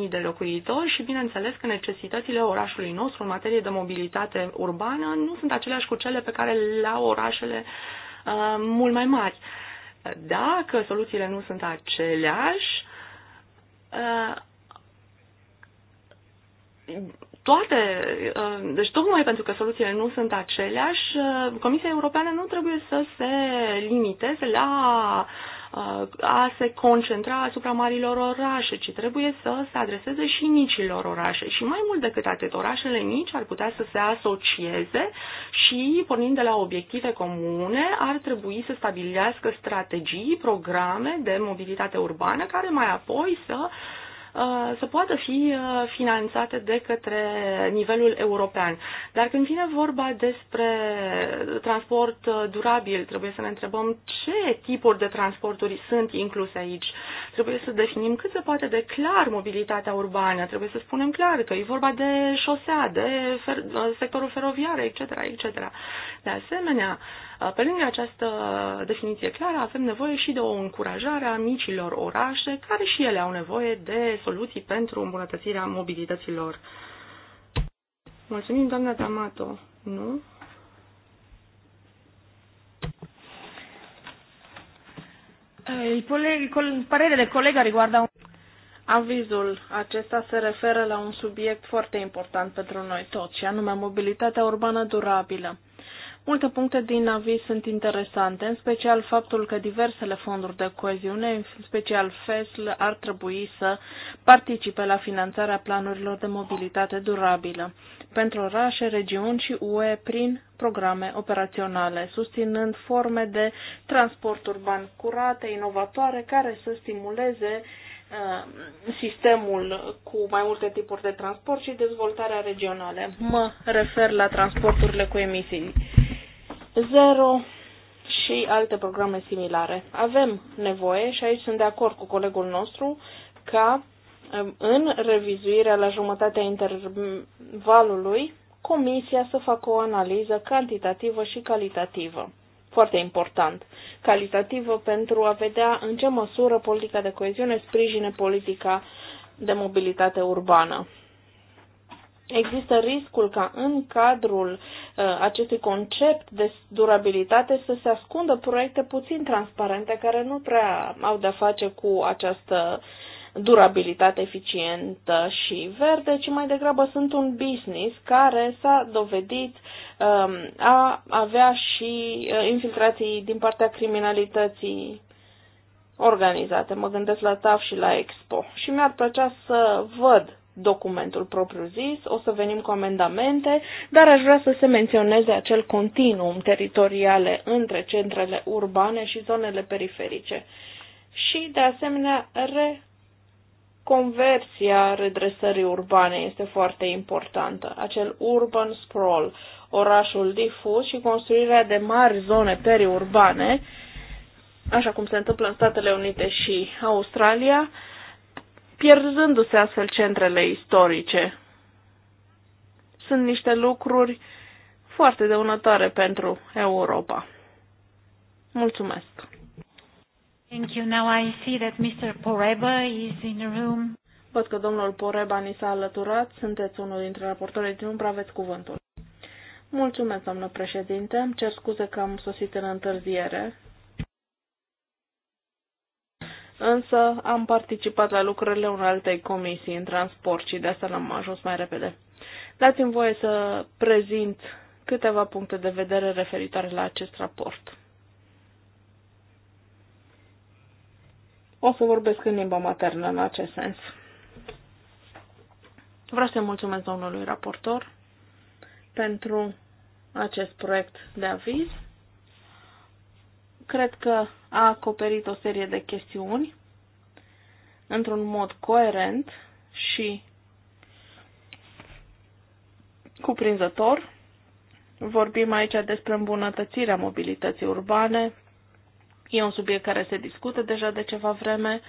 15.000 de locuitori și bineînțeles că necesitățile orașului nostru în materie de mobilitate urbană nu sunt aceleași cu cele pe care le au orașele uh, mult mai mari. Dacă soluțiile nu sunt aceleași, uh, toate, uh, deci tocmai pentru că soluțiile nu sunt aceleași, uh, Comisia Europeană nu trebuie să se limiteze la uh, a se concentra asupra marilor orașe, ci trebuie să se adreseze și micilor orașe. Și mai mult decât atât, orașele mici ar putea să se asocieze și, pornind de la obiective comune, ar trebui să stabilească strategii, programe de mobilitate urbană care mai apoi să uh, Uh, să poată fi uh, finanțate de către nivelul european. Dar când vine vorba despre transport uh, durabil, trebuie să ne întrebăm ce tipuri de transporturi sunt incluse aici. Trebuie să definim cât se poate de clar mobilitatea urbană, trebuie să spunem clar că e vorba de șosea, de fer- sectorul feroviar, etc., etc. De asemenea, uh, Uh, pe lângă această definiție clară, avem nevoie și de o încurajare a micilor orașe, care și ele au nevoie de soluții pentru îmbunătățirea mobilităților. Mulțumim, doamna D'Amato. Nu? Părerele eh, colega riguarda un... Avizul acesta se referă la un subiect foarte important pentru noi toți, și anume mobilitatea urbană durabilă. Multe puncte din aviz sunt interesante, în special faptul că diversele fonduri de coeziune, în special FESL, ar trebui să participe la finanțarea planurilor de mobilitate durabilă pentru orașe, regiuni și UE prin programe operaționale, susținând forme de transport urban curate, inovatoare, care să stimuleze uh, sistemul cu mai multe tipuri de transport și dezvoltarea regională. Mă refer la transporturile cu emisii Zero și alte programe similare. Avem nevoie, și aici sunt de acord cu colegul nostru, ca um, în revizuirea la jumătatea intervalului, comisia să facă o analiză cantitativă și calitativă. Foarte important. Calitativă pentru a vedea în ce măsură politica de coeziune sprijine politica de mobilitate urbană există riscul ca în cadrul uh, acestui concept de durabilitate să se ascundă proiecte puțin transparente care nu prea au de-a face cu această durabilitate eficientă și verde, ci mai degrabă sunt un business care s-a dovedit um, a avea și uh, infiltrații din partea criminalității organizate. Mă gândesc la TAF și la Expo și mi-ar plăcea să văd documentul propriu-zis, o să venim cu amendamente, dar aș vrea să se menționeze acel continuum teritoriale între centrele urbane și zonele periferice. Și, de asemenea, reconversia redresării urbane este foarte importantă. Acel urban sprawl, orașul difuz și construirea de mari zone periurbane, așa cum se întâmplă în Statele Unite și Australia, uh, pierzându-se astfel centrele istorice. Sunt niște lucruri foarte dăunătoare pentru Europa. Mulțumesc. Thank you. Now I see that Mr. Poreba is in the room. Văd că domnul Poreba ni s-a alăturat. Sunteți unul dintre raportorii din umbră, aveți cuvântul. Mulțumesc, doamnă președinte. Îmi cer scuze că am sosit în întârziere însă am participat la lucrările unei altei comisii în transport și de asta l-am ajuns mai repede. Dați-mi voie să prezint câteva puncte de vedere referitoare la acest raport. O să vorbesc în limba maternă în acest sens. Vreau să mulțumesc domnului raportor pentru acest proiect de aviz cred că a acoperit o serie de chestiuni într-un mod coerent și cuprinzător. Vorbim aici despre îmbunătățirea mobilității urbane. E un subiect care se discută deja de ceva vreme.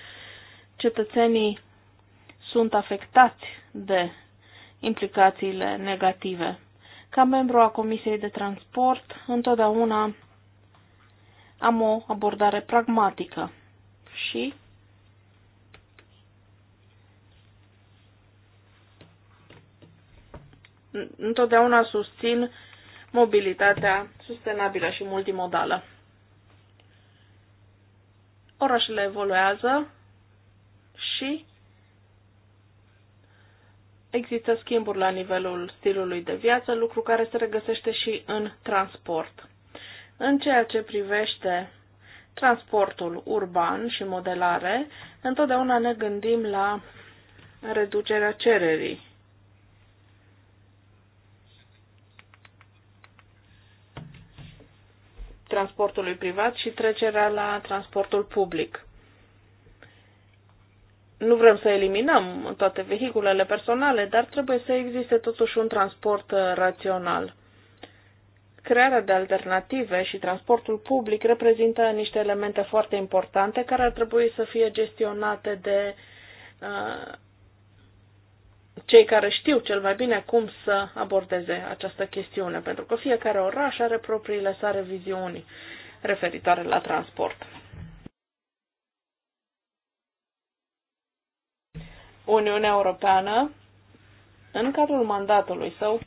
Cetățenii sunt afectați de implicațiile negative. Ca membru a Comisiei de Transport, întotdeauna am o abordare pragmatică și întotdeauna susțin mobilitatea sustenabilă și multimodală. Orașele evoluează și există schimburi la nivelul stilului de viață, lucru care se regăsește și în transport. În ceea ce privește transportul urban și modelare, întotdeauna ne gândim la reducerea cererii. transportului privat și trecerea la transportul public. Nu vrem să eliminăm toate vehiculele personale, dar trebuie să existe totuși un transport uh, rațional crearea de alternative și transportul public reprezintă niște elemente foarte importante care ar trebui să fie gestionate de uh, cei care știu cel mai bine cum să abordeze această chestiune, pentru că fiecare oraș are propriile sale viziuni referitoare la transport. Uniunea Europeană, în cadrul mandatului său,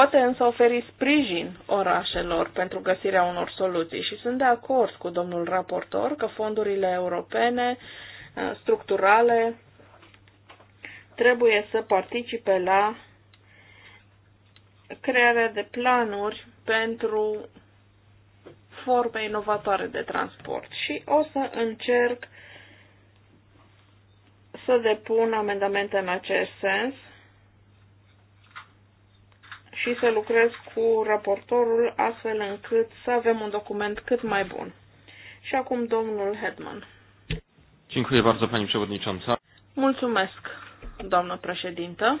poate însă oferi sprijin orașelor pentru găsirea unor soluții și sunt de acord cu domnul raportor că fondurile europene eh, structurale trebuie să participe la crearea de planuri pentru forme inovatoare de transport și o să încerc să depun amendamente în acest sens și să lucrez cu raportorul astfel încât să avem un document cât mai bun. Și acum domnul Hedman. Dziękuję bardzo pani przewodnicząca. Mulțumesc, doamnă președintă.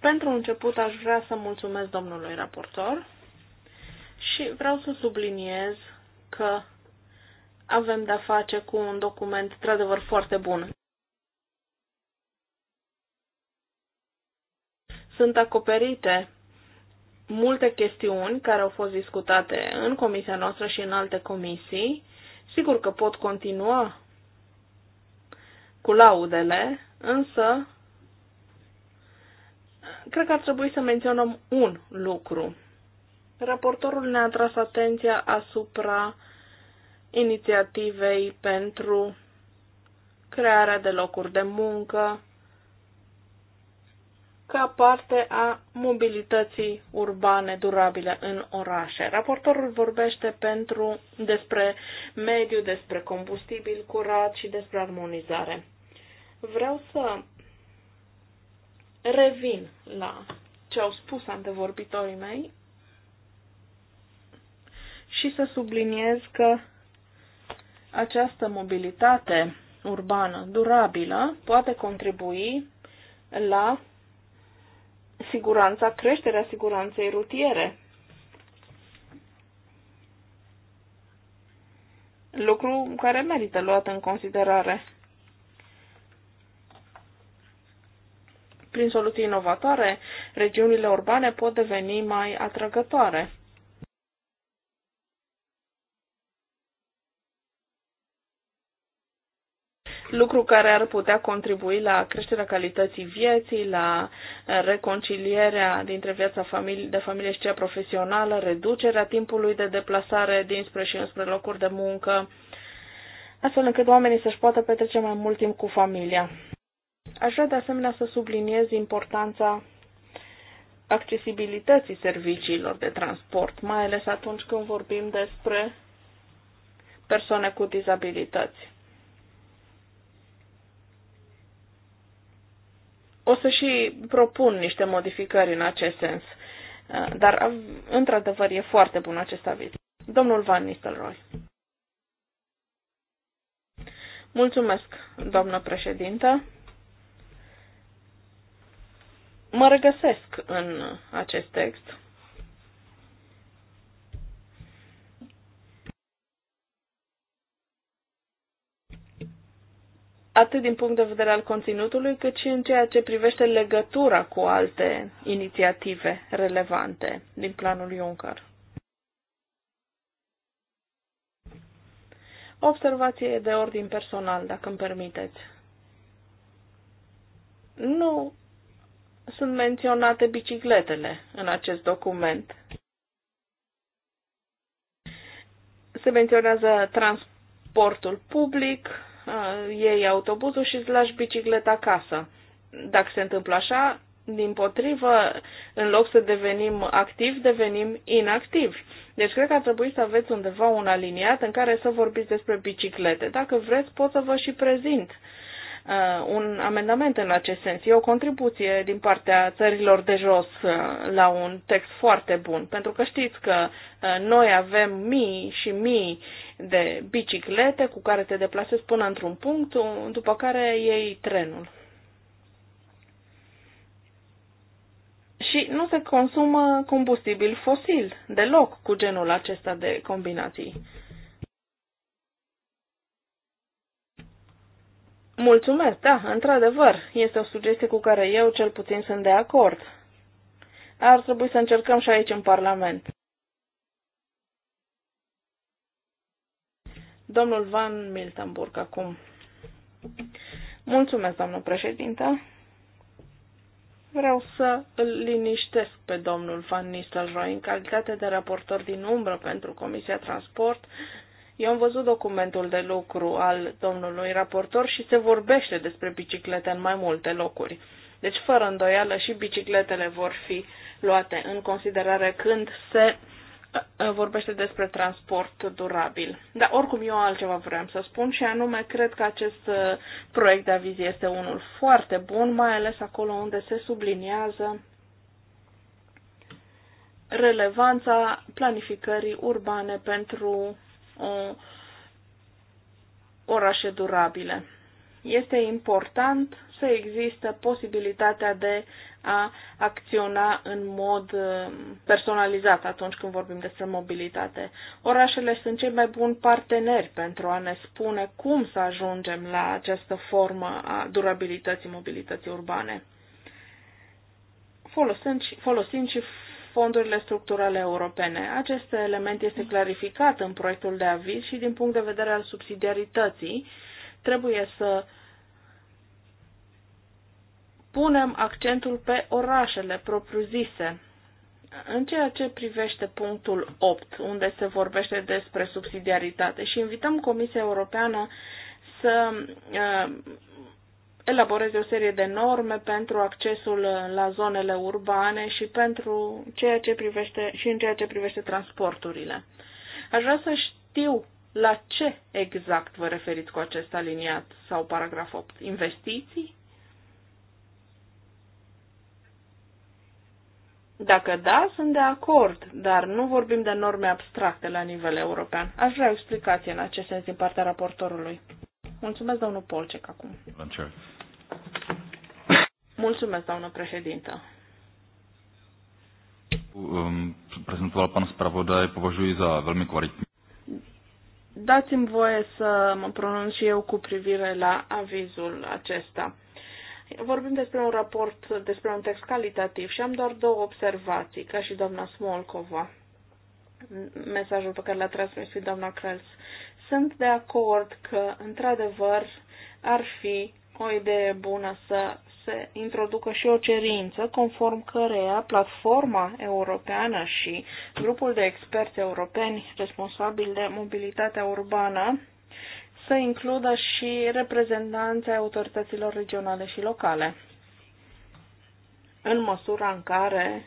Pentru început aș vrea să mulțumesc domnului raportor și vreau să subliniez că avem de-a face cu un document într-adevăr foarte bun. Sunt acoperite multe chestiuni care au fost discutate în comisia noastră și în alte comisii. Sigur că pot continua cu laudele, însă cred că ar trebui să menționăm un lucru. Raportorul ne-a tras atenția asupra inițiativei pentru crearea de locuri de muncă, ca parte a mobilității urbane durabile în orașe. Raportorul vorbește pentru, despre mediu, despre combustibil curat și despre armonizare. Vreau să revin la ce au spus antevorbitorii mei și să subliniez că această mobilitate urbană durabilă poate contribui la siguranța, creșterea siguranței rutiere. Lucru care merită luat în considerare. Prin soluții inovatoare, regiunile urbane pot deveni mai atrăgătoare. lucru care ar putea contribui la creșterea calității vieții, la uh, reconcilierea dintre viața familie, de familie și cea profesională, reducerea timpului de deplasare dinspre și înspre locuri de muncă, astfel încât oamenii să-și poată petrece mai mult timp cu familia. Aș vrea de asemenea să subliniez importanța accesibilității serviciilor de transport, mai ales atunci când vorbim despre persoane cu dizabilități. o să și propun niște modificări în acest sens. Uh, dar, uh, într-adevăr, e foarte bun acest aviz. Domnul Van Nistelrooy. Mulțumesc, doamnă președintă. Mă regăsesc în acest text. atât din punct de vedere al conținutului, cât și în ceea ce privește legătura cu alte inițiative relevante din planul Juncker. Observație de ordin personal, dacă îmi permiteți. Nu sunt menționate bicicletele în acest document. Se menționează transportul public, Uh, iei autobuzul și îți lași bicicleta acasă. Dacă se întâmplă așa, din potrivă, în loc să devenim activi, devenim inactivi. Deci cred că ar trebui să aveți undeva un aliniat în care să vorbiți despre biciclete. Dacă vreți, pot să vă și prezint uh, Uh, un amendament în acest sens. E o contribuție din partea țărilor de jos uh, la un text foarte bun, pentru că știți că uh, noi avem mii și mii de biciclete cu care te deplasezi până într-un punct, după care iei trenul. și nu se consumă combustibil fosil deloc cu genul acesta de combinații. Mulțumesc, da, într-adevăr, este o sugestie cu care eu cel puțin sunt de acord. Ar trebui să încercăm și aici în Parlament. Domnul Van Miltenburg acum. Mulțumesc, doamnă președintă. Vreau să îl liniștesc pe domnul Van Nistelrooy în calitate de raportor din umbră pentru Comisia Transport. Eu am văzut documentul de lucru al domnului raportor și se vorbește despre biciclete în mai multe locuri. Deci, fără îndoială, și bicicletele vor fi luate în considerare când se uh, vorbește despre transport durabil. Dar oricum eu altceva vreau să spun și anume cred că acest uh, proiect de avizie este unul foarte bun, mai ales acolo unde se subliniază relevanța planificării urbane pentru o orașe durabile. Este important să există posibilitatea de a acționa în mod uh, personalizat atunci când vorbim despre mobilitate. Orașele sunt cei mai buni parteneri pentru a ne spune cum să ajungem la această formă a durabilității mobilității urbane, folosind și, folosind și fondurile structurale europene. Acest element este clarificat în proiectul de aviz și din punct de vedere al subsidiarității trebuie să punem accentul pe orașele propriu-zise. În ceea ce privește punctul 8, unde se vorbește despre subsidiaritate și invităm Comisia Europeană să uh, elaboreze o serie de norme pentru accesul la zonele urbane și pentru ceea ce privește și în ceea ce privește transporturile. Aș vrea să știu la ce exact vă referiți cu acest aliniat sau paragraf 8? Investiții? Dacă da, sunt de acord, dar nu vorbim de norme abstracte la nivel european. Aș vrea explicație în acest sens din partea raportorului. Mulțumesc, domnul Polcec, acum. Mulțumesc, doamnă președintă. Um, Prezentul pan spravodaj považuji za velmi kvalitní. Dați-mi voie să mă pronunț și eu cu privire la avizul acesta. Vorbim despre un raport, despre un text calitativ și am doar două observații, ca și doamna Smolkova, mesajul pe care l-a transmis și doamna Krels. Sunt de acord că, într-adevăr, ar fi o idee bună să se introducă și o cerință conform căreia platforma europeană și grupul de experți europeni responsabili de mobilitatea urbană să includă și reprezentanții autorităților regionale și locale, în măsura în care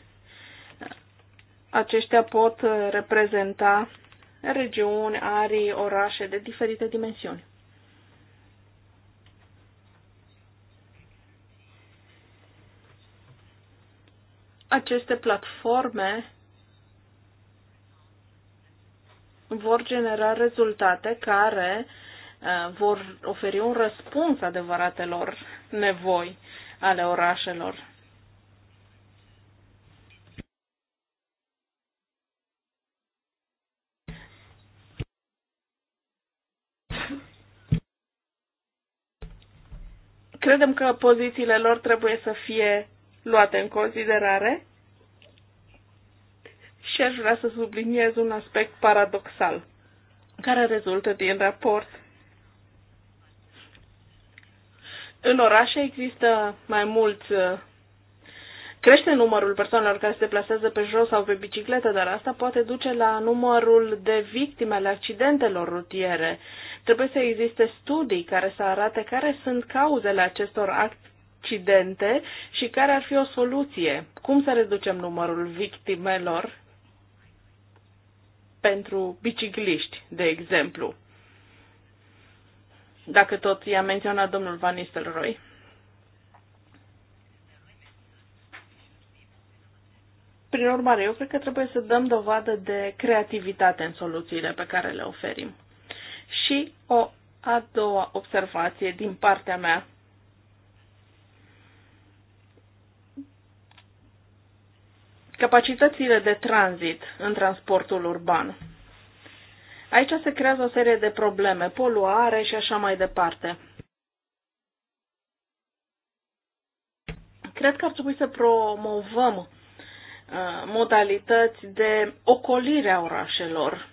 aceștia pot reprezenta regiuni, arii, orașe de diferite dimensiuni. aceste platforme vor genera rezultate care uh, vor oferi un răspuns adevăratelor nevoi ale orașelor. Credem că pozițiile lor trebuie să fie luate în considerare și aș vrea să subliniez un aspect paradoxal care rezultă din raport. În orașe există mai mulți uh, Crește numărul persoanelor care se plasează pe jos sau pe bicicletă, dar asta poate duce la numărul de victime ale accidentelor rutiere. Trebuie să existe studii care să arate care sunt cauzele acestor accidente și care ar fi o soluție? Cum să reducem numărul victimelor pentru bicicliști, de exemplu? Dacă tot i-a menționat domnul Van Nistelrooy. Prin urmare, eu cred că trebuie să dăm dovadă de creativitate în soluțiile pe care le oferim. Și o a doua observație din partea mea Capacitățile de tranzit în transportul urban. Aici se creează o serie de probleme, poluare și așa mai departe. Cred că ar trebui să promovăm uh, modalități de ocolire a orașelor,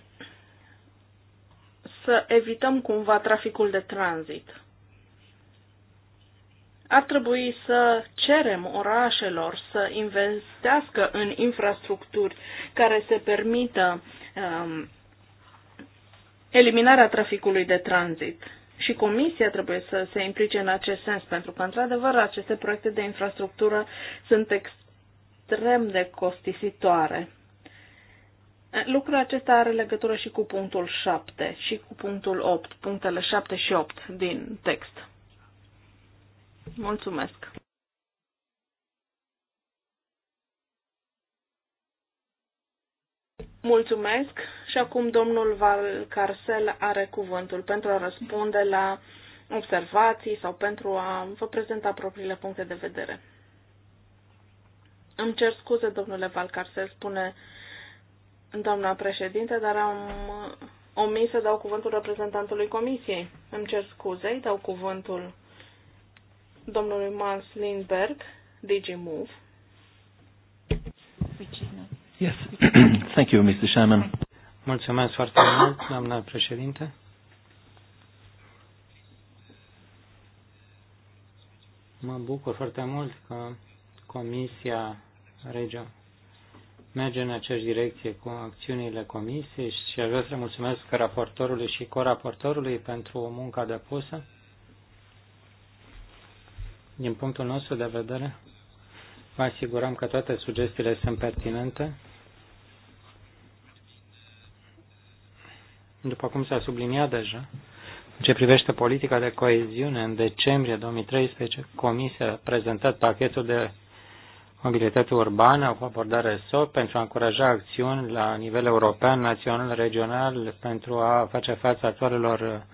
să evităm cumva traficul de tranzit ar trebui să cerem orașelor să investească în infrastructuri care să permită um, eliminarea traficului de tranzit. Și comisia trebuie să se implice în acest sens, pentru că, într-adevăr, aceste proiecte de infrastructură sunt extrem de costisitoare. Lucrul acesta are legătură și cu punctul 7 și cu punctul 8, punctele 7 și 8 din text. Mulțumesc! Mulțumesc și acum domnul Valcarcel are cuvântul pentru a răspunde la observații sau pentru a vă prezenta propriile puncte de vedere. Îmi cer scuze, domnule Valcarcel, spune doamna președinte, dar am omis să dau cuvântul reprezentantului comisiei. Îmi cer scuze, îi dau cuvântul domnului Mans Lindberg, DigiMove. Yes. Thank you, Mr. Chairman. Mulțumesc foarte mult, doamna președinte. Mă bucur foarte mult că Comisia Regio merge în aceeași direcție cu acțiunile Comisiei și aș vrea să mulțumesc raportorului și coraportorului pentru munca depusă. Din punctul nostru de vedere, vă asigurăm că toate sugestiile sunt pertinente. După cum s-a subliniat deja, în ce privește politica de coeziune, în decembrie 2013, Comisia a prezentat pachetul de mobilitate urbană cu abordare SOP pentru a încuraja acțiuni la nivel european, național, regional pentru a face față actualelor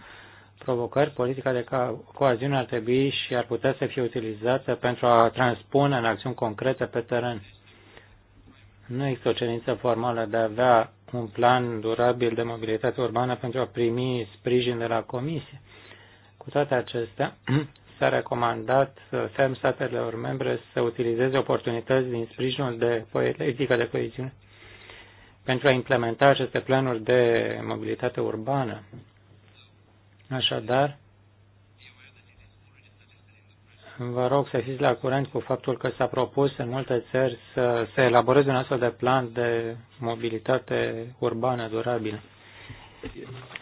provocări, politica de coaziune ar trebui și ar putea să fie utilizată pentru a transpune în acțiuni concrete pe teren. Nu există o cerință formală de a avea un plan durabil de mobilitate urbană pentru a primi sprijin de la Comisie. Cu toate acestea, s-a recomandat ferm statelor membre să utilizeze oportunități din sprijinul de politică de coeziune pentru a implementa aceste planuri de mobilitate urbană. Așadar, vă rog să fiți la curent cu faptul că s-a propus în multe țări să se elaboreze un astfel de plan de mobilitate urbană durabilă.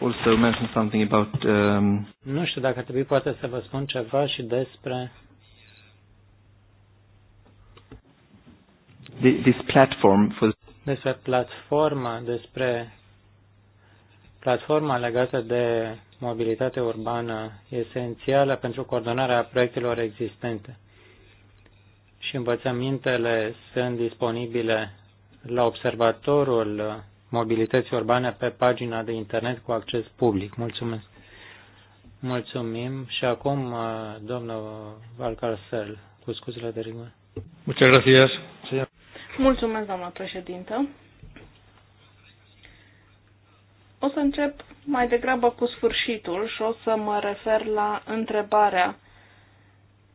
Also mention something about, um... Nu știu dacă trebuie poate să vă spun ceva și despre this platform for... despre platforma, despre platforma legată de mobilitate urbană esențială pentru coordonarea proiectelor existente. Și învățămintele sunt disponibile la observatorul mobilității urbane pe pagina de internet cu acces public. Mulțumesc! Mulțumim și acum uh, domnul Valcarcel cu scuzele de rigoare. Mulțumesc, doamna președintă. O să încep mai degrabă cu sfârșitul și o să mă refer la întrebarea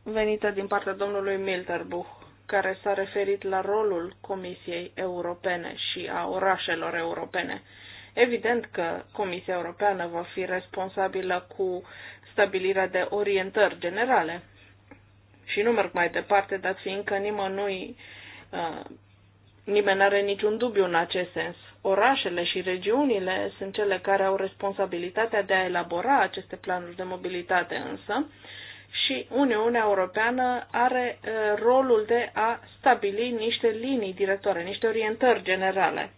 venită din partea domnului Milterbuch, care s-a referit la rolul Comisiei Europene și a orașelor europene. Evident că Comisia Europeană va fi responsabilă cu stabilirea de orientări generale. Și nu merg mai departe, dar fiindcă nimănui, uh, nimeni nu are niciun dubiu în acest sens orașele și regiunile sunt cele care au responsabilitatea de a elabora aceste planuri de mobilitate însă și Uniunea Europeană are rolul de a stabili niște linii directoare, niște orientări generale.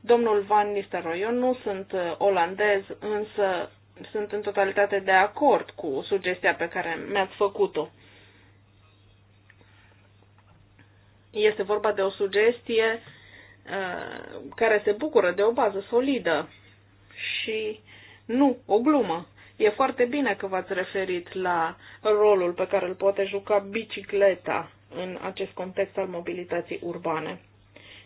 Domnul Van Nistelrooy, eu nu sunt olandez, însă sunt în totalitate de acord cu sugestia pe care mi-ați făcut-o. Este vorba de o sugestie Uh, care se bucură de o bază solidă și nu o glumă. E foarte bine că v-ați referit la rolul pe care îl poate juca bicicleta în acest context al mobilității urbane.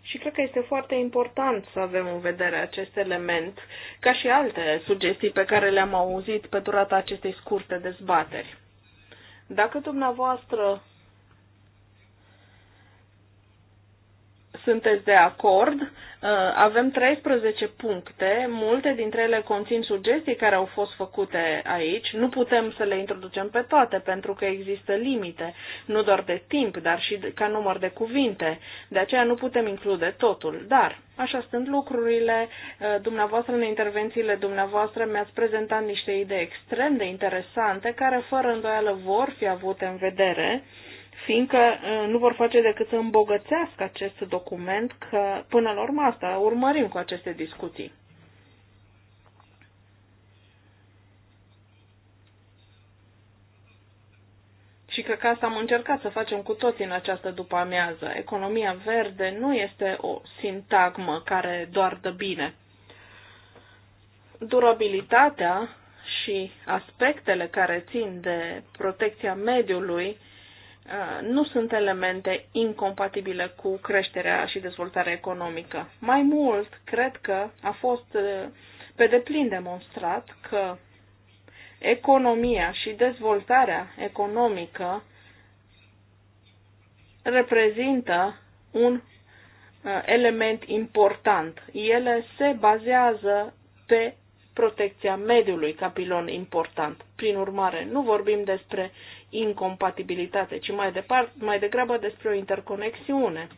Și cred că este foarte important să avem în vedere acest element, ca și alte sugestii pe care le-am auzit pe durata acestei scurte dezbateri. Dacă dumneavoastră sunteți de acord. Uh, avem 13 puncte, multe dintre ele conțin sugestii care au fost făcute aici. Nu putem să le introducem pe toate pentru că există limite, nu doar de timp, dar și ca număr de cuvinte. De aceea nu putem include totul. Dar, așa sunt lucrurile, uh, dumneavoastră în intervențiile dumneavoastră mi-ați prezentat niște idei extrem de interesante care fără îndoială vor fi avute în vedere fiindcă uh, nu vor face decât să îmbogățească acest document, că până la urmă asta urmărim cu aceste discuții. Și cred că asta am încercat să facem cu toții în această după-amiază. Economia verde nu este o sintagmă care doar dă bine. Durabilitatea și aspectele care țin de protecția mediului Uh, nu sunt elemente incompatibile cu creșterea și dezvoltarea economică. Mai mult, cred că a fost uh, pe deplin demonstrat că economia și dezvoltarea economică reprezintă un uh, element important. Ele se bazează pe protecția mediului ca pilon important. Prin urmare, nu vorbim despre incompatibilitate, ci mai, departe, mai degrabă despre o interconexiune.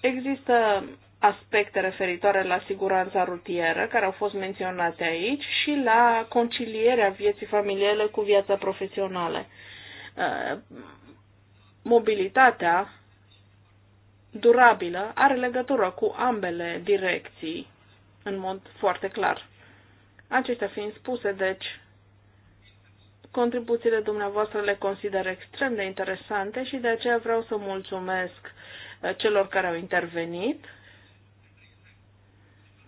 Există aspecte referitoare la siguranța rutieră, care au fost menționate aici, și la concilierea vieții familiale cu viața profesională. Uh, mobilitatea durabilă are legătură cu ambele direcții, în mod foarte clar. Acestea fiind spuse, deci, Contribuțiile dumneavoastră le consider extrem de interesante și de aceea vreau să mulțumesc uh, celor care au intervenit,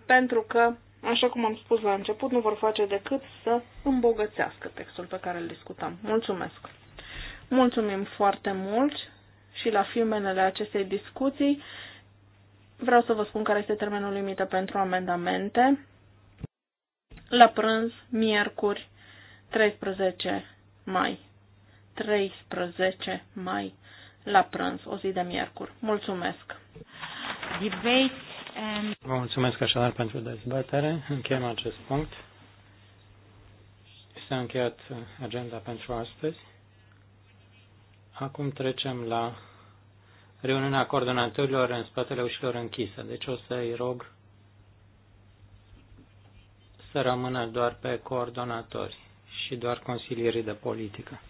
pentru că, așa cum am spus la început, nu vor face decât să îmbogățească textul pe care îl discutăm. Mulțumesc! Mulțumim foarte mult și la filmele acestei discuții. Vreau să vă spun care este termenul limită pentru amendamente. La prânz, miercuri, 13 mai. 13 mai la prânz, o zi de miercuri. Mulțumesc! Vă mulțumesc așadar pentru dezbatere. Încheiem acest punct. S-a încheiat agenda pentru astăzi. Acum trecem la reuniunea coordonatorilor în spatele ușilor închise. Deci o să-i rog să rămână doar pe coordonatori și doar consilierii de politică.